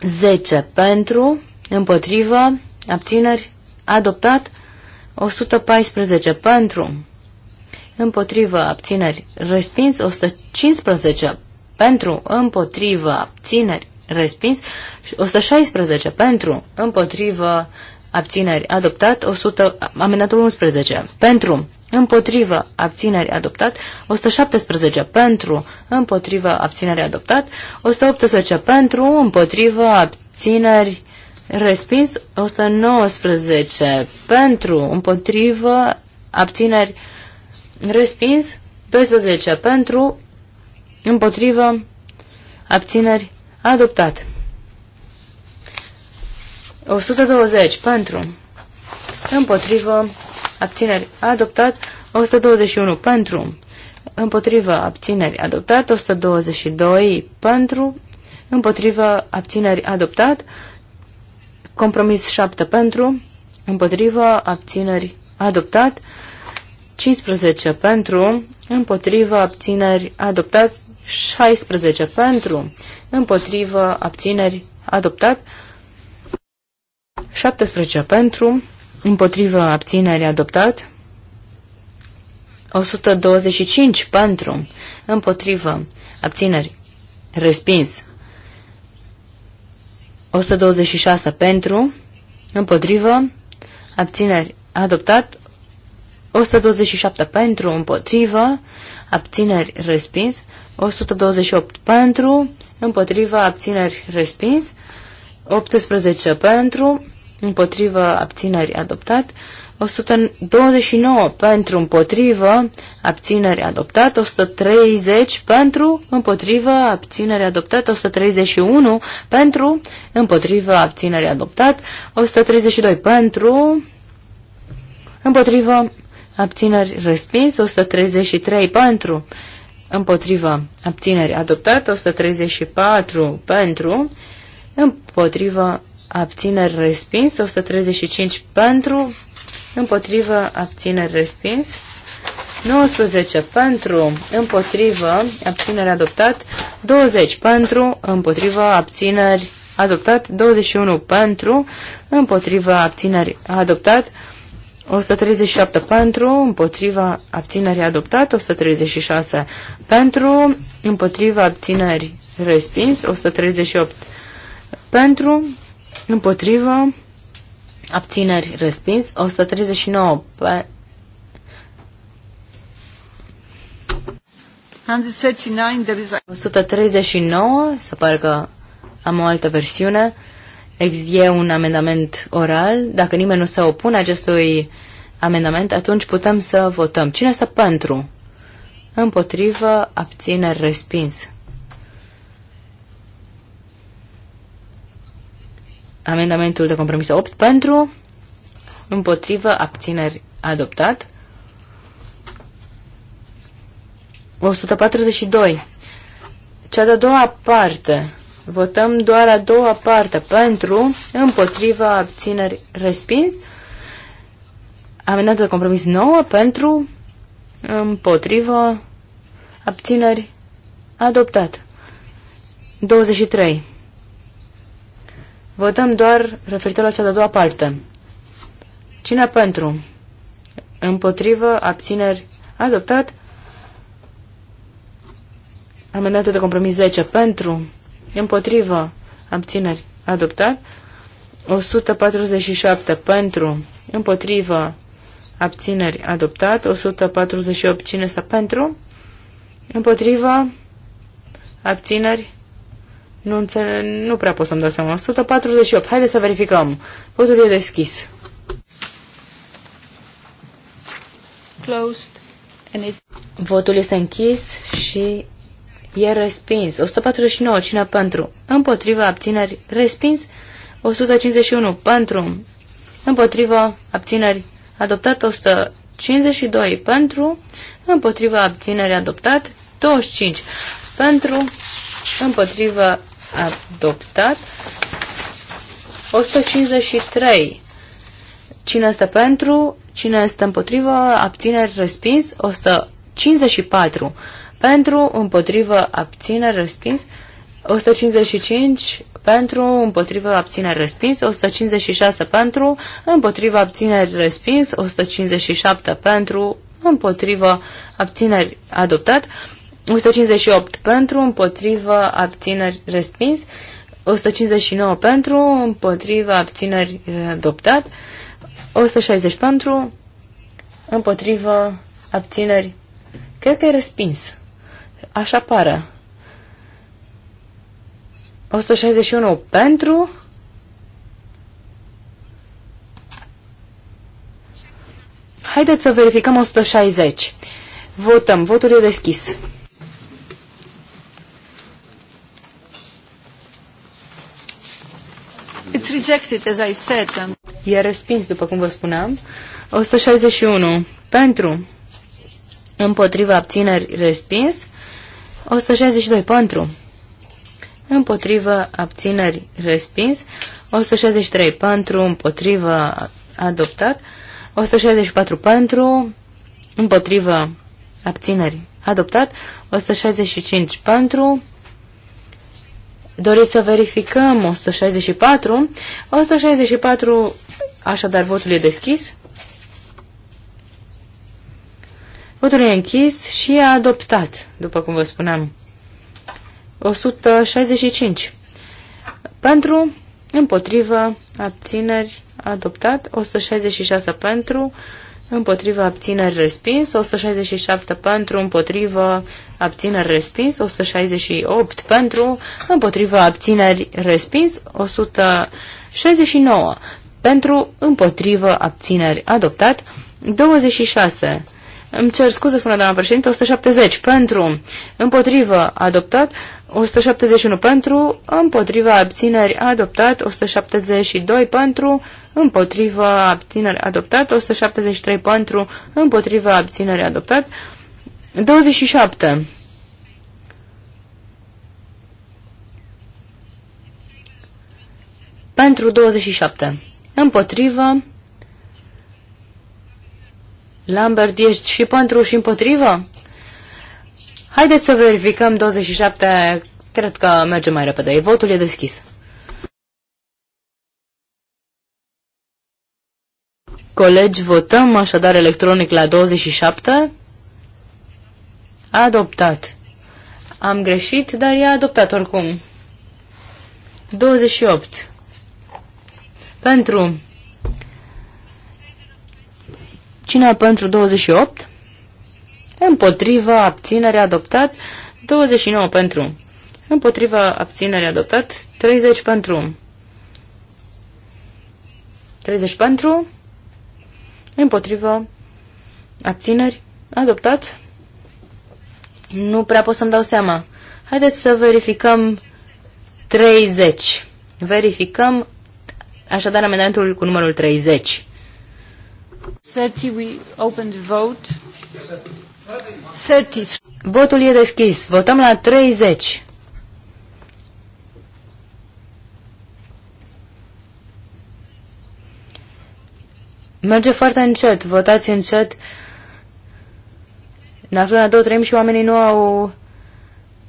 10 pentru, împotrivă, abțineri, adoptat. 114 pentru, împotrivă, abțineri, respins. 115 pentru, împotrivă, abțineri, respins. 116 pentru, împotrivă, abțineri, adoptat. 100, amendatul 11 pentru, împotrivă, abțineri, adoptat, 117 pentru, împotrivă, abțineri, adoptat, 118 pentru, împotrivă, abțineri, respins, 119 pentru, împotrivă, abțineri, respins, 12 pentru, împotrivă, abțineri, adoptat. 120 pentru, împotrivă, abțineri, adoptat. 121 pentru, împotrivă, abțineri, adoptat. 122 pentru, împotrivă, abțineri, adoptat. Compromis 7 pentru, împotrivă, abțineri, adoptat. 15 pentru, împotrivă, abțineri, adoptat. 16 pentru, împotrivă, abțineri, adoptat. 17 pentru, Împotrivă abținere adoptat. 125 pentru. Împotrivă abțineri respins. 126 pentru. Împotrivă abțineri adoptat. 127 pentru. Împotrivă abțineri respins. 128 pentru. Împotrivă abțineri respins. 18 pentru împotrivă, abțineri, adoptat. 129 pentru împotrivă, abțineri adoptat, 130 pentru împotrivă, abțineri adoptat, 131 pentru împotrivă, abțineri adoptat, 132 pentru împotrivă, abțineri respins, 133 pentru împotrivă, abțineri adoptat, 134 pentru împotrivă, abțineri respins, 135 pentru, împotrivă, abțineri respins, 19 pentru, împotrivă, abțineri adoptat, 20 pentru, împotrivă, abțineri adoptat, 21 pentru, împotrivă, abțineri adoptat, 137 pentru, împotriva abținerii adoptat, 136 pentru, împotriva abținerii respins, 138 pentru, împotrivă, abțineri respins, 139 pe 139, se pare că am o altă versiune, e un amendament oral, dacă nimeni nu se opune acestui amendament, atunci putem să votăm. Cine este pentru? Împotrivă, abțineri, respins. Amendamentul de compromis 8 pentru, împotrivă, abțineri, adoptat. 142. Cea de-a doua parte. Votăm doar a doua parte pentru, împotriva, abțineri, respins. Amendamentul de compromis 9 pentru, împotrivă, abțineri, adoptat. 23. Votăm doar referitor la cea de-a doua parte. Cine pentru? Împotrivă, abțineri, adoptat. Amendate de compromis 10 pentru, împotrivă, abțineri, adoptat. 147 pentru, împotrivă, abțineri, adoptat. 148 cine să pentru, împotrivă, abțineri, nu, înțeleg, nu prea pot să-mi dau seama. 148. Haideți să verificăm. Votul e deschis. Closed. And it... Votul este închis și e respins. 149. Cine pentru? Împotriva abțineri. Respins. 151. Pentru. Împotriva abțineri. Adoptat 152. Pentru. Împotriva abțineri. Adoptat 25. Pentru. Împotriva adoptat. 153. Cine este pentru? Cine este împotrivă? Abțineri respins. 154. Pentru, împotrivă, abțineri respins. 155 pentru, împotrivă, abțineri respins, 156 pentru, împotrivă, abțineri respins, 157 pentru, împotrivă, abțineri adoptat, 158 pentru, împotrivă, abțineri, respins. 159 pentru, împotrivă, abțineri, adoptat. 160 pentru, împotrivă, abțineri. Cred că e respins. Așa pare. 161 pentru. Haideți să verificăm 160. Votăm. Votul e deschis. It's rejected, as I said. Um, e respins, după cum vă spuneam. 161. Pentru. Împotriva abțineri respins. 162. Pentru. Împotriva abțineri respins. 163. Pentru. Împotriva adoptat. 164. Pentru. Împotriva abțineri adoptat. 165. Pentru. Doriți să verificăm 164? 164, așadar, votul e deschis. Votul e închis și e adoptat, după cum vă spuneam. 165. Pentru, împotrivă, abțineri, adoptat. 166 pentru, Împotriva abțineri, respins, 167 pentru, Împotriva abțineri, respins, 168 pentru, Împotriva abțineri, respins, 169 pentru, Împotriva abțineri, adoptat, 26 îmi cer scuze, spune doamna președinte, 170 pentru, Împotriva adoptat, 171 pentru, împotriva abțineri adoptat, 172 pentru, împotriva abțineri adoptat, 173 pentru, împotriva abțineri adoptat, 27. Pentru 27. Împotrivă. Lambert, ești și pentru și împotrivă? Haideți să verificăm 27, cred că merge mai repede. Votul e deschis. Colegi, votăm așadar electronic la 27. Adoptat. Am greșit, dar e adoptat oricum. 28. Pentru. Cine pentru 28? Împotrivă, abținere, adoptat. 29 pentru. Împotrivă, abținere, adoptat. 30 pentru. 30 pentru. Împotrivă, abțineri, adoptat. Nu prea pot să-mi dau seama. Haideți să verificăm 30. Verificăm așadar amendamentul cu numărul 30. 30 we open the vote. 30. Votul e deschis. Votăm la 30. Merge foarte încet. Votați încet. Ne aflăm la două treimi și oamenii nu au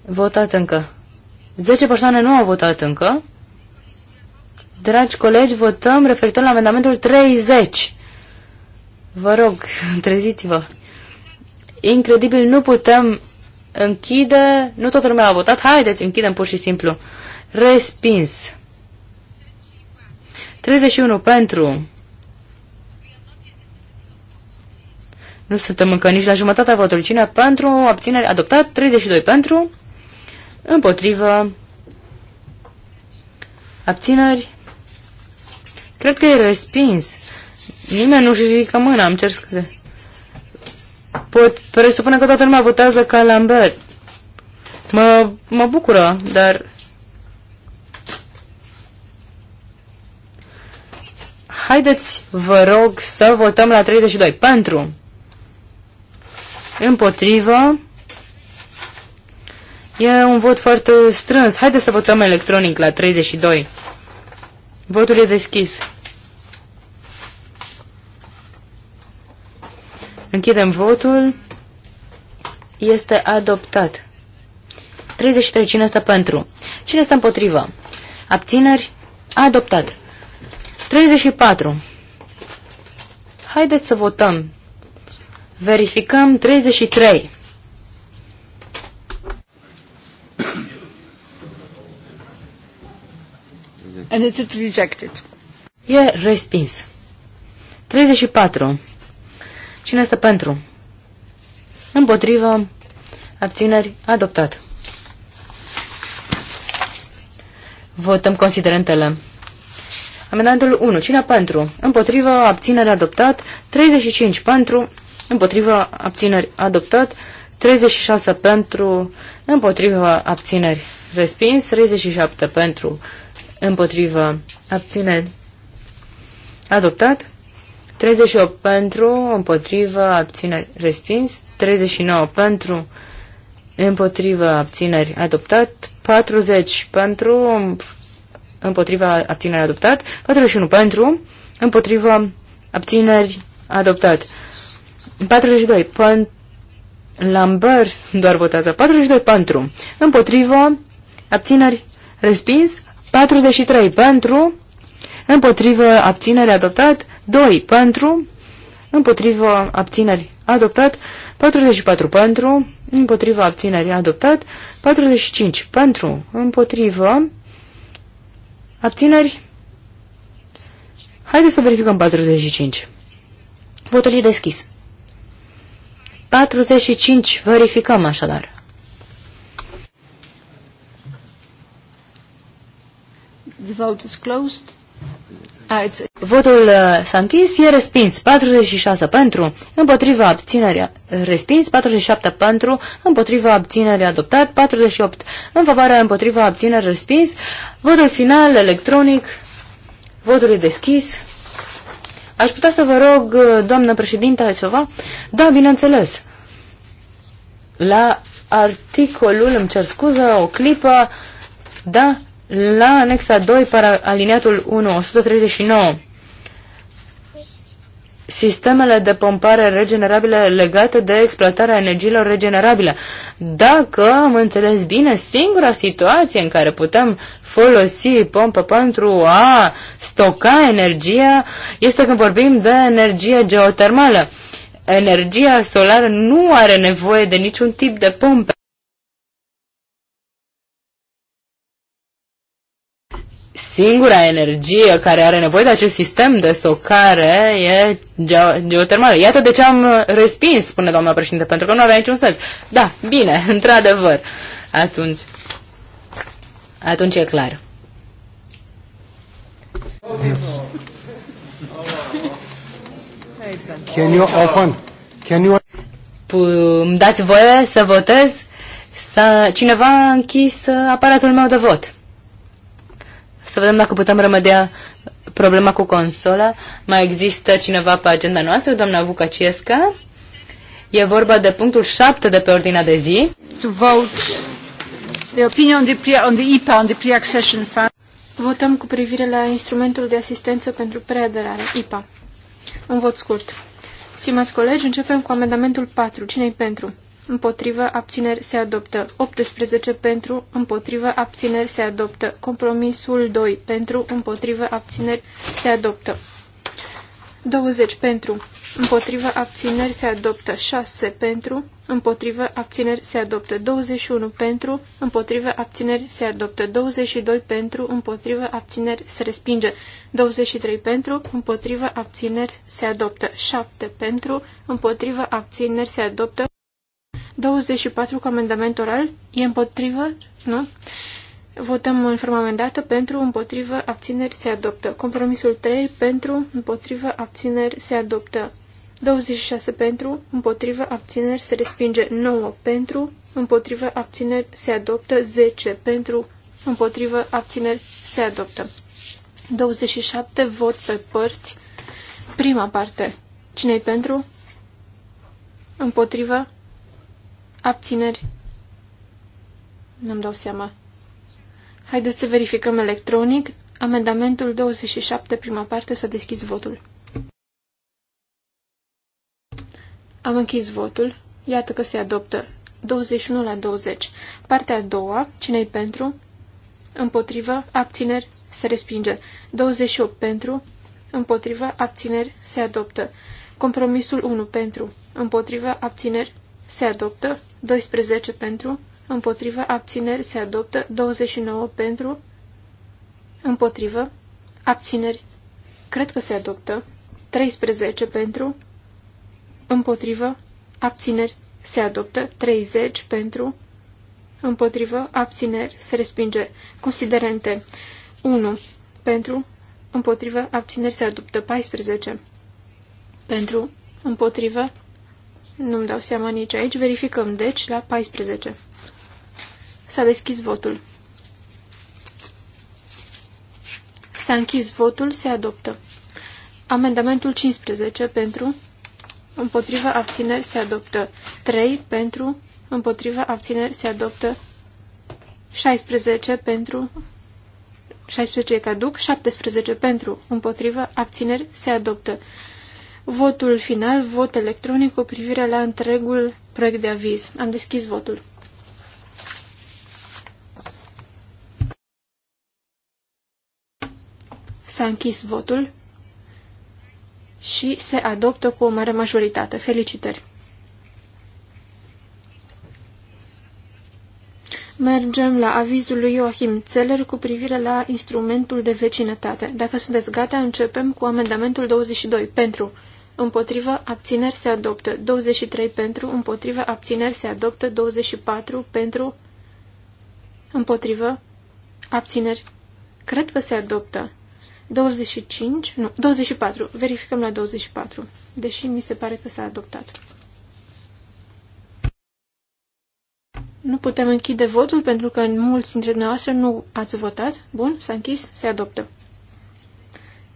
votat încă. 10 persoane nu au votat încă. Dragi colegi, votăm referitor la amendamentul 30. Vă rog, <laughs> treziți-vă incredibil, nu putem închide, nu toată lumea a votat, haideți, închidem pur și simplu. Respins. 31 pentru. Nu suntem încă nici la jumătatea votului. Cine pentru abținere adoptat? 32 pentru. Împotrivă. Abțineri. Cred că e respins. Nimeni nu-și ridică mâna, am cer scuze pot presupune că toată lumea votează ca Lambert. Mă, mă bucură, dar... Haideți, vă rog, să votăm la 32. Pentru. Împotrivă. E un vot foarte strâns. Haideți să votăm electronic la 32. Votul e deschis. Închidem votul. Este adoptat. 33. Cine stă pentru? Cine stă împotrivă? Abțineri? Adoptat. 34. Haideți să votăm. Verificăm 33. And it's rejected. E respins. 34. Cine este pentru? Împotrivă. Abțineri. Adoptat. Votăm considerentele. Amendamentul 1. Cine pentru? Împotrivă. Abțineri. Adoptat. 35 pentru. Împotrivă. Abțineri. Adoptat. 36 pentru. Împotrivă. Abțineri. Respins. 37 pentru. Împotrivă. Abțineri. Adoptat. 38 pentru, împotrivă, abțineri, respins. 39 pentru, împotrivă, abțineri, adoptat. 40 pentru, împotriva, abțineri, adoptat. 41 pentru, împotrivă, abțineri, adoptat. 42 pentru, Lambert doar votează 42 pentru, împotrivă, abțineri, respins. 43 pentru, împotrivă, abțineri, adoptat. 2 pentru, împotrivă, abțineri, adoptat. 44 pentru, împotrivă, abțineri, adoptat. 45 pentru, împotrivă, abțineri. Haideți să verificăm 45. Votul e deschis. 45. Verificăm așadar. The vote is closed. Ah, votul uh, s-a închis, e respins 46 pentru, împotriva abținerea respins 47 pentru, împotriva abținerea adoptat 48, în favoarea împotriva abținerea respins, votul final electronic, votul e deschis. Aș putea să vă rog, uh, doamnă președinte, aveți ceva? Da, bineînțeles. La articolul, îmi cer scuză, o clipă, da, la anexa 2, para aliniatul 1, 139, sistemele de pompare regenerabile legate de exploatarea energiilor regenerabile. Dacă am înțeles bine, singura situație în care putem folosi pompă pentru a stoca energia este când vorbim de energie geotermală. Energia solară nu are nevoie de niciun tip de pompe. singura energie care are nevoie de acest sistem de socare e geotermală. Iată de ce am respins, spune doamna președinte, pentru că nu avea niciun sens. Da, bine, <laughs> într-adevăr. Atunci, atunci e clar. Yes. Can you open? Can you... P- dați voie să votez? S-a, cineva a închis aparatul meu de vot să vedem dacă putem remedia problema cu consola. Mai există cineva pe agenda noastră, doamna Vucaciesca? E vorba de punctul 7 de pe ordinea de zi. To vote the opinion on the, pre, on the IPA, on the pre-accession fund. Votăm cu privire la instrumentul de asistență pentru preaderare, IPA. Un vot scurt. Stimați colegi, începem cu amendamentul 4. Cine-i pentru? împotrivă, abțineri se adoptă. 18 pentru, împotrivă, abțineri se adoptă. Compromisul 2 pentru, împotrivă, abțineri se adoptă. 20 pentru, împotrivă, abțineri se adoptă. 6 pentru, împotrivă, abțineri se adoptă. 21 pentru, împotrivă, abțineri se adoptă. 22 pentru, împotrivă, abțineri se respinge. 23 pentru, împotrivă, abțineri se adoptă. 7 pentru, împotrivă, abțineri se adoptă. 24 cu amendament oral. E împotrivă? Nu. Votăm în formă amendată pentru, împotrivă, abțineri se adoptă. Compromisul 3 pentru, împotrivă, abțineri se adoptă. 26 pentru, împotrivă, abțineri se respinge. 9 pentru, împotrivă, abțineri se adoptă. 10 pentru, împotrivă, abțineri se adoptă. 27 vot pe părți. Prima parte. cine pentru? Împotrivă, Abțineri? Nu-mi dau seama. Haideți să verificăm electronic. Amendamentul 27, prima parte, s-a deschis votul. Am închis votul. Iată că se adoptă 21 la 20. Partea a doua, cine-i pentru? Împotrivă, abțineri, se respinge. 28 pentru, împotrivă, abțineri, se adoptă. Compromisul 1 pentru, împotrivă, abțineri, se adoptă. 12 pentru, împotrivă, abțineri se adoptă, 29 pentru, împotrivă, abțineri, cred că se adoptă, 13 pentru, împotrivă, abțineri, se adoptă, 30 pentru, împotrivă, abțineri, se respinge, considerente, 1 pentru, împotrivă, abțineri, se adoptă, 14 pentru, împotrivă, nu-mi dau seama nici aici. Verificăm, deci, la 14. S-a deschis votul. S-a închis votul, se adoptă. Amendamentul 15 pentru, împotriva abțineri se adoptă. 3 pentru, împotriva abțineri se adoptă. 16 pentru, 16 caduc, 17 pentru, împotriva abțineri se adoptă. Votul final, vot electronic cu privire la întregul proiect de aviz. Am deschis votul. S-a închis votul și se adoptă cu o mare majoritate. Felicitări! Mergem la avizul lui Joachim Zeller cu privire la instrumentul de vecinătate. Dacă sunteți gata, începem cu amendamentul 22. Pentru împotriva abțineri se adoptă 23 pentru, împotriva abțineri se adoptă 24 pentru, împotriva abțineri. Cred că se adoptă 25, nu, 24. Verificăm la 24, deși mi se pare că s-a adoptat. Nu putem închide votul pentru că mulți dintre dumneavoastră nu ați votat. Bun, s-a închis, se adoptă.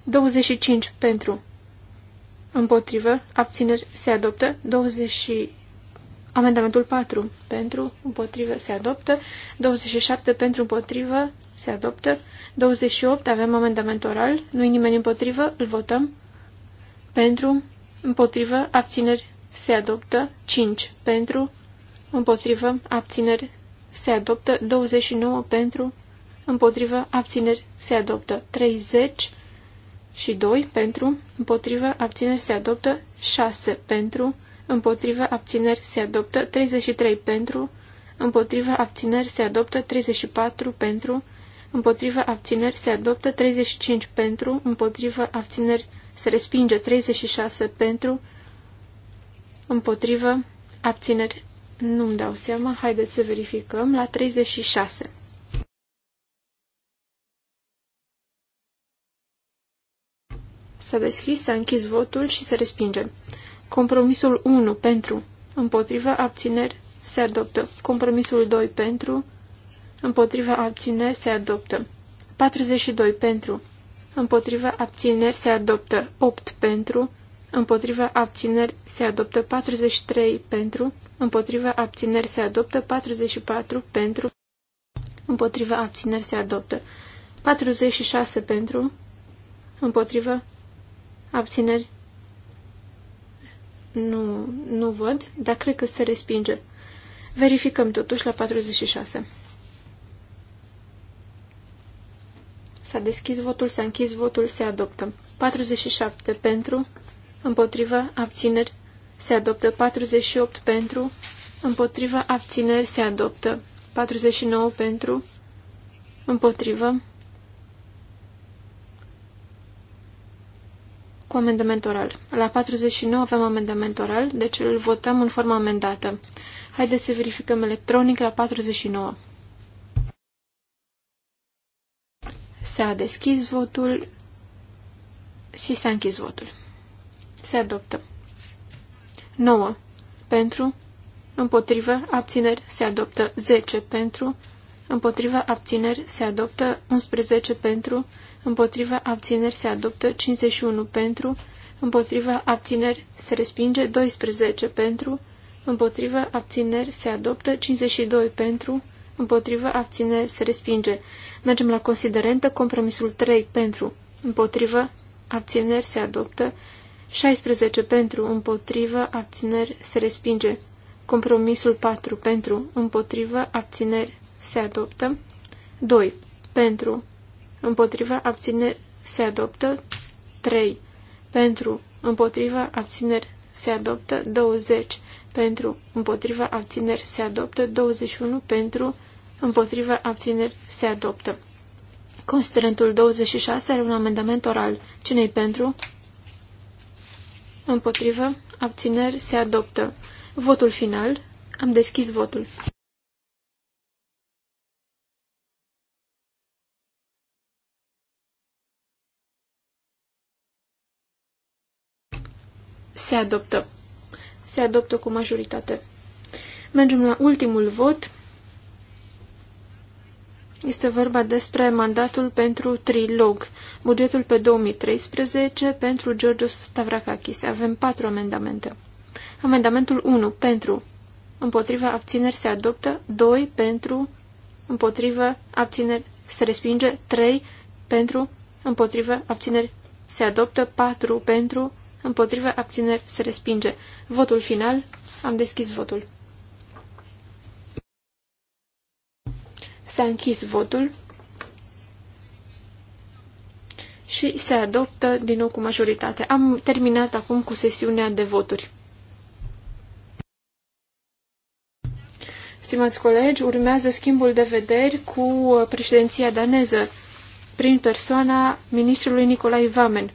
25 pentru, Împotrivă. Abțineri se adoptă. 20. Amendamentul 4 pentru, împotrivă, se adoptă. 27 pentru, împotrivă, se adoptă. 28 avem amendament oral. Nu-i nimeni împotrivă, îl votăm. Pentru, împotrivă, abțineri se adoptă. 5 pentru, împotrivă, abțineri se adoptă. 29 pentru, împotrivă, abțineri se adoptă. 30 și 2 pentru, împotrivă, abțineri se adoptă, 6 pentru, împotrivă, abțineri se adoptă, 33 pentru, împotrivă, abțineri se adoptă, 34 pentru, împotrivă, abțineri se adoptă, 35 pentru, împotrivă, abțineri se respinge, 36 pentru, împotrivă, abțineri, nu-mi dau seama, haideți să verificăm, la 36. S-a deschis, s-a închis votul și se respinge. Compromisul 1 pentru, împotriva abțineri, se adoptă. Compromisul 2 pentru, împotriva abțineri, se adoptă. 42 pentru, împotriva abțineri, se adoptă. 8 pentru, împotriva abțineri, se adoptă. 43 pentru, împotriva abțineri, se adoptă. 44 pentru, împotriva abțineri, se adoptă. 46 pentru, împotriva împotrivă, Abțineri? Nu, nu văd, dar cred că se respinge. Verificăm totuși la 46. S-a deschis votul, s-a închis votul, se adoptă. 47 pentru, împotrivă, abțineri, se adoptă. 48 pentru, împotrivă, abțineri, se adoptă. 49 pentru, împotrivă, cu amendament oral. La 49 avem amendament oral, deci îl votăm în formă amendată. Haideți să verificăm electronic la 49. S-a deschis votul și s-a închis votul. Se adoptă. 9. Pentru. Împotrivă. Abțineri. Se adoptă. 10. Pentru. Împotrivă. Abțineri. Se adoptă. 11. Pentru împotriva abțineri se adoptă, 51 pentru, împotriva abțineri se respinge, 12 pentru, împotriva abțineri se adoptă, 52 pentru, împotriva abțineri se respinge. Mergem la considerentă, compromisul 3 pentru, împotriva abțineri se adoptă, 16 pentru, împotriva abțineri se respinge. Compromisul 4 pentru, împotriva abțineri se adoptă, 2 pentru, împotriva abțineri se adoptă 3. Pentru împotriva abțineri se adoptă 20. Pentru împotriva abțineri se adoptă 21. Pentru împotriva abțineri se adoptă. Considerentul 26 are un amendament oral. Cine-i pentru? Împotrivă. Abțineri se adoptă. Votul final. Am deschis votul. Se adoptă. Se adoptă cu majoritate. Mergem la ultimul vot. Este vorba despre mandatul pentru trilog, bugetul pe 2013 pentru Georgios Stavrakakis. Avem patru amendamente. Amendamentul 1 pentru, împotriva abțineri se adoptă, 2 pentru, împotriva abțineri se respinge, 3 pentru, împotriva abțineri se adoptă, 4 pentru, împotrivă, abțineri, se respinge. Votul final, am deschis votul. S-a închis votul și se adoptă din nou cu majoritate. Am terminat acum cu sesiunea de voturi. Stimați colegi, urmează schimbul de vederi cu președinția daneză prin persoana ministrului Nicolae Vamen.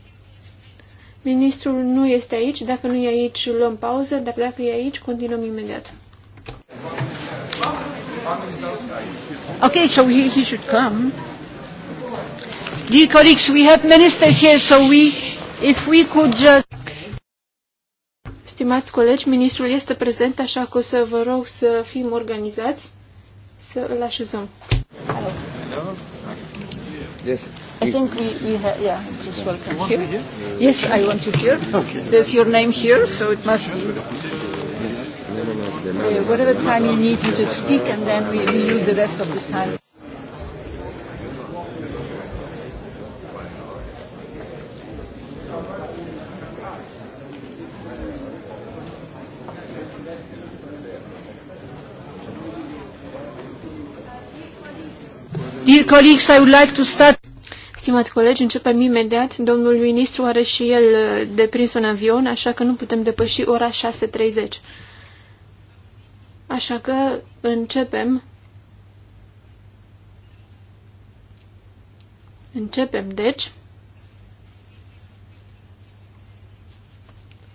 Ministrul nu este aici. Dacă nu e aici, luăm pauză, dar dacă e aici, continuăm imediat. Ok, so he, he should come. Dear colleagues, we have minister here, so we, if we could just... Stimați colegi, ministrul este prezent, așa că o să vă rog să fim organizați, să îl așezăm. Hello. Hello. Yes. I think we, we have, yeah, just welcome here. Yes, I want to hear. Okay. There's your name here, so it must be. Uh, whatever time you need, you just speak, and then we, we use the rest of the time. Dear colleagues, I would like to start. Stimați colegi, începem imediat. Domnul ministru are și el uh, deprins un avion, așa că nu putem depăși ora 6.30. Așa că începem. Începem, deci.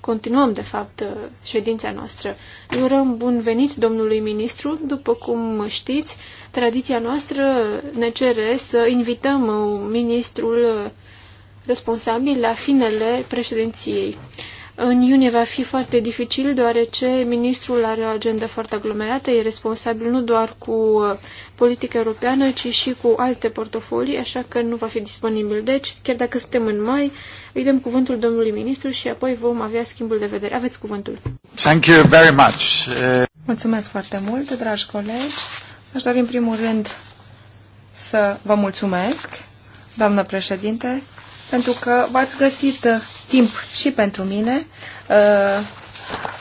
Continuăm, de fapt, uh, ședința noastră. Urăm bun venit domnului ministru. După cum știți, Tradiția noastră ne cere să invităm ministrul responsabil la finele președinției. În iunie va fi foarte dificil, deoarece ministrul are o agendă foarte aglomerată, e responsabil nu doar cu politica europeană, ci și cu alte portofolii, așa că nu va fi disponibil. Deci, chiar dacă suntem în mai, îi dăm cuvântul domnului ministru și apoi vom avea schimbul de vedere. Aveți cuvântul. Thank you very much. Mulțumesc foarte mult, dragi colegi. Aș dori în primul rând să vă mulțumesc, doamnă președinte, pentru că v-ați găsit uh, timp și pentru mine. Uh,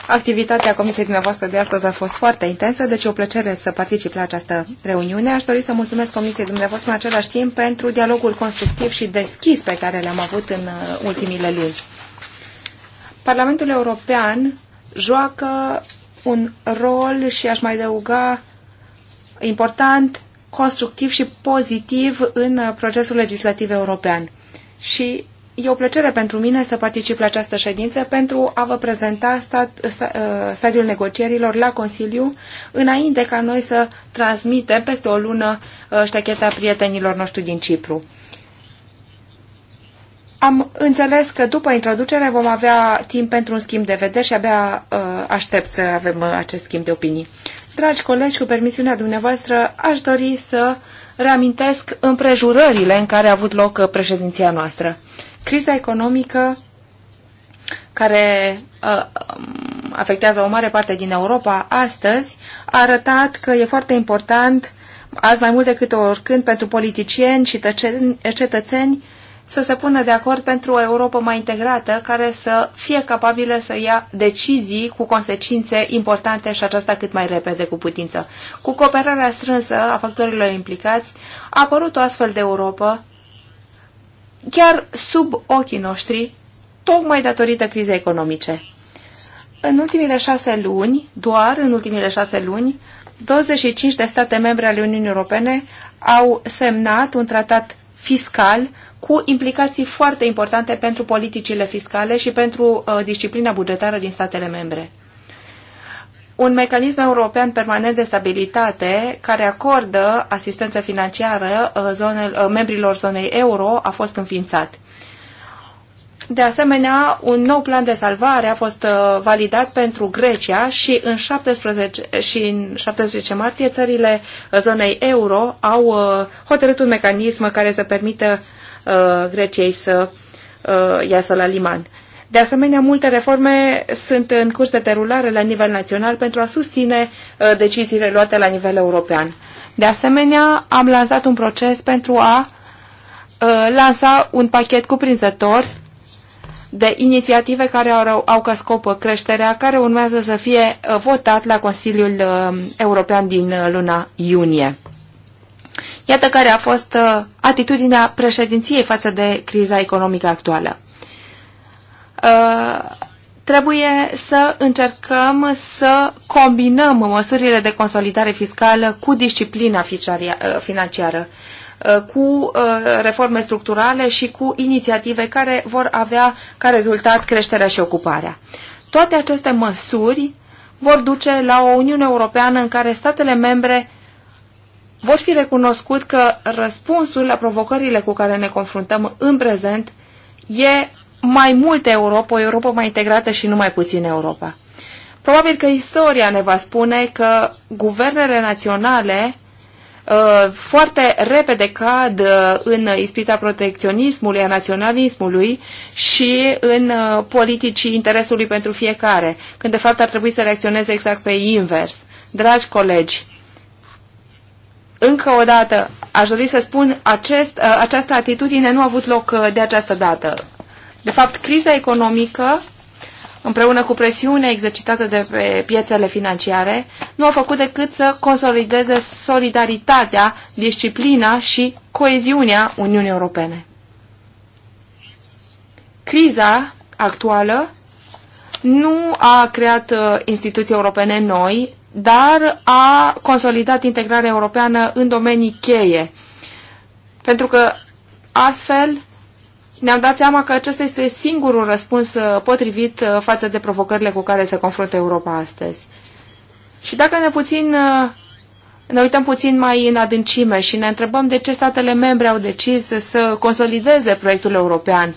activitatea comisiei dumneavoastră de astăzi a fost foarte intensă, deci e o plăcere să particip la această reuniune. Aș dori să mulțumesc comisiei dumneavoastră în același timp pentru dialogul constructiv și deschis pe care l-am avut în uh, ultimile luni. Parlamentul European joacă un rol și aș mai adăuga important, constructiv și pozitiv în uh, procesul legislativ european. Și E o plăcere pentru mine să particip la această ședință pentru a vă prezenta stat, sta, uh, stadiul negocierilor la Consiliu, înainte ca noi să transmitem peste o lună uh, ștecheta prietenilor noștri din Cipru. Am înțeles că după introducere vom avea timp pentru un schimb de vedere și abia aștept să avem acest schimb de opinii. Dragi colegi, cu permisiunea dumneavoastră, aș dori să reamintesc împrejurările în care a avut loc președinția noastră. Criza economică care uh, um, afectează o mare parte din Europa astăzi a arătat că e foarte important, azi mai mult decât oricând, pentru politicieni și tăceni, cetățeni să se pună de acord pentru o Europa mai integrată care să fie capabilă să ia decizii cu consecințe importante și aceasta cât mai repede cu putință. Cu cooperarea strânsă a factorilor implicați a apărut o astfel de Europa chiar sub ochii noștri, tocmai datorită crizei economice. În ultimile șase luni, doar în ultimile șase luni, 25 de state membre ale Uniunii Europene au semnat un tratat fiscal cu implicații foarte importante pentru politicile fiscale și pentru uh, disciplina bugetară din statele membre. Un mecanism european permanent de stabilitate care acordă asistență financiară uh, uh, membrilor zonei euro a fost înființat. De asemenea, un nou plan de salvare a fost uh, validat pentru Grecia și în 17, și în 17 martie țările uh, zonei euro au uh, hotărât un mecanism care să permită Uh, Greciei să uh, iasă la liman. De asemenea, multe reforme sunt în curs de derulare la nivel național pentru a susține uh, deciziile luate la nivel european. De asemenea, am lansat un proces pentru a lansa un pachet cuprinzător de inițiative care au, au ca scop creșterea, care urmează să fie votat la Consiliul European din luna iunie. Iată care a fost uh, atitudinea președinției față de criza economică actuală. Uh, trebuie să încercăm să combinăm măsurile de consolidare fiscală cu disciplina uh, financiară, cu reforme structurale și cu inițiative care vor avea ca rezultat creșterea și ocuparea. Toate aceste măsuri vor duce la o Uniune Europeană în care statele membre vor fi recunoscut că răspunsul la provocările cu care ne confruntăm în prezent e mai multă Europa, o Europa mai integrată și nu mai puțin Europa. Probabil că istoria ne va spune că guvernele naționale uh, foarte repede cad uh, în ispita protecționismului, a naționalismului și în uh, politicii interesului pentru fiecare, când de fapt ar trebui să reacționeze exact pe invers. Dragi colegi, încă o dată, aș dori să spun, acest, uh, această atitudine nu a avut loc uh, de această dată. De fapt, criza economică, împreună cu presiunea exercitată de pe piețele financiare, nu a făcut decât să consolideze solidaritatea, disciplina și coeziunea Uniunii Europene. Criza actuală nu a creat uh, instituții europene noi, dar a consolidat integrarea europeană în domenii cheie. Pentru că astfel ne-am dat seama că acesta este singurul răspuns uh, potrivit uh, față de provocările cu care se confruntă Europa astăzi. Și dacă ne puțin uh, ne uităm puțin mai în adâncime și ne întrebăm de ce statele membre au decis să consolideze proiectul european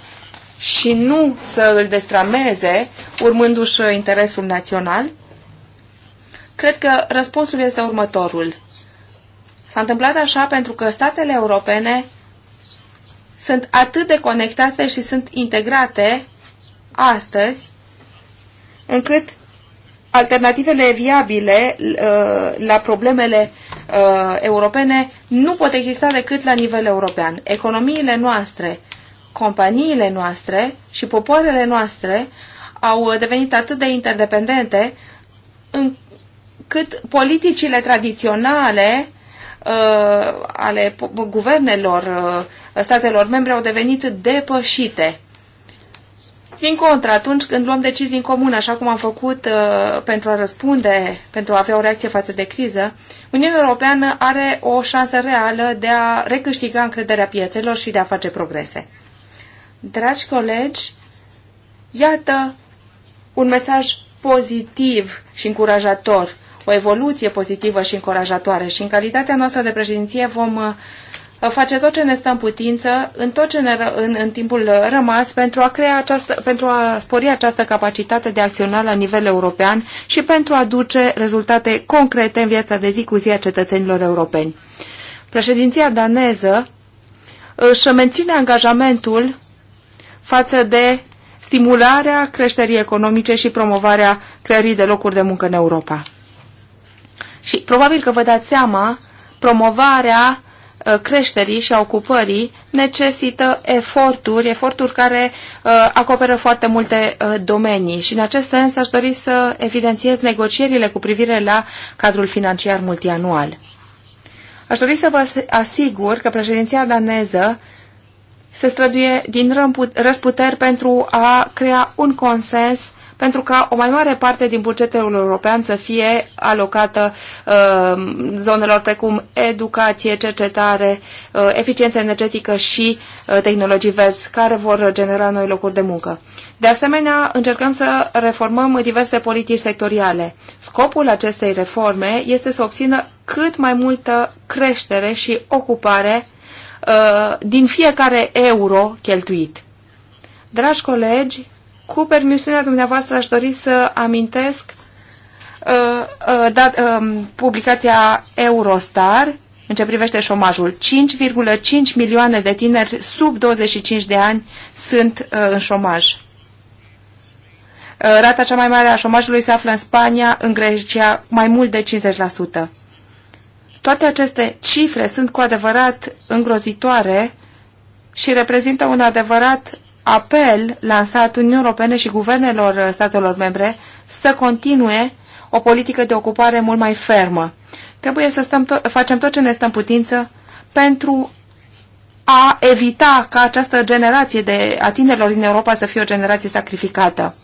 și nu să îl destrameze, urmându-și interesul național, Cred că răspunsul este următorul. S-a întâmplat așa pentru că statele europene sunt atât de conectate și sunt integrate astăzi, încât alternativele viabile uh, la problemele uh, europene nu pot exista decât la nivel european. Economiile noastre, companiile noastre și popoarele noastre au devenit atât de interdependente încât cât politicile tradiționale uh, ale guvernelor uh, statelor membre au devenit depășite. Din contră, atunci când luăm decizii în comun, așa cum am făcut uh, pentru a răspunde, pentru a avea o reacție față de criză, Uniunea Europeană are o șansă reală de a recâștiga încrederea piețelor și de a face progrese. Dragi colegi, iată un mesaj pozitiv și încurajator o evoluție pozitivă și încurajatoare și în calitatea noastră de președinție vom uh, face tot ce ne stă în putință în, tot ce ne, în, în timpul rămas pentru a, crea această, pentru a spori această capacitate de acționa la nivel european și pentru a duce rezultate concrete în viața de zi cu zi a cetățenilor europeni. Președinția daneză uh, își menține angajamentul față de stimularea creșterii economice și promovarea creării de locuri de muncă în Europa. Și probabil că vă dați seama, promovarea uh, creșterii și a ocupării necesită eforturi, eforturi care uh, acoperă foarte multe uh, domenii și în acest sens aș dori să evidențiez negocierile cu privire la cadrul financiar multianual. Aș dori să vă asigur că președinția daneză se străduie din răsputeri pentru a crea un consens pentru ca o mai mare parte din bugetul european să fie alocată uh, zonelor precum educație, cercetare, uh, eficiență energetică și uh, tehnologii verzi, care vor genera noi locuri de muncă. De asemenea, încercăm să reformăm diverse politici sectoriale. Scopul acestei reforme este să obțină cât mai multă creștere și ocupare uh, din fiecare euro cheltuit. Dragi colegi, cu permisiunea dumneavoastră aș dori să amintesc uh, uh, dat, uh, publicația Eurostar în ce privește șomajul. 5,5 milioane de tineri sub 25 de ani sunt uh, în șomaj. Uh, rata cea mai mare a șomajului se află în Spania, în Grecia, mai mult de 50%. Toate aceste cifre sunt cu adevărat îngrozitoare și reprezintă un adevărat apel lansat Uniunii Europene și guvernelor statelor membre să continue o politică de ocupare mult mai fermă. Trebuie să stăm to facem tot ce ne stăm putință pentru a evita ca această generație de atinerilor din Europa să fie o generație sacrificată.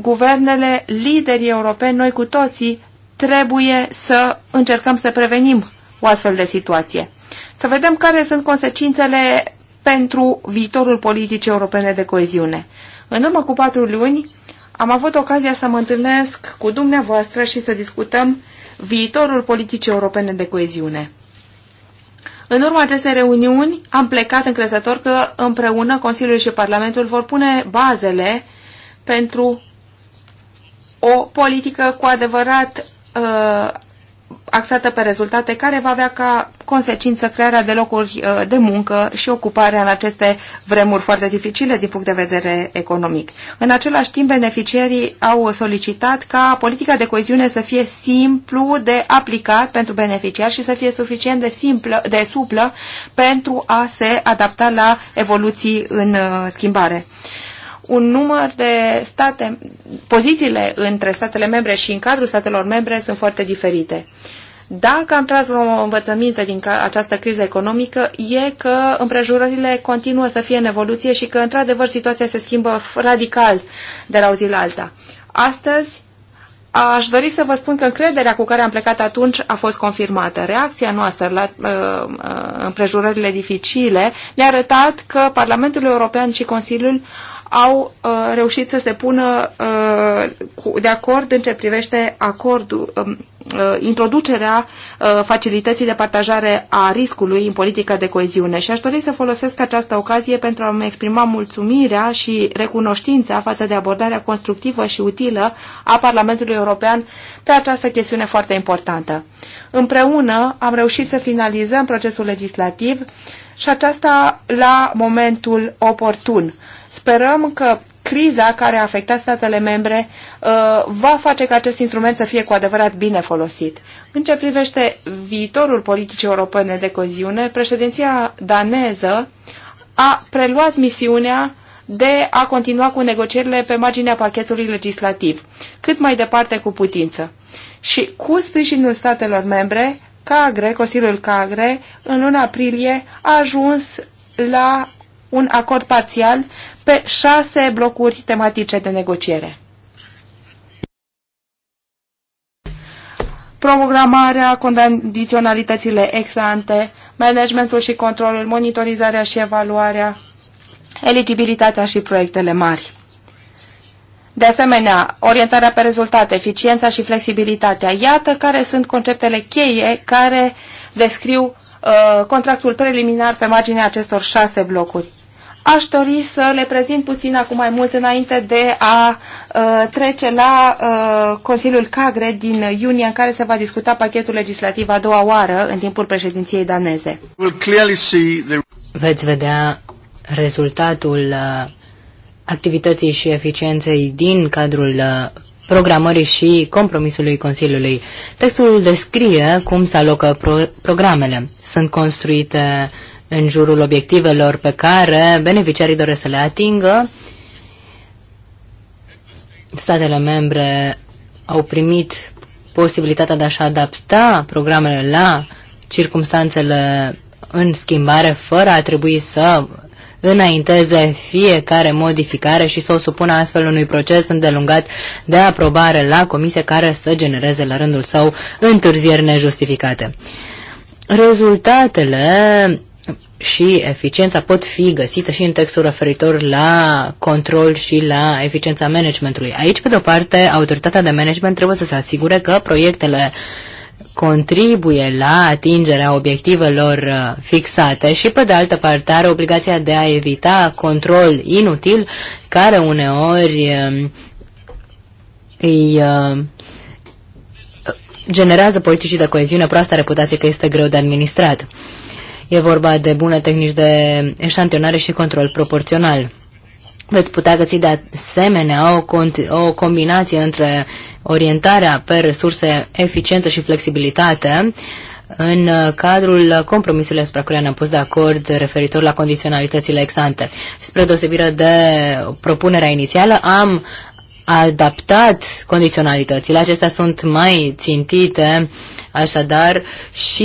Guvernele, liderii europeni, noi cu toții, trebuie să încercăm să prevenim o astfel de situație. Să vedem care sunt consecințele pentru viitorul politicii europene de coeziune. În urmă cu patru luni am avut ocazia să mă întâlnesc cu dumneavoastră și să discutăm viitorul politicii europene de coeziune. În urma acestei reuniuni am plecat încrezător că împreună Consiliul și Parlamentul vor pune bazele pentru o politică cu adevărat uh, axată pe rezultate, care va avea ca consecință crearea de locuri uh, de muncă și ocuparea în aceste vremuri foarte dificile din punct de vedere economic. În același timp, beneficiarii au solicitat ca politica de coeziune să fie simplu de aplicat pentru beneficiari și să fie suficient de, simplă, de suplă pentru a se adapta la evoluții în uh, schimbare. Uh, un număr de state, pozițiile între statele membre și în cadrul statelor membre sunt foarte diferite. Dacă am tras o învățăminte din această criză economică, e că împrejurările continuă să fie în evoluție și că, într-adevăr, situația se schimbă radical de la o zi la alta. Astăzi, Aș dori să vă spun că încrederea cu care am plecat atunci a fost confirmată. Reacția noastră la uh, uh împrejurările dificile ne-a arătat că Parlamentul European și Consiliul au uh, reușit să se pună uh, de acord în ce privește acordul, um, uh, introducerea uh, facilității de partajare a riscului în politica de coeziune. Și aș dori să folosesc această ocazie pentru a-mi exprima mulțumirea și recunoștința față de abordarea constructivă și utilă a Parlamentului European pe această chestiune foarte importantă. Împreună am reușit să finalizăm procesul legislativ și aceasta la momentul oportun Sperăm că criza care a afectat statele membre uh, va face ca acest instrument să fie cu adevărat bine folosit. În ce privește viitorul politicii europene de coziune, președinția daneză a preluat misiunea de a continua cu negocierile pe marginea pachetului legislativ, cât mai departe cu putință. Și cu sprijinul statelor membre, CAGRE, Consiliul CAGRE, în luna aprilie a ajuns la un acord parțial pe șase blocuri tematice de negociere. programarea, condiționalitățile ex ante, managementul și controlul, monitorizarea și evaluarea, eligibilitatea și proiectele mari. De asemenea, orientarea pe rezultate, eficiența și flexibilitatea. Iată care sunt conceptele cheie care descriu uh, contractul preliminar pe marginea acestor șase blocuri aș dori să le prezint puțin acum mai mult înainte de a uh, trece la uh, Consiliul CAGRE din iunie în care se va discuta pachetul legislativ a doua oară în timpul președinției daneze. Veți vedea rezultatul uh, activității și eficienței din cadrul uh, programării și compromisului Consiliului. Textul descrie cum se alocă pro programele. Sunt construite uh, în jurul obiectivelor pe care beneficiarii doresc să le atingă. Statele membre au primit posibilitatea de a-și adapta programele la circumstanțele în schimbare fără a trebui să înainteze fiecare modificare și să o supună astfel unui proces îndelungat de aprobare la comisie care să genereze la rândul său întârzieri nejustificate. Rezultatele și eficiența pot fi găsite și în textul referitor la control și la eficiența managementului. Aici, pe de-o parte, autoritatea de management trebuie să se asigure că proiectele contribuie la atingerea obiectivelor uh, fixate și, pe de altă parte, are obligația de a evita control inutil care uneori um, îi uh, generează politicii de coeziune proastă reputație că este greu de administrat. E vorba de bune tehnici de eșantionare și control proporțional. Veți putea găsi de asemenea o, o combinație între orientarea pe resurse, eficiență și flexibilitate, în cadrul compromisului asupra căruia ne-am pus de acord referitor la condiționalitățile exante. Spre deosebire de propunerea inițială, am adaptat condiționalitățile. Acestea sunt mai țintite, așadar, și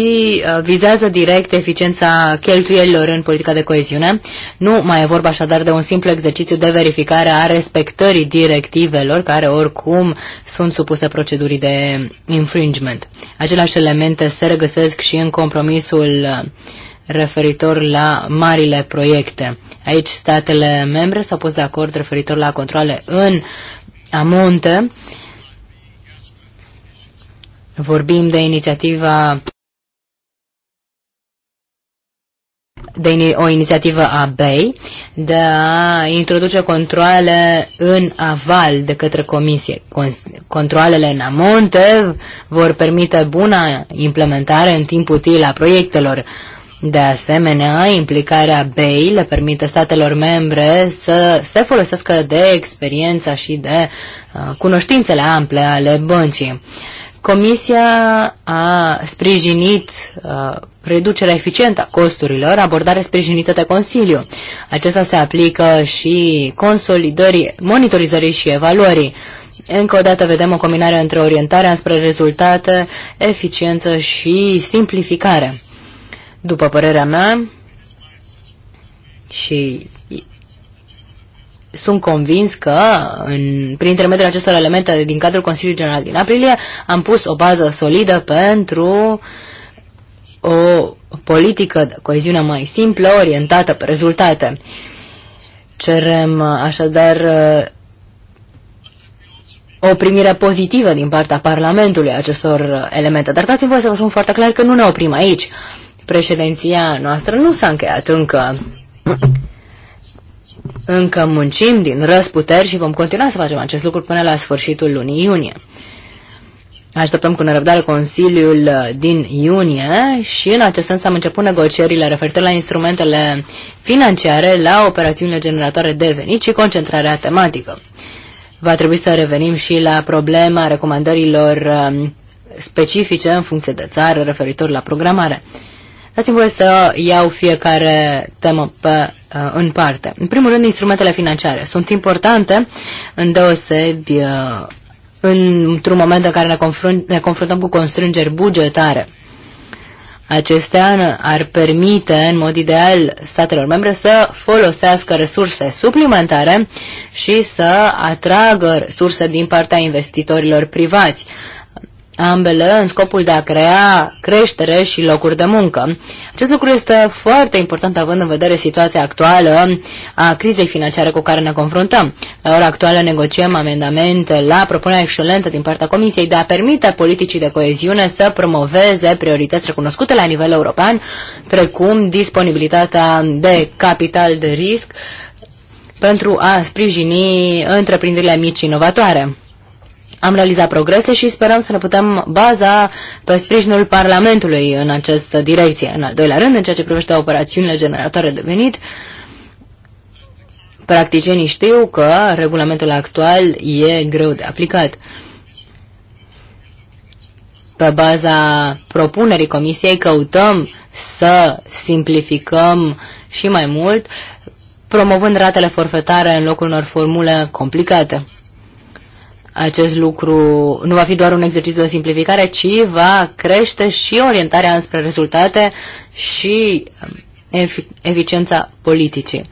uh, vizează direct eficiența cheltuielilor în politica de coeziune. Nu mai e vorba așadar de un simplu exercițiu de verificare a respectării directivelor, care oricum sunt supuse procedurii de infringement. Aceleași elemente se regăsesc și în compromisul uh, referitor la marile proiecte. Aici statele membre s-au pus de acord referitor la controle în la munte. Vorbim de inițiativa de o inițiativă a BEI de a introduce controle în aval de către comisie. Controlele în amonte vor permite buna implementare în timp util a proiectelor. De asemenea, implicarea BEI le permite statelor membre să se folosească de experiența și de uh, cunoștințele ample ale băncii. Comisia a sprijinit uh, reducerea eficientă a costurilor, abordare sprijinită de Consiliu. Acesta se aplică și consolidării, monitorizării și evaluării. Încă o dată vedem o combinare între orientarea spre rezultate, eficiență și simplificare. După părerea mea, și sunt convins că în, prin intermediul acestor elemente din cadrul Consiliului General din aprilie am pus o bază solidă pentru o politică de coeziune mai simplă, orientată pe rezultate. Cerem uh, așadar uh, o primire pozitivă din partea Parlamentului acestor uh, elemente. Dar dați-mi voie să vă spun foarte clar că nu ne oprim aici. Uh, Președinția noastră nu s-a încheiat încă. Încă muncim din răsputeri și vom continua să facem acest lucru până la sfârșitul lunii iunie. Așteptăm cu nerăbdare Consiliul din iunie și în acest sens am început negocierile referitor la instrumentele financiare, la operațiunile generatoare de venit și concentrarea tematică. Va trebui să revenim și la problema recomandărilor um, specifice în funcție de țară referitor la programare. Dați-mi voie să iau fiecare temă pe, uh, în parte. În primul rând, instrumentele financiare sunt importante, în în, uh, într-un moment în care ne, confrunt, ne confruntăm cu constrângeri bugetare. Acestea ar permite, în mod ideal, statelor membre să folosească resurse suplimentare și să atragă resurse din partea investitorilor privați ambele în scopul de a crea creștere și locuri de muncă. Acest lucru este foarte important având în vedere situația actuală a crizei financiare cu care ne confruntăm. La ora actuală negociem amendamente la propunerea excelentă din partea Comisiei de a permite politicii de coeziune să promoveze priorități recunoscute la nivel european, precum disponibilitatea de capital de risc pentru a sprijini întreprinderile mici inovatoare. Am realizat progrese și sperăm să ne putem baza pe sprijinul Parlamentului în această direcție. În al doilea rând, în ceea ce privește operațiunile generatoare de venit, practicienii știu că regulamentul actual e greu de aplicat. Pe baza propunerii Comisiei căutăm să simplificăm și mai mult, promovând ratele forfetare în locul unor formule complicate. Acest lucru nu va fi doar un exercițiu de simplificare, ci va crește și orientarea înspre rezultate și um, eficiența politicii.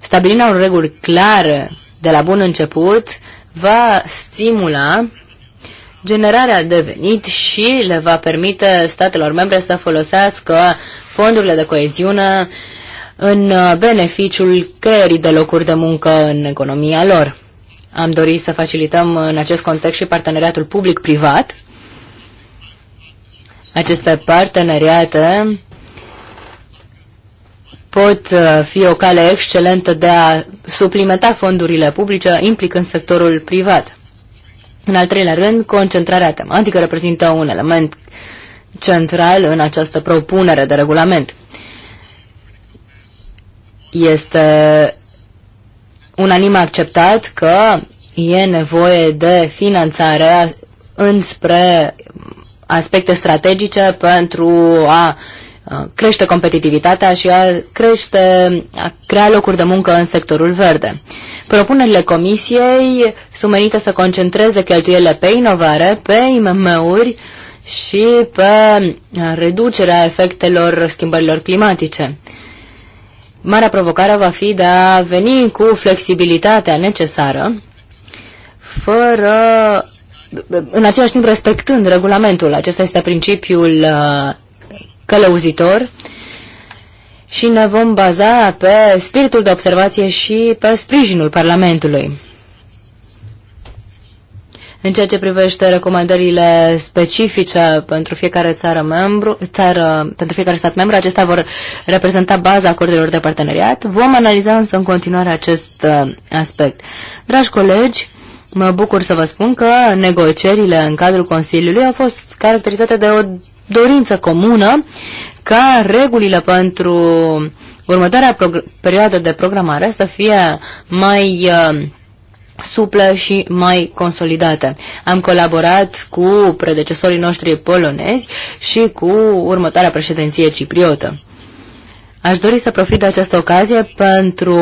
Stabilirea unor reguli clare de la bun început va stimula generarea de venit și le va permite statelor membre să folosească fondurile de coeziune în uh, beneficiul creierii de locuri de muncă în economia lor. Am dorit să facilităm în acest context și parteneriatul public-privat. Aceste parteneriate pot uh, fi o cale excelentă de a suplimenta fondurile publice implicând sectorul privat. În al treilea rând, concentrarea tematică reprezintă un element central în această propunere de regulament. Este unanim acceptat că e nevoie de finanțare înspre aspecte strategice pentru a crește competitivitatea și a crește, a crea locuri de muncă în sectorul verde. Propunerile comisiei sunt menite să concentreze cheltuielile pe inovare, pe IMM-uri și pe reducerea efectelor schimbărilor climatice. Marea provocare va fi de a veni cu flexibilitatea necesară, fără, în același timp respectând regulamentul. Acesta este principiul uh, călăuzitor și ne vom baza pe spiritul de observație și pe sprijinul Parlamentului. În ceea ce privește recomandările specifice pentru fiecare țară membru, țară, pentru fiecare stat membru, acestea vor reprezenta baza acordurilor de parteneriat. Vom analiza însă în continuare acest uh, aspect. Dragi colegi, mă bucur să vă spun că negocierile în cadrul Consiliului au fost caracterizate de o dorință comună ca regulile pentru următoarea perioadă de programare să fie mai uh, suplă și mai consolidată. Am colaborat cu predecesorii noștri polonezi și cu următoarea președinție cipriotă. Aș dori să profit de această ocazie pentru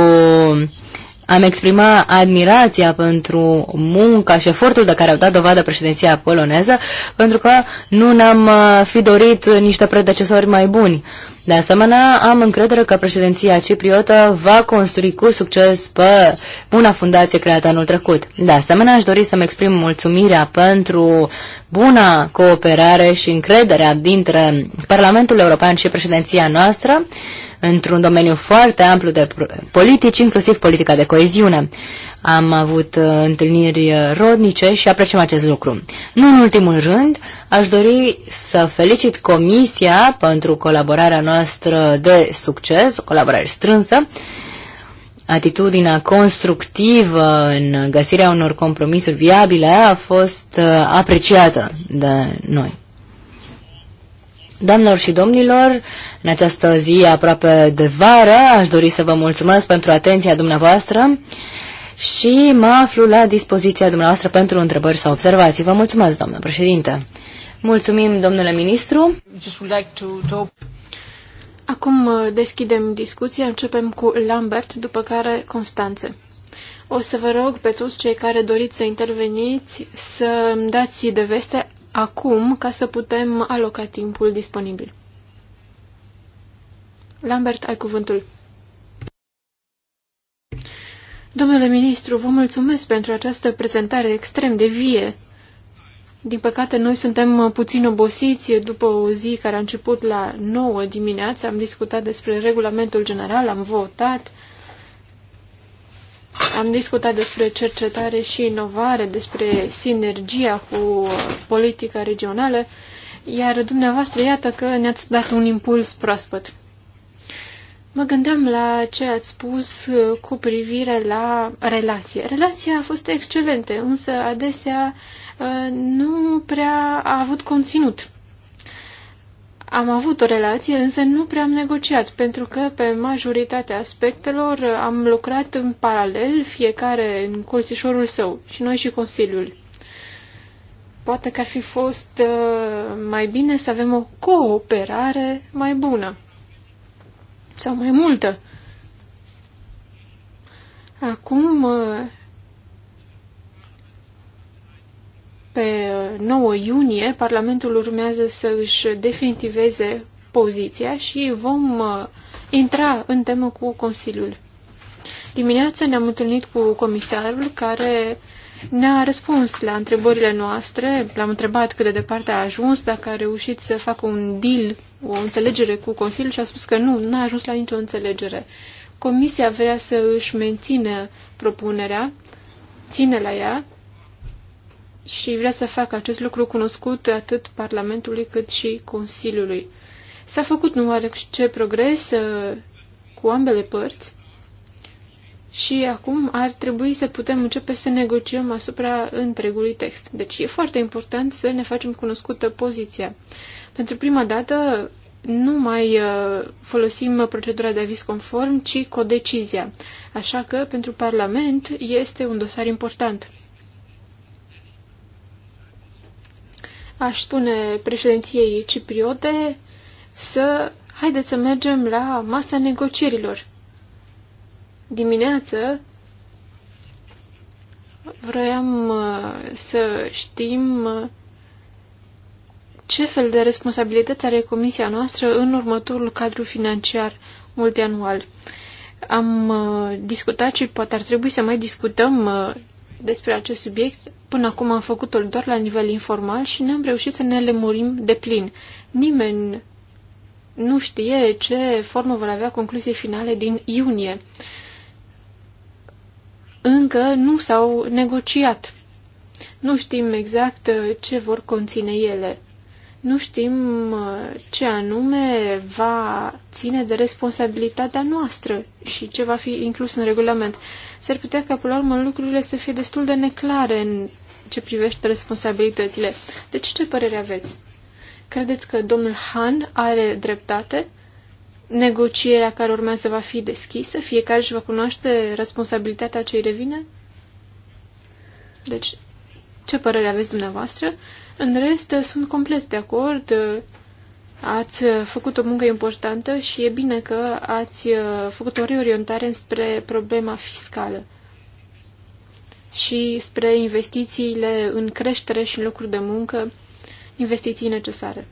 am exprimat admirația pentru munca și efortul de care au dat dovadă președinția poloneză, pentru că nu ne-am uh, fi dorit niște predecesori mai buni. De asemenea, am încredere că președinția cipriotă va construi cu succes pe buna fundație creată anul trecut. De asemenea, aș dori să-mi exprim mulțumirea pentru buna cooperare și încrederea dintre Parlamentul European și președinția noastră într-un domeniu foarte amplu de politici, inclusiv politica de coeziune. Am avut uh, întâlniri uh, rodnice și apreciem acest lucru. Nu în ultimul rând, aș dori să felicit Comisia pentru colaborarea noastră de succes, o colaborare strânsă, atitudinea constructivă în găsirea unor compromisuri viabile a fost uh, apreciată de noi. Doamnelor și domnilor, în această zi aproape de vară aș dori să vă mulțumesc pentru atenția dumneavoastră și mă aflu la dispoziția dumneavoastră pentru întrebări sau observații. Vă mulțumesc, doamnă președinte. Mulțumim, domnule ministru. Acum uh, deschidem discuția, începem cu Lambert, după care Constanțe. O să vă rog pe toți cei care doriți să interveniți să dați de veste acum ca să putem aloca timpul disponibil. Lambert, ai cuvântul. Domnule ministru, vă mulțumesc pentru această prezentare extrem de vie. Din păcate, noi suntem puțin obosiți după o zi care a început la 9 dimineața. Am discutat despre regulamentul general, am votat. Am discutat despre cercetare și inovare, despre sinergia cu politica regională, iar dumneavoastră iată că ne-ați dat un impuls proaspăt. Mă gândeam la ce ați spus cu privire la relație. Relația a fost excelentă, însă adesea uh, nu prea a avut conținut. Am avut o relație, însă nu prea am negociat, pentru că pe majoritatea aspectelor am lucrat în paralel, fiecare în colțișorul său, și noi și Consiliul. Poate că ar fi fost uh, mai bine să avem o cooperare mai bună sau mai multă. Acum uh, pe 9 iunie Parlamentul urmează să își definitiveze poziția și vom uh, intra în temă cu Consiliul. Dimineața ne-am întâlnit cu comisarul care ne-a răspuns la întrebările noastre, l-am întrebat cât de departe a ajuns, dacă a reușit să facă un deal, o înțelegere cu Consiliul și a spus că nu, n-a ajuns la nicio înțelegere. Comisia vrea să își mențină propunerea, ține la ea și vrea să facă acest lucru cunoscut atât Parlamentului cât și Consiliului. S-a făcut numai ce progres uh, cu ambele părți și acum ar trebui să putem începe să negociem asupra întregului text. Deci e foarte important să ne facem cunoscută poziția. Pentru prima dată nu mai uh, folosim procedura de aviz conform, ci codecizia. Așa că pentru Parlament este un dosar important. aș spune președinției cipriote să haideți să mergem la masa negocierilor. Dimineață vroiam uh, să știm uh, ce fel de responsabilități are comisia noastră în următorul cadru financiar multianual. Am uh, discutat și poate ar trebui să mai discutăm despre acest subiect. Până acum am făcut-o doar la nivel informal și ne-am reușit să ne lămurim de plin. Nimeni nu știe ce formă vor avea concluzii finale din iunie. Încă nu s-au negociat. Nu știm exact uh, ce vor conține ele. Nu știm uh, ce anume va ține de responsabilitatea noastră și ce va fi inclus în regulament. S-ar putea ca, până la urmă, lucrurile să fie destul de neclare în ce privește responsabilitățile. Deci, ce părere aveți? Credeți că domnul Han are dreptate? Negocierea care urmează va fi deschisă? Fiecare își va cunoaște responsabilitatea ce îi revine? Deci, ce părere aveți dumneavoastră? În rest, sunt complet de acord. Ați făcut o muncă importantă și e bine că ați făcut o reorientare spre problema fiscală și spre investițiile în creștere și în locuri de muncă, investiții necesare.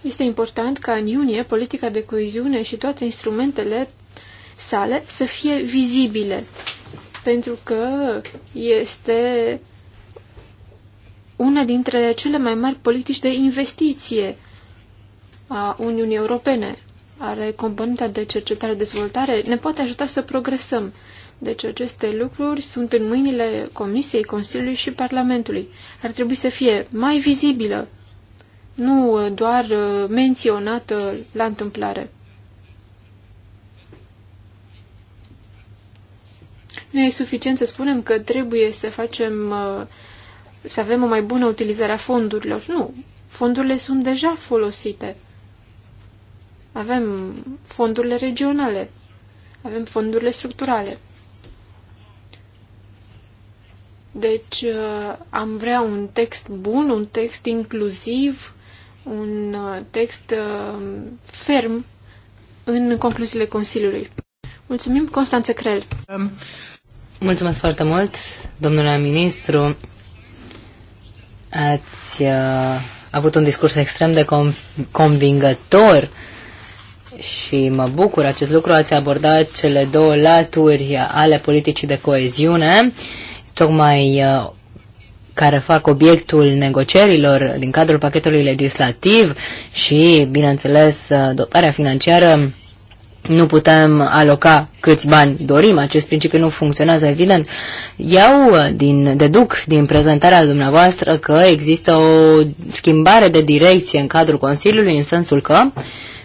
Este important ca în iunie politica de coeziune și toate instrumentele sale să fie vizibile, pentru că este una dintre cele mai mari politici de investiție a Uniunii Europene. Are componenta de cercetare-dezvoltare, ne poate ajuta să progresăm. Deci aceste lucruri sunt în mâinile Comisiei, Consiliului și Parlamentului. Ar trebui să fie mai vizibilă, nu doar uh, menționată la întâmplare. Nu e suficient să spunem că trebuie să facem uh, să avem o mai bună utilizare a fondurilor. Nu, fondurile sunt deja folosite. Avem fondurile regionale, avem fondurile structurale. Deci uh, am vrea un text bun, un text inclusiv, un uh, text uh, ferm în concluziile Consiliului. Mulțumim, Constanță Crel. Mulțumesc foarte mult, domnule ministru. Ați uh, avut un discurs extrem de com- convingător și mă bucur acest lucru. Ați abordat cele două laturi ale politicii de coeziune, tocmai uh, care fac obiectul negocierilor din cadrul pachetului legislativ și, bineînțeles, uh, dotarea financiară nu putem aloca câți bani dorim, acest principiu nu funcționează, evident. Eu uh, din, deduc din prezentarea dumneavoastră că există o schimbare de direcție în cadrul Consiliului, în sensul că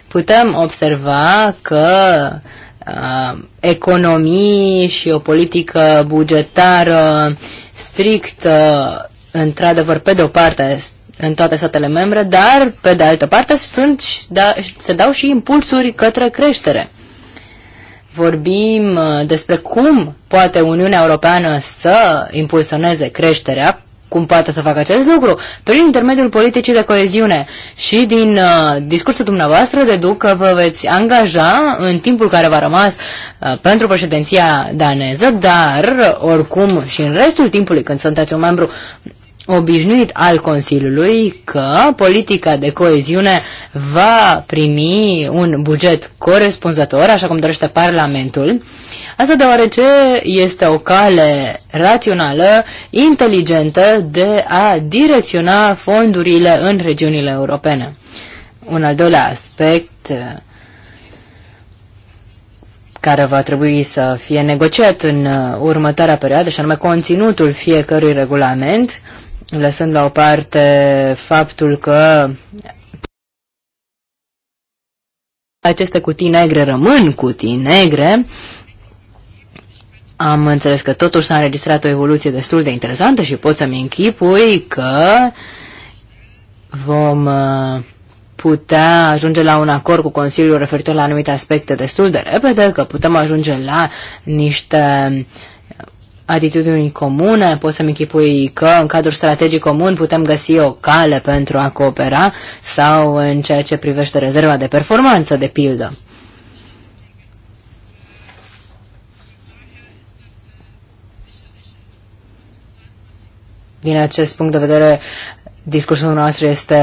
putem observa că uh, economii și o politică bugetară strictă, într-adevăr, pe de-o parte, în toate statele membre, dar, pe de altă parte, sunt, da, se dau și impulsuri către creștere. Vorbim uh, despre cum poate Uniunea Europeană să impulsioneze creșterea, cum poate să facă acest lucru? Prin intermediul politicii de coeziune. Și din uh, discursul dumneavoastră deduc că vă veți angaja în timpul care va rămas uh, pentru președinția daneză, dar oricum și în restul timpului când sunteți un membru obișnuit al Consiliului că politica de coeziune va primi un buget corespunzător, așa cum dorește Parlamentul. Asta deoarece este o cale rațională, inteligentă de a direcționa fondurile în regiunile europene. Un al doilea aspect care va trebui să fie negociat în următoarea perioadă, și anume conținutul fiecărui regulament, lăsând la o parte faptul că aceste cutii negre rămân cutii negre, am înțeles că totuși s-a înregistrat o evoluție destul de interesantă și pot să-mi închipui că vom uh, putea ajunge la un acord cu Consiliul referitor la anumite aspecte destul de repede, că putem ajunge la niște atitudini comune, pot să-mi închipui că în cadrul strategic comun putem găsi o cale pentru a coopera sau în ceea ce privește rezerva de performanță, de pildă. Din acest punct de vedere, Discursul nostru este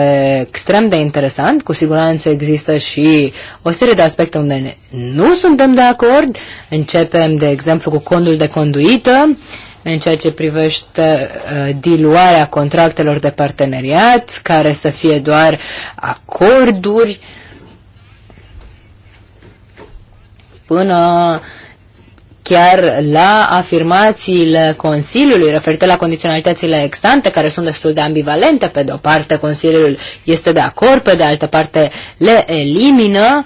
extrem de interesant, cu siguranță există și o serie de aspecte unde nu suntem de acord. Începem, de exemplu, cu condul de conduită, în ceea ce privește uh, diluarea contractelor de parteneriat, care să fie doar acorduri până uh, chiar la afirmațiile Consiliului referite la condiționalitățile exante, care sunt destul de ambivalente. Pe de-o parte, Consiliul este de acord, pe de altă parte le elimină.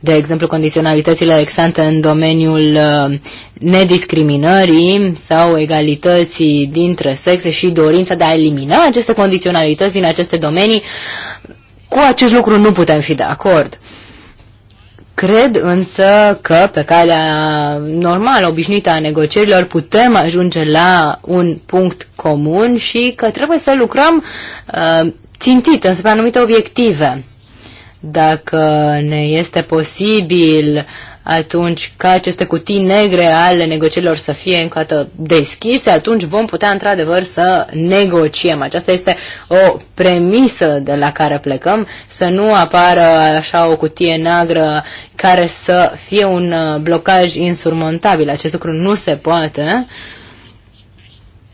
De exemplu, condiționalitățile exante în domeniul uh, nediscriminării sau egalității dintre sexe și dorința de a elimina aceste condiționalități din aceste domenii cu acest lucru nu putem fi de acord. Cred însă că pe calea normală, obișnuită a negocierilor, putem ajunge la un punct comun și că trebuie să lucrăm uh, țintit înspre anumite obiective. Dacă ne este posibil uh, atunci ca aceste cutii negre ale negocierilor să fie încă dată deschise, atunci vom putea într-adevăr să negociem. Aceasta este o premisă de la care plecăm, să nu apară așa o cutie neagră care să fie un uh, blocaj insurmontabil. Acest lucru nu se poate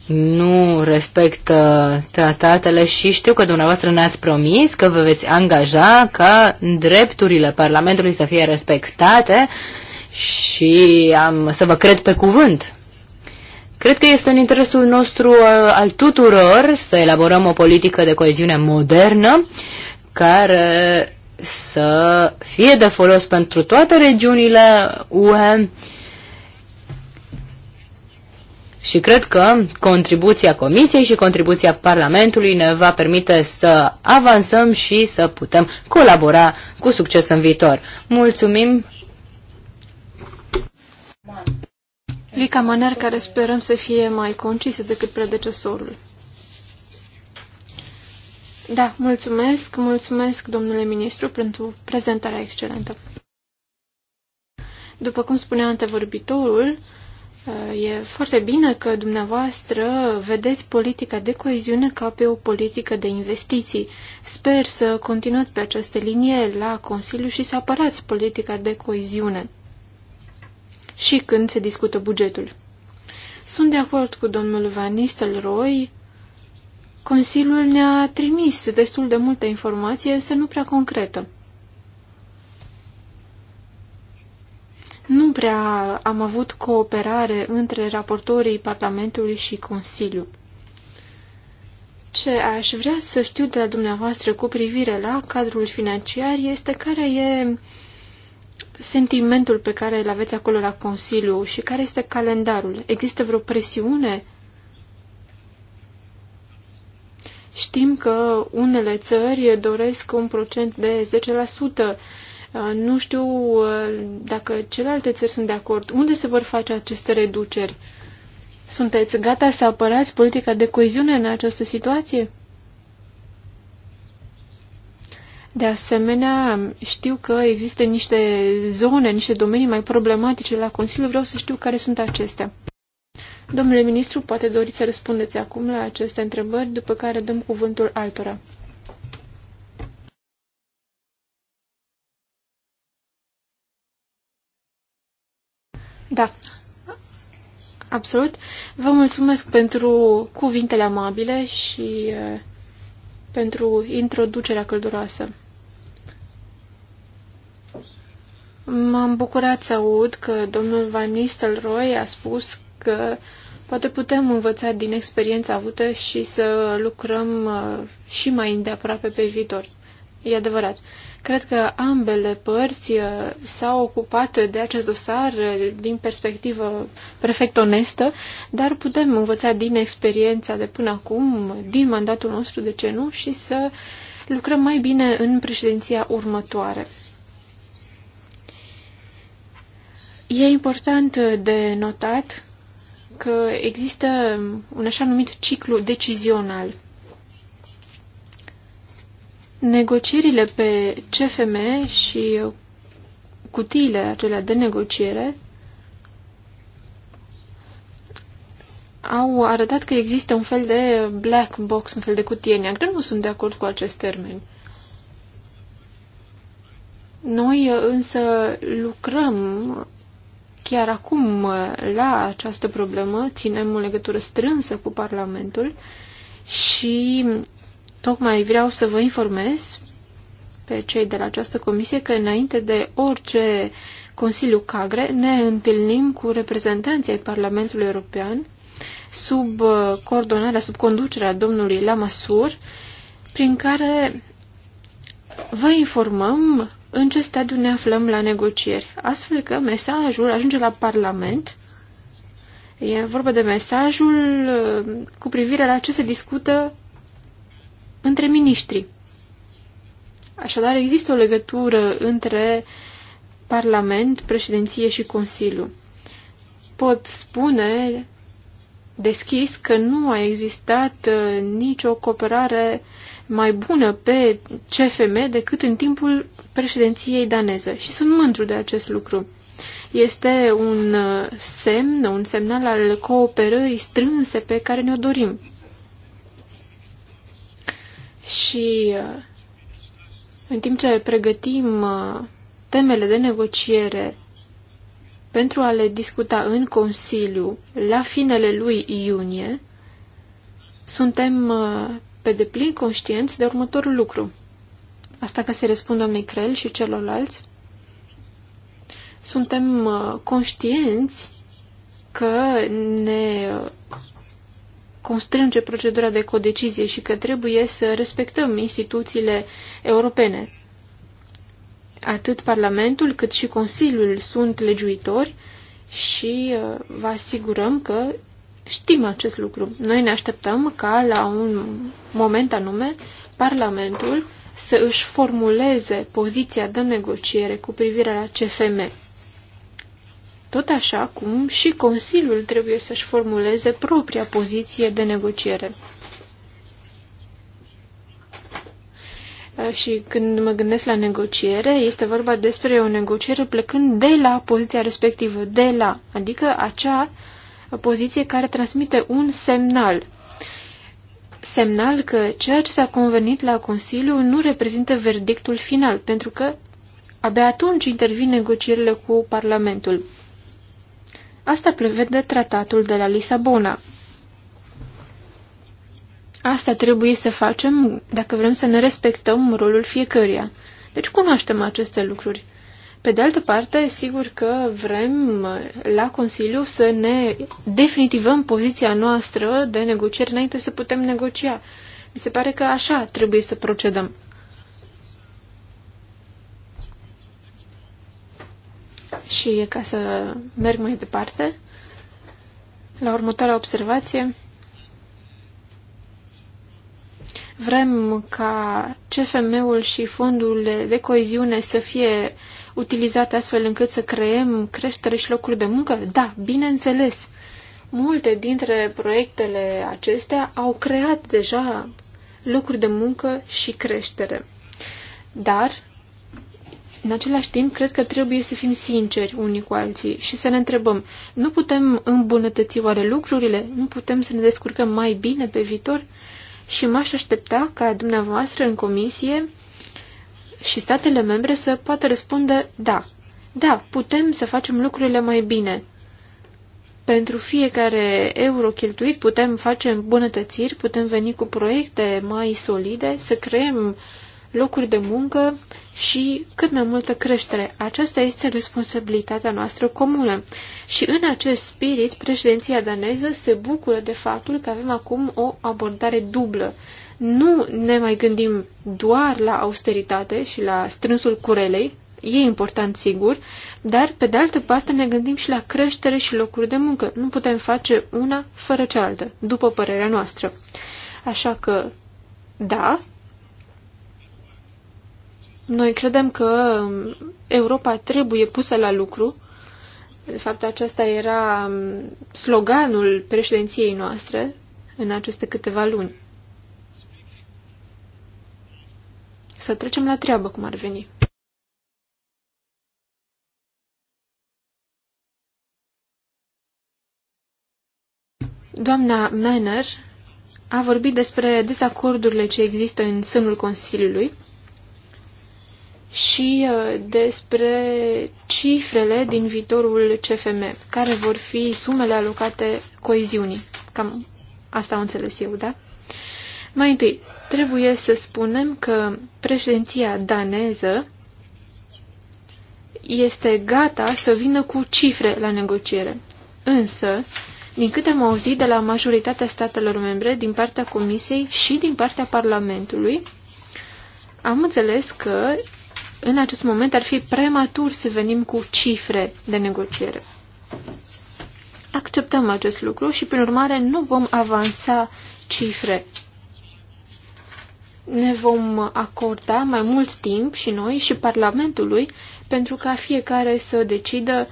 nu respectă tratatele și știu că dumneavoastră ne-ați promis că vă veți angaja ca drepturile Parlamentului să fie respectate și am, să vă cred pe cuvânt. Cred că este în interesul nostru uh, al tuturor să elaborăm o politică de coeziune modernă care să fie de folos pentru toate regiunile UE și cred că contribuția Comisiei și contribuția Parlamentului ne va permite să avansăm și să putem colabora cu succes în viitor. Mulțumim! Lica Maner, care sperăm să fie mai concisă decât predecesorul. Da, mulțumesc, mulțumesc, domnule ministru, pentru prezentarea excelentă. După cum spunea antevorbitorul, E foarte bine că dumneavoastră vedeți politica de coeziune ca pe o politică de investiții. Sper să continuați pe această linie la Consiliu și să apărați politica de coeziune și când se discută bugetul. Sunt de acord cu domnul Van Nistelrooy. Consiliul ne-a trimis destul de multă informație, însă nu prea concretă. Nu prea am avut cooperare între raportorii Parlamentului și Consiliu. Ce aș vrea să știu de la dumneavoastră cu privire la cadrul financiar este care e sentimentul pe care îl aveți acolo la Consiliu și care este calendarul. Există vreo presiune? Știm că unele țări doresc un procent de Uh, nu știu uh, dacă celelalte țări sunt de acord. Unde se vor face aceste reduceri? Sunteți gata să apărați politica de coeziune în această situație? De asemenea, știu că există niște zone, niște domenii mai problematice la Consiliu. Vreau să știu care sunt acestea. Domnule ministru, poate doriți să răspundeți acum la aceste întrebări, după care dăm cuvântul altora. Da, absolut. Vă mulțumesc pentru cuvintele amabile și pentru introducerea călduroasă. M-am bucurat să aud că domnul Van Nistelrooy a spus că poate putem învăța din experiența avută și să lucrăm și mai îndeaproape pe viitor. E adevărat. Cred că ambele părți uh, s-au ocupat de acest dosar uh, din perspectivă perfect onestă, dar putem învăța din experiența de până acum, din mandatul nostru, de ce nu, și să lucrăm mai bine în președinția următoare. E important uh, de notat că există un așa numit ciclu decizional – Negocierile pe CFM și cutiile acelea de negociere au arătat că există un fel de black box, un fel de cutie neagră. Nu sunt de acord cu acest termen. Noi uh, însă lucrăm chiar acum uh, la această problemă, ținem o legătură strânsă cu Parlamentul și Tocmai vreau să vă informez pe cei de la această comisie că înainte de orice Consiliu Cagre ne întâlnim cu reprezentanții ai Parlamentului European sub uh, coordonarea, sub conducerea domnului Lamasur, prin care vă informăm în ce stadiu ne aflăm la negocieri, astfel că mesajul ajunge la Parlament. E vorba de mesajul uh, cu privire la ce se discută între miniștri. Așadar, există o legătură între Parlament, președinție și Consiliu. Pot spune deschis că nu a existat uh, nicio cooperare mai bună pe CFM decât în timpul președinției daneze și sunt mândru de acest lucru. Este un uh, semn, un semnal al cooperării strânse pe care ne-o dorim. Și uh, în timp ce pregătim uh, temele de negociere pentru a le discuta în Consiliu la finele lui iunie, suntem uh, pe deplin conștienți de următorul lucru. Asta ca să răspund doamnei Crel și celorlalți. Suntem conștienți că ne constrânge procedura de codecizie și că trebuie să respectăm instituțiile europene. Atât Parlamentul cât și Consiliul sunt legiuitori și uh, vă asigurăm că știm acest lucru. Noi ne așteptăm ca la un moment anume Parlamentul să își formuleze poziția de negociere cu privire la CFM tot așa cum și Consiliul trebuie să-și formuleze propria poziție de negociere. Uh, și când mă gândesc la negociere, este vorba despre o negociere plecând de la poziția respectivă, de la, adică acea poziție care transmite un semnal. Semnal că ceea ce s-a convenit la Consiliu nu reprezintă verdictul final, pentru că abia atunci intervin negocierile cu Parlamentul. Asta prevede tratatul de la Lisabona. Asta trebuie să facem dacă vrem să ne respectăm rolul fiecăruia. Deci cunoaștem aceste lucruri. Pe de altă parte, sigur că vrem uh, la Consiliu să ne definitivăm poziția noastră de negocieri înainte să putem negocia. Mi se pare că așa trebuie să procedăm. Și ca să merg mai departe, la următoarea observație, vrem ca CFM-ul și fondul de coeziune să fie utilizate astfel încât să creăm creștere și locuri de muncă? Da, bineînțeles. Multe dintre proiectele acestea au creat deja locuri de muncă și creștere. Dar în același timp, cred că trebuie să fim sinceri unii cu alții și să ne întrebăm, nu putem îmbunătăți oare lucrurile? Nu putem să ne descurcăm mai bine pe viitor? Și m-aș aștepta ca dumneavoastră în comisie și statele membre să poată răspunde da. Da, putem să facem lucrurile mai bine. Pentru fiecare euro cheltuit putem face îmbunătățiri, putem veni cu proiecte mai solide, să creăm uh, locuri de muncă și cât mai multă creștere. Aceasta este responsabilitatea noastră comună. Și în acest spirit, președinția daneză se bucură de faptul că avem acum o abordare dublă. Nu ne mai gândim doar la austeritate și la strânsul curelei, e important sigur, dar pe de altă parte ne gândim și la creștere și locuri de muncă. Nu putem face una fără cealaltă, după părerea noastră. Așa că, da, noi credem că Europa trebuie pusă la lucru. De fapt, acesta era um, sloganul președinției noastre în aceste câteva luni. Să trecem la treabă, cum ar veni. Doamna Manner a vorbit despre dezacordurile ce există în sânul Consiliului și uh, despre cifrele din viitorul CFM, care vor fi sumele alocate coeziunii. Cam asta am înțeles eu, da? Mai întâi, trebuie să spunem că președinția daneză este gata să vină cu cifre la negociere. Însă, din câte am auzit de la majoritatea statelor membre, din partea Comisiei și din partea Parlamentului, am înțeles că în acest moment ar fi prematur să venim cu cifre de negociere. Acceptăm acest lucru și, prin urmare, nu vom avansa cifre. Ne vom acorda mai mult timp și noi și Parlamentului pentru ca fiecare să decidă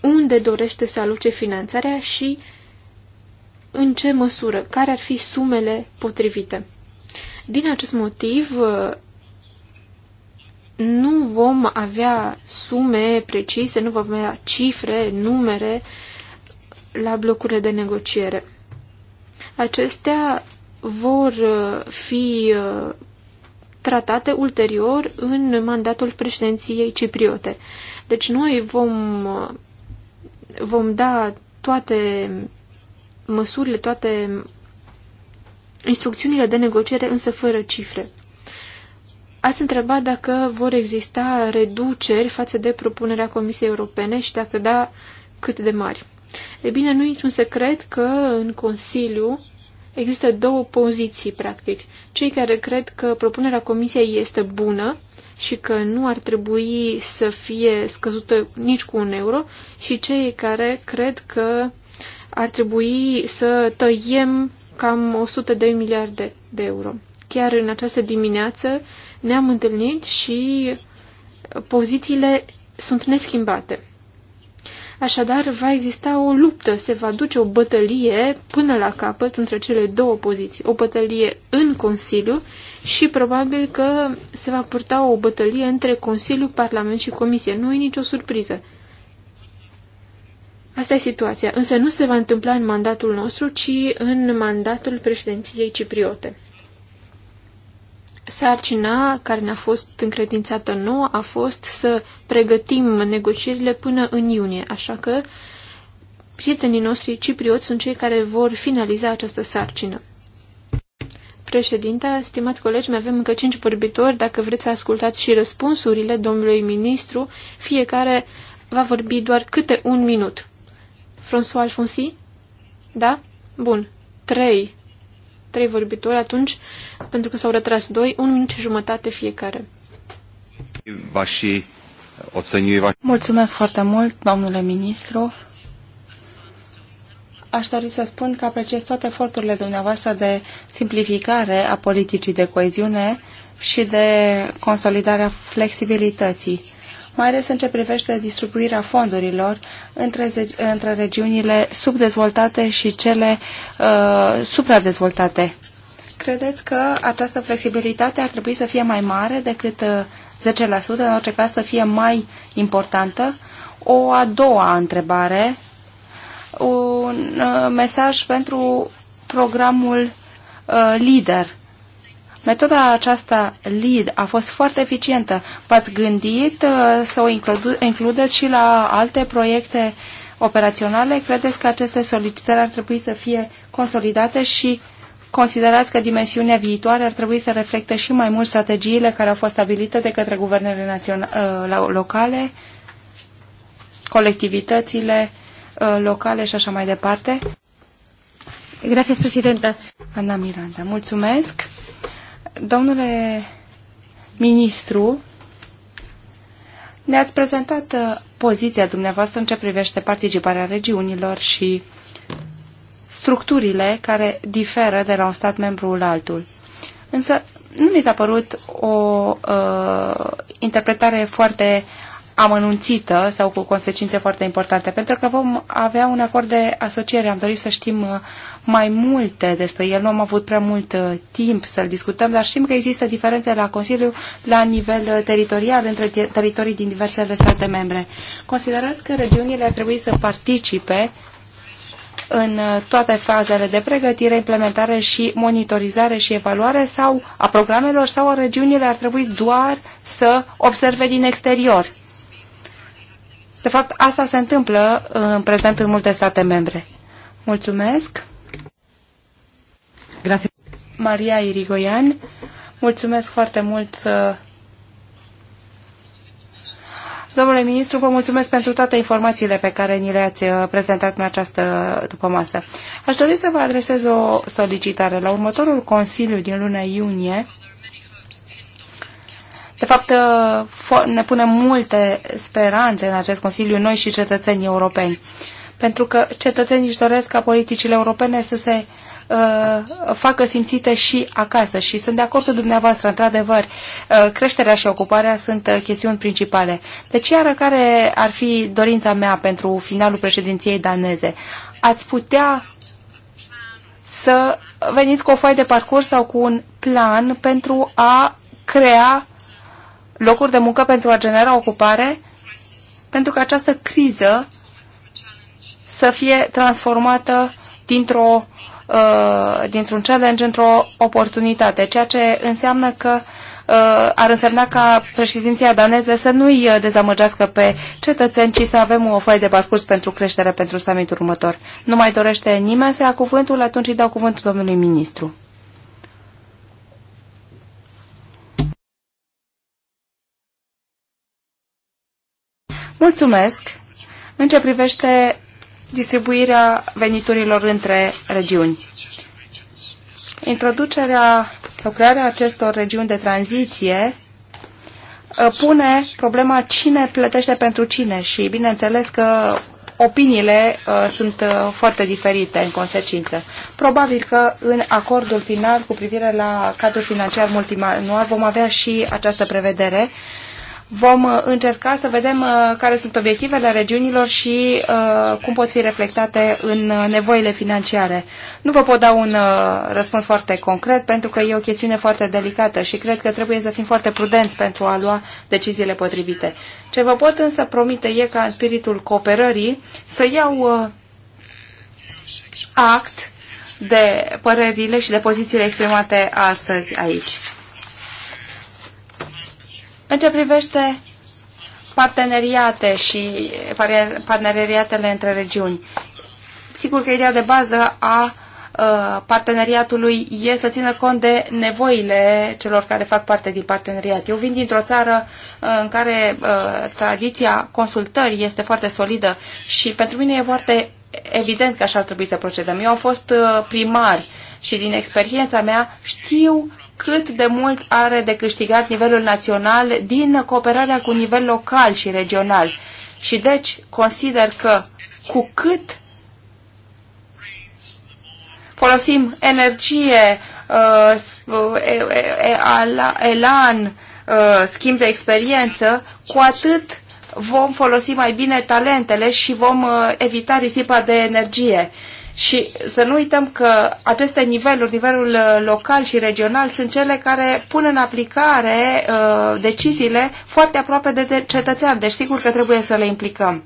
unde dorește să aluce finanțarea și în ce măsură, care ar fi sumele potrivite. Din acest motiv, nu vom avea sume precise, nu vom avea cifre, numere la blocurile de negociere. Acestea vor uh, fi uh, tratate ulterior în mandatul președinției cipriote. Deci noi vom, uh, vom da toate măsurile, toate instrucțiunile de negociere, însă fără cifre. Ați întrebat dacă vor exista reduceri față de propunerea Comisiei Europene și dacă da, cât de mari. E bine, nu e niciun secret că în Consiliu există două poziții, practic. Cei care cred că propunerea Comisiei este bună și că nu ar trebui să fie scăzută nici cu un euro și cei care cred că ar trebui să tăiem cam 100 de miliarde de euro. Chiar în această dimineață ne-am întâlnit și pozițiile sunt neschimbate. Așadar, va exista o luptă, se va duce o bătălie până la capăt între cele două poziții. O bătălie în Consiliu și probabil că se va purta o bătălie între Consiliu, Parlament și Comisie. Nu e nicio surpriză. Asta e situația, însă nu se va întâmpla în mandatul nostru, ci în mandatul președinției cipriote sarcina care ne-a fost încredințată nouă a fost să pregătim negocierile până în iunie, așa că prietenii noștri ciprioți sunt cei care vor finaliza această sarcină. Președinta, stimați colegi, mai avem încă cinci vorbitori. Dacă vreți să ascultați și răspunsurile domnului ministru, fiecare va vorbi doar câte un minut. François Alfonsi? Da? Bun. Trei. Trei vorbitori. Atunci, pentru că s-au retras doi, un minut și jumătate fiecare. Mulțumesc foarte mult, domnule ministru. Aș dori să spun că apreciez toate eforturile dumneavoastră de simplificare a politicii de coeziune și de consolidarea flexibilității, mai ales în ce privește distribuirea fondurilor între, între regiunile subdezvoltate și cele uh, supradezvoltate. Credeți că această flexibilitate ar trebui să fie mai mare decât 10%, uh, în orice caz să fie mai importantă? O a doua întrebare, un uh, mesaj pentru programul uh, LIDER. Metoda aceasta LEAD a fost foarte eficientă. V-ați gândit să o includeți și la alte proiecte operaționale? Credeți că aceste solicitări ar trebui să fie consolidate și Considerați că dimensiunea viitoare ar trebui să reflecte și mai mult strategiile care au fost stabilite de către guvernele ă, locale, colectivitățile ă, locale și așa mai departe? Gracias, președinte. Ana Miranda, mulțumesc. Domnule ministru, ne-ați prezentat ă, poziția dumneavoastră în ce privește participarea regiunilor și uh, structurile care diferă de la un stat membru la altul. Însă nu mi s-a părut o uh, interpretare foarte amănunțită sau cu consecințe foarte importante, pentru că vom avea un acord de asociere. Am dorit să știm uh, mai multe despre el. Nu am avut prea mult uh, timp să-l discutăm, dar știm că există diferențe la Consiliu la nivel uh, teritorial între teritorii din diversele state membre. Considerați că regiunile ar trebui să participe în uh, toate fazele de pregătire, implementare și monitorizare și evaluare sau a programelor sau a regiunile ar trebui doar să observe din exterior. De fapt, asta se întâmplă uh, în prezent în multe state membre. Mulțumesc! Grazie. Maria Irigoian, mulțumesc foarte mult uh, Domnule ministru, vă mulțumesc pentru toate informațiile pe care ni le-ați uh, prezentat în această dupămasă. Aș dori să vă adresez o solicitare. La următorul Consiliu din luna iunie, de fapt, uh, ne punem multe speranțe în acest Consiliu, noi și cetățenii europeni, pentru că cetățenii își doresc ca politicile europene să se Uh, facă simțite și acasă. Și sunt de acord cu dumneavoastră, într-adevăr, uh, creșterea și ocuparea sunt uh, chestiuni principale. Deci, iară, care ar fi dorința mea pentru finalul președinției daneze? Ați putea să veniți cu o foaie de parcurs sau cu un plan pentru a crea locuri de muncă pentru a genera ocupare, pentru că această criză să fie transformată dintr-o Uh, dintr-un challenge într-o oportunitate, ceea ce înseamnă că uh, ar însemna ca președinția daneză să nu-i uh, dezamăgească pe cetățeni, ci să avem o foaie de parcurs pentru creșterea pentru summitul următor. Nu mai dorește nimeni să ia cuvântul, atunci îi dau cuvântul domnului ministru. Mulțumesc! În ce privește distribuirea veniturilor între regiuni. Introducerea sau crearea acestor regiuni de tranziție ă, pune problema cine plătește pentru cine și bineînțeles că opiniile uh, sunt uh, foarte diferite în consecință. Probabil că în acordul final cu privire la cadrul financiar multianual vom avea și această prevedere uh, Vom uh, încerca să vedem uh, care sunt obiectivele regiunilor și uh, cum pot fi reflectate în nevoile financiare. Nu vă pot da un răspuns foarte concret pentru că e o chestiune foarte delicată și cred că trebuie să fim foarte prudenți pentru a lua deciziile potrivite. Ce vă pot însă promite e ca în spiritul cooperării să iau act de părerile și de pozițiile exprimate astăzi aici. În ce privește parteneriate și parteneriatele între regiuni, sigur că ideea de bază a uh, parteneriatului e să țină cont de nevoile celor care fac parte din parteneriat. Eu vin dintr-o țară uh, în care uh, tradiția consultării este foarte solidă și pentru mine e foarte evident că așa ar trebui să procedăm. Eu am fost primar și din experiența mea știu cât de mult are de câștigat nivelul național din cooperarea cu nivel local și regional. Și deci consider că cu cât folosim energie, uh, uh, elan, uh, schimb de experiență, cu atât vom folosi mai bine talentele și vom evita risipa de energie. Și să nu uităm că aceste niveluri, nivelul uh, local și regional, sunt cele care pun în aplicare uh, deciziile foarte aproape de cetățean. Deci sigur că trebuie să le implicăm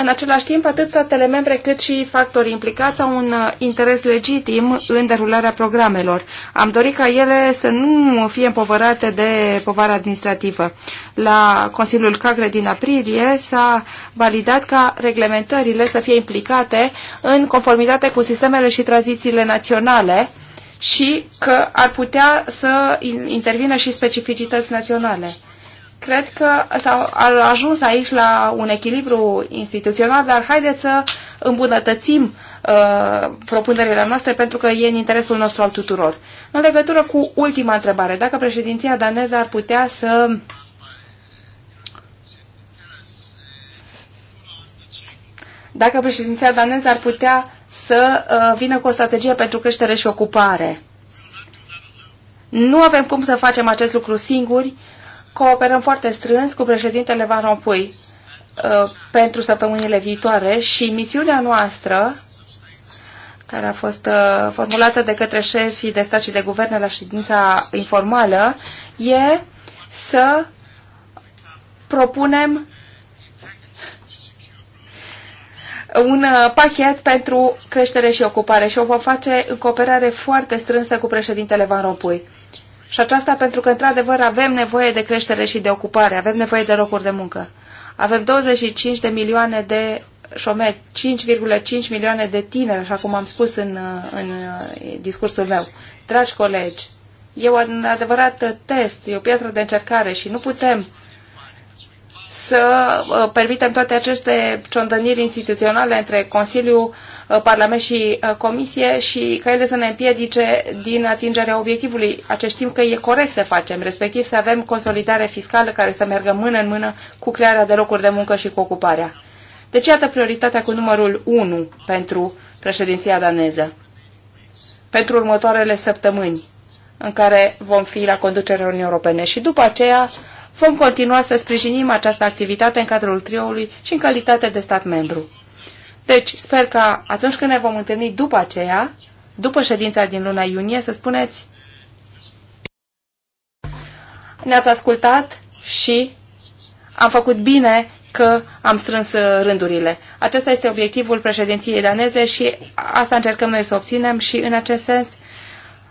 în același timp, atât statele membre cât și factorii implicați au un uh, interes legitim în derularea programelor. Am dorit ca ele să nu fie împovărate de povara administrativă. La Consiliul Cagre din aprilie s-a validat ca reglementările să fie implicate în conformitate cu sistemele și tradițiile naționale și că ar putea să intervină și specificități naționale. Cred că s-a ajuns aici la un echilibru instituțional, dar haideți să îmbunătățim uh, propunerile noastre pentru că e în interesul nostru al tuturor. În legătură cu ultima întrebare, dacă președinția daneză ar putea să dacă președinția daneză ar putea să uh, vină cu o strategie pentru creștere și ocupare. Nu avem cum să facem acest lucru singuri, cooperăm foarte strâns cu președintele Van Rompuy uh, pentru săptămânile viitoare și misiunea noastră care a fost uh, formulată de către șefii de stat și de guverne la ședința informală, e să propunem un uh, pachet pentru creștere și ocupare și o vom face în cooperare foarte strânsă cu președintele Van Rompuy. Și aceasta pentru că, într-adevăr, avem nevoie de creștere și de ocupare, avem nevoie de locuri de muncă. Avem 25 de milioane de șomeri, 5,5 milioane de tineri, așa cum am spus în, în uh, discursul meu. Dragi colegi, e un adevărat test, e o piatră de încercare și nu putem să uh, permitem toate aceste ciondăniri instituționale între Consiliu, Uh, Parlament și uh, Comisie și ca ele să ne împiedice din atingerea obiectivului. Acești timp că e corect să facem, respectiv să avem consolidare fiscală care să meargă mână în mână cu crearea de locuri de muncă și cu ocuparea. Deci iată prioritatea cu numărul 1 pentru președinția daneză. Pentru următoarele săptămâni în care vom fi la conducerea Uniunii Europene și după aceea vom continua să sprijinim această activitate în cadrul trioului și în calitate de stat membru. Deci, sper că atunci când ne vom întâlni după aceea, după ședința din luna iunie, să spuneți ne-ați ascultat și am făcut bine că am strâns uh, rândurile. Acesta este obiectivul președinției daneze și asta încercăm noi să obținem și în acest sens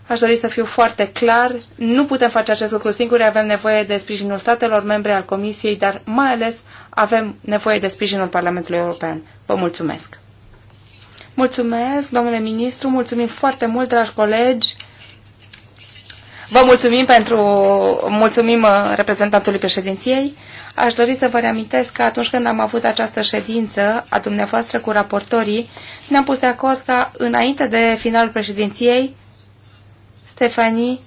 Aș dori să fiu foarte clar, nu putem face acest lucru singuri, avem nevoie de sprijinul statelor membre al Comisiei, dar mai ales avem nevoie de sprijinul Parlamentului European. Vă mulțumesc! Mulțumesc, domnule ministru, mulțumim foarte mult, dragi colegi. Vă mulțumim pentru, mulțumim uh, reprezentantului președinției. Aș dori să vă reamintesc că atunci când am avut această ședință a dumneavoastră cu raportorii, ne-am pus de acord ca înainte de finalul președinției Stefanie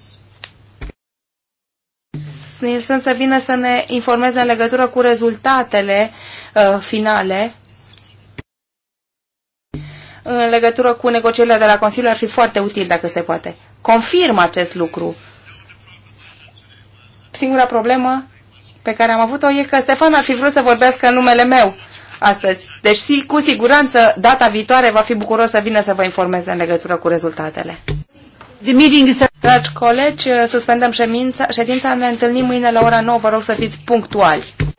Nilsson să vină să ne informeze în legătură cu rezultatele uh, finale în legătură cu negocierile de la Consiliu ar fi foarte util dacă se poate. Confirm acest lucru. Singura problemă pe care am avut-o e că Stefan ar fi vrut să vorbească în numele meu astăzi. Deci, cu siguranță, data viitoare va fi bucuros să vină să vă informeze în legătură cu rezultatele. The meeting is... Dragi colegi, suspendăm ședința, ședința, ne întâlnim mâine la ora 9, vă rog să fiți punctuali.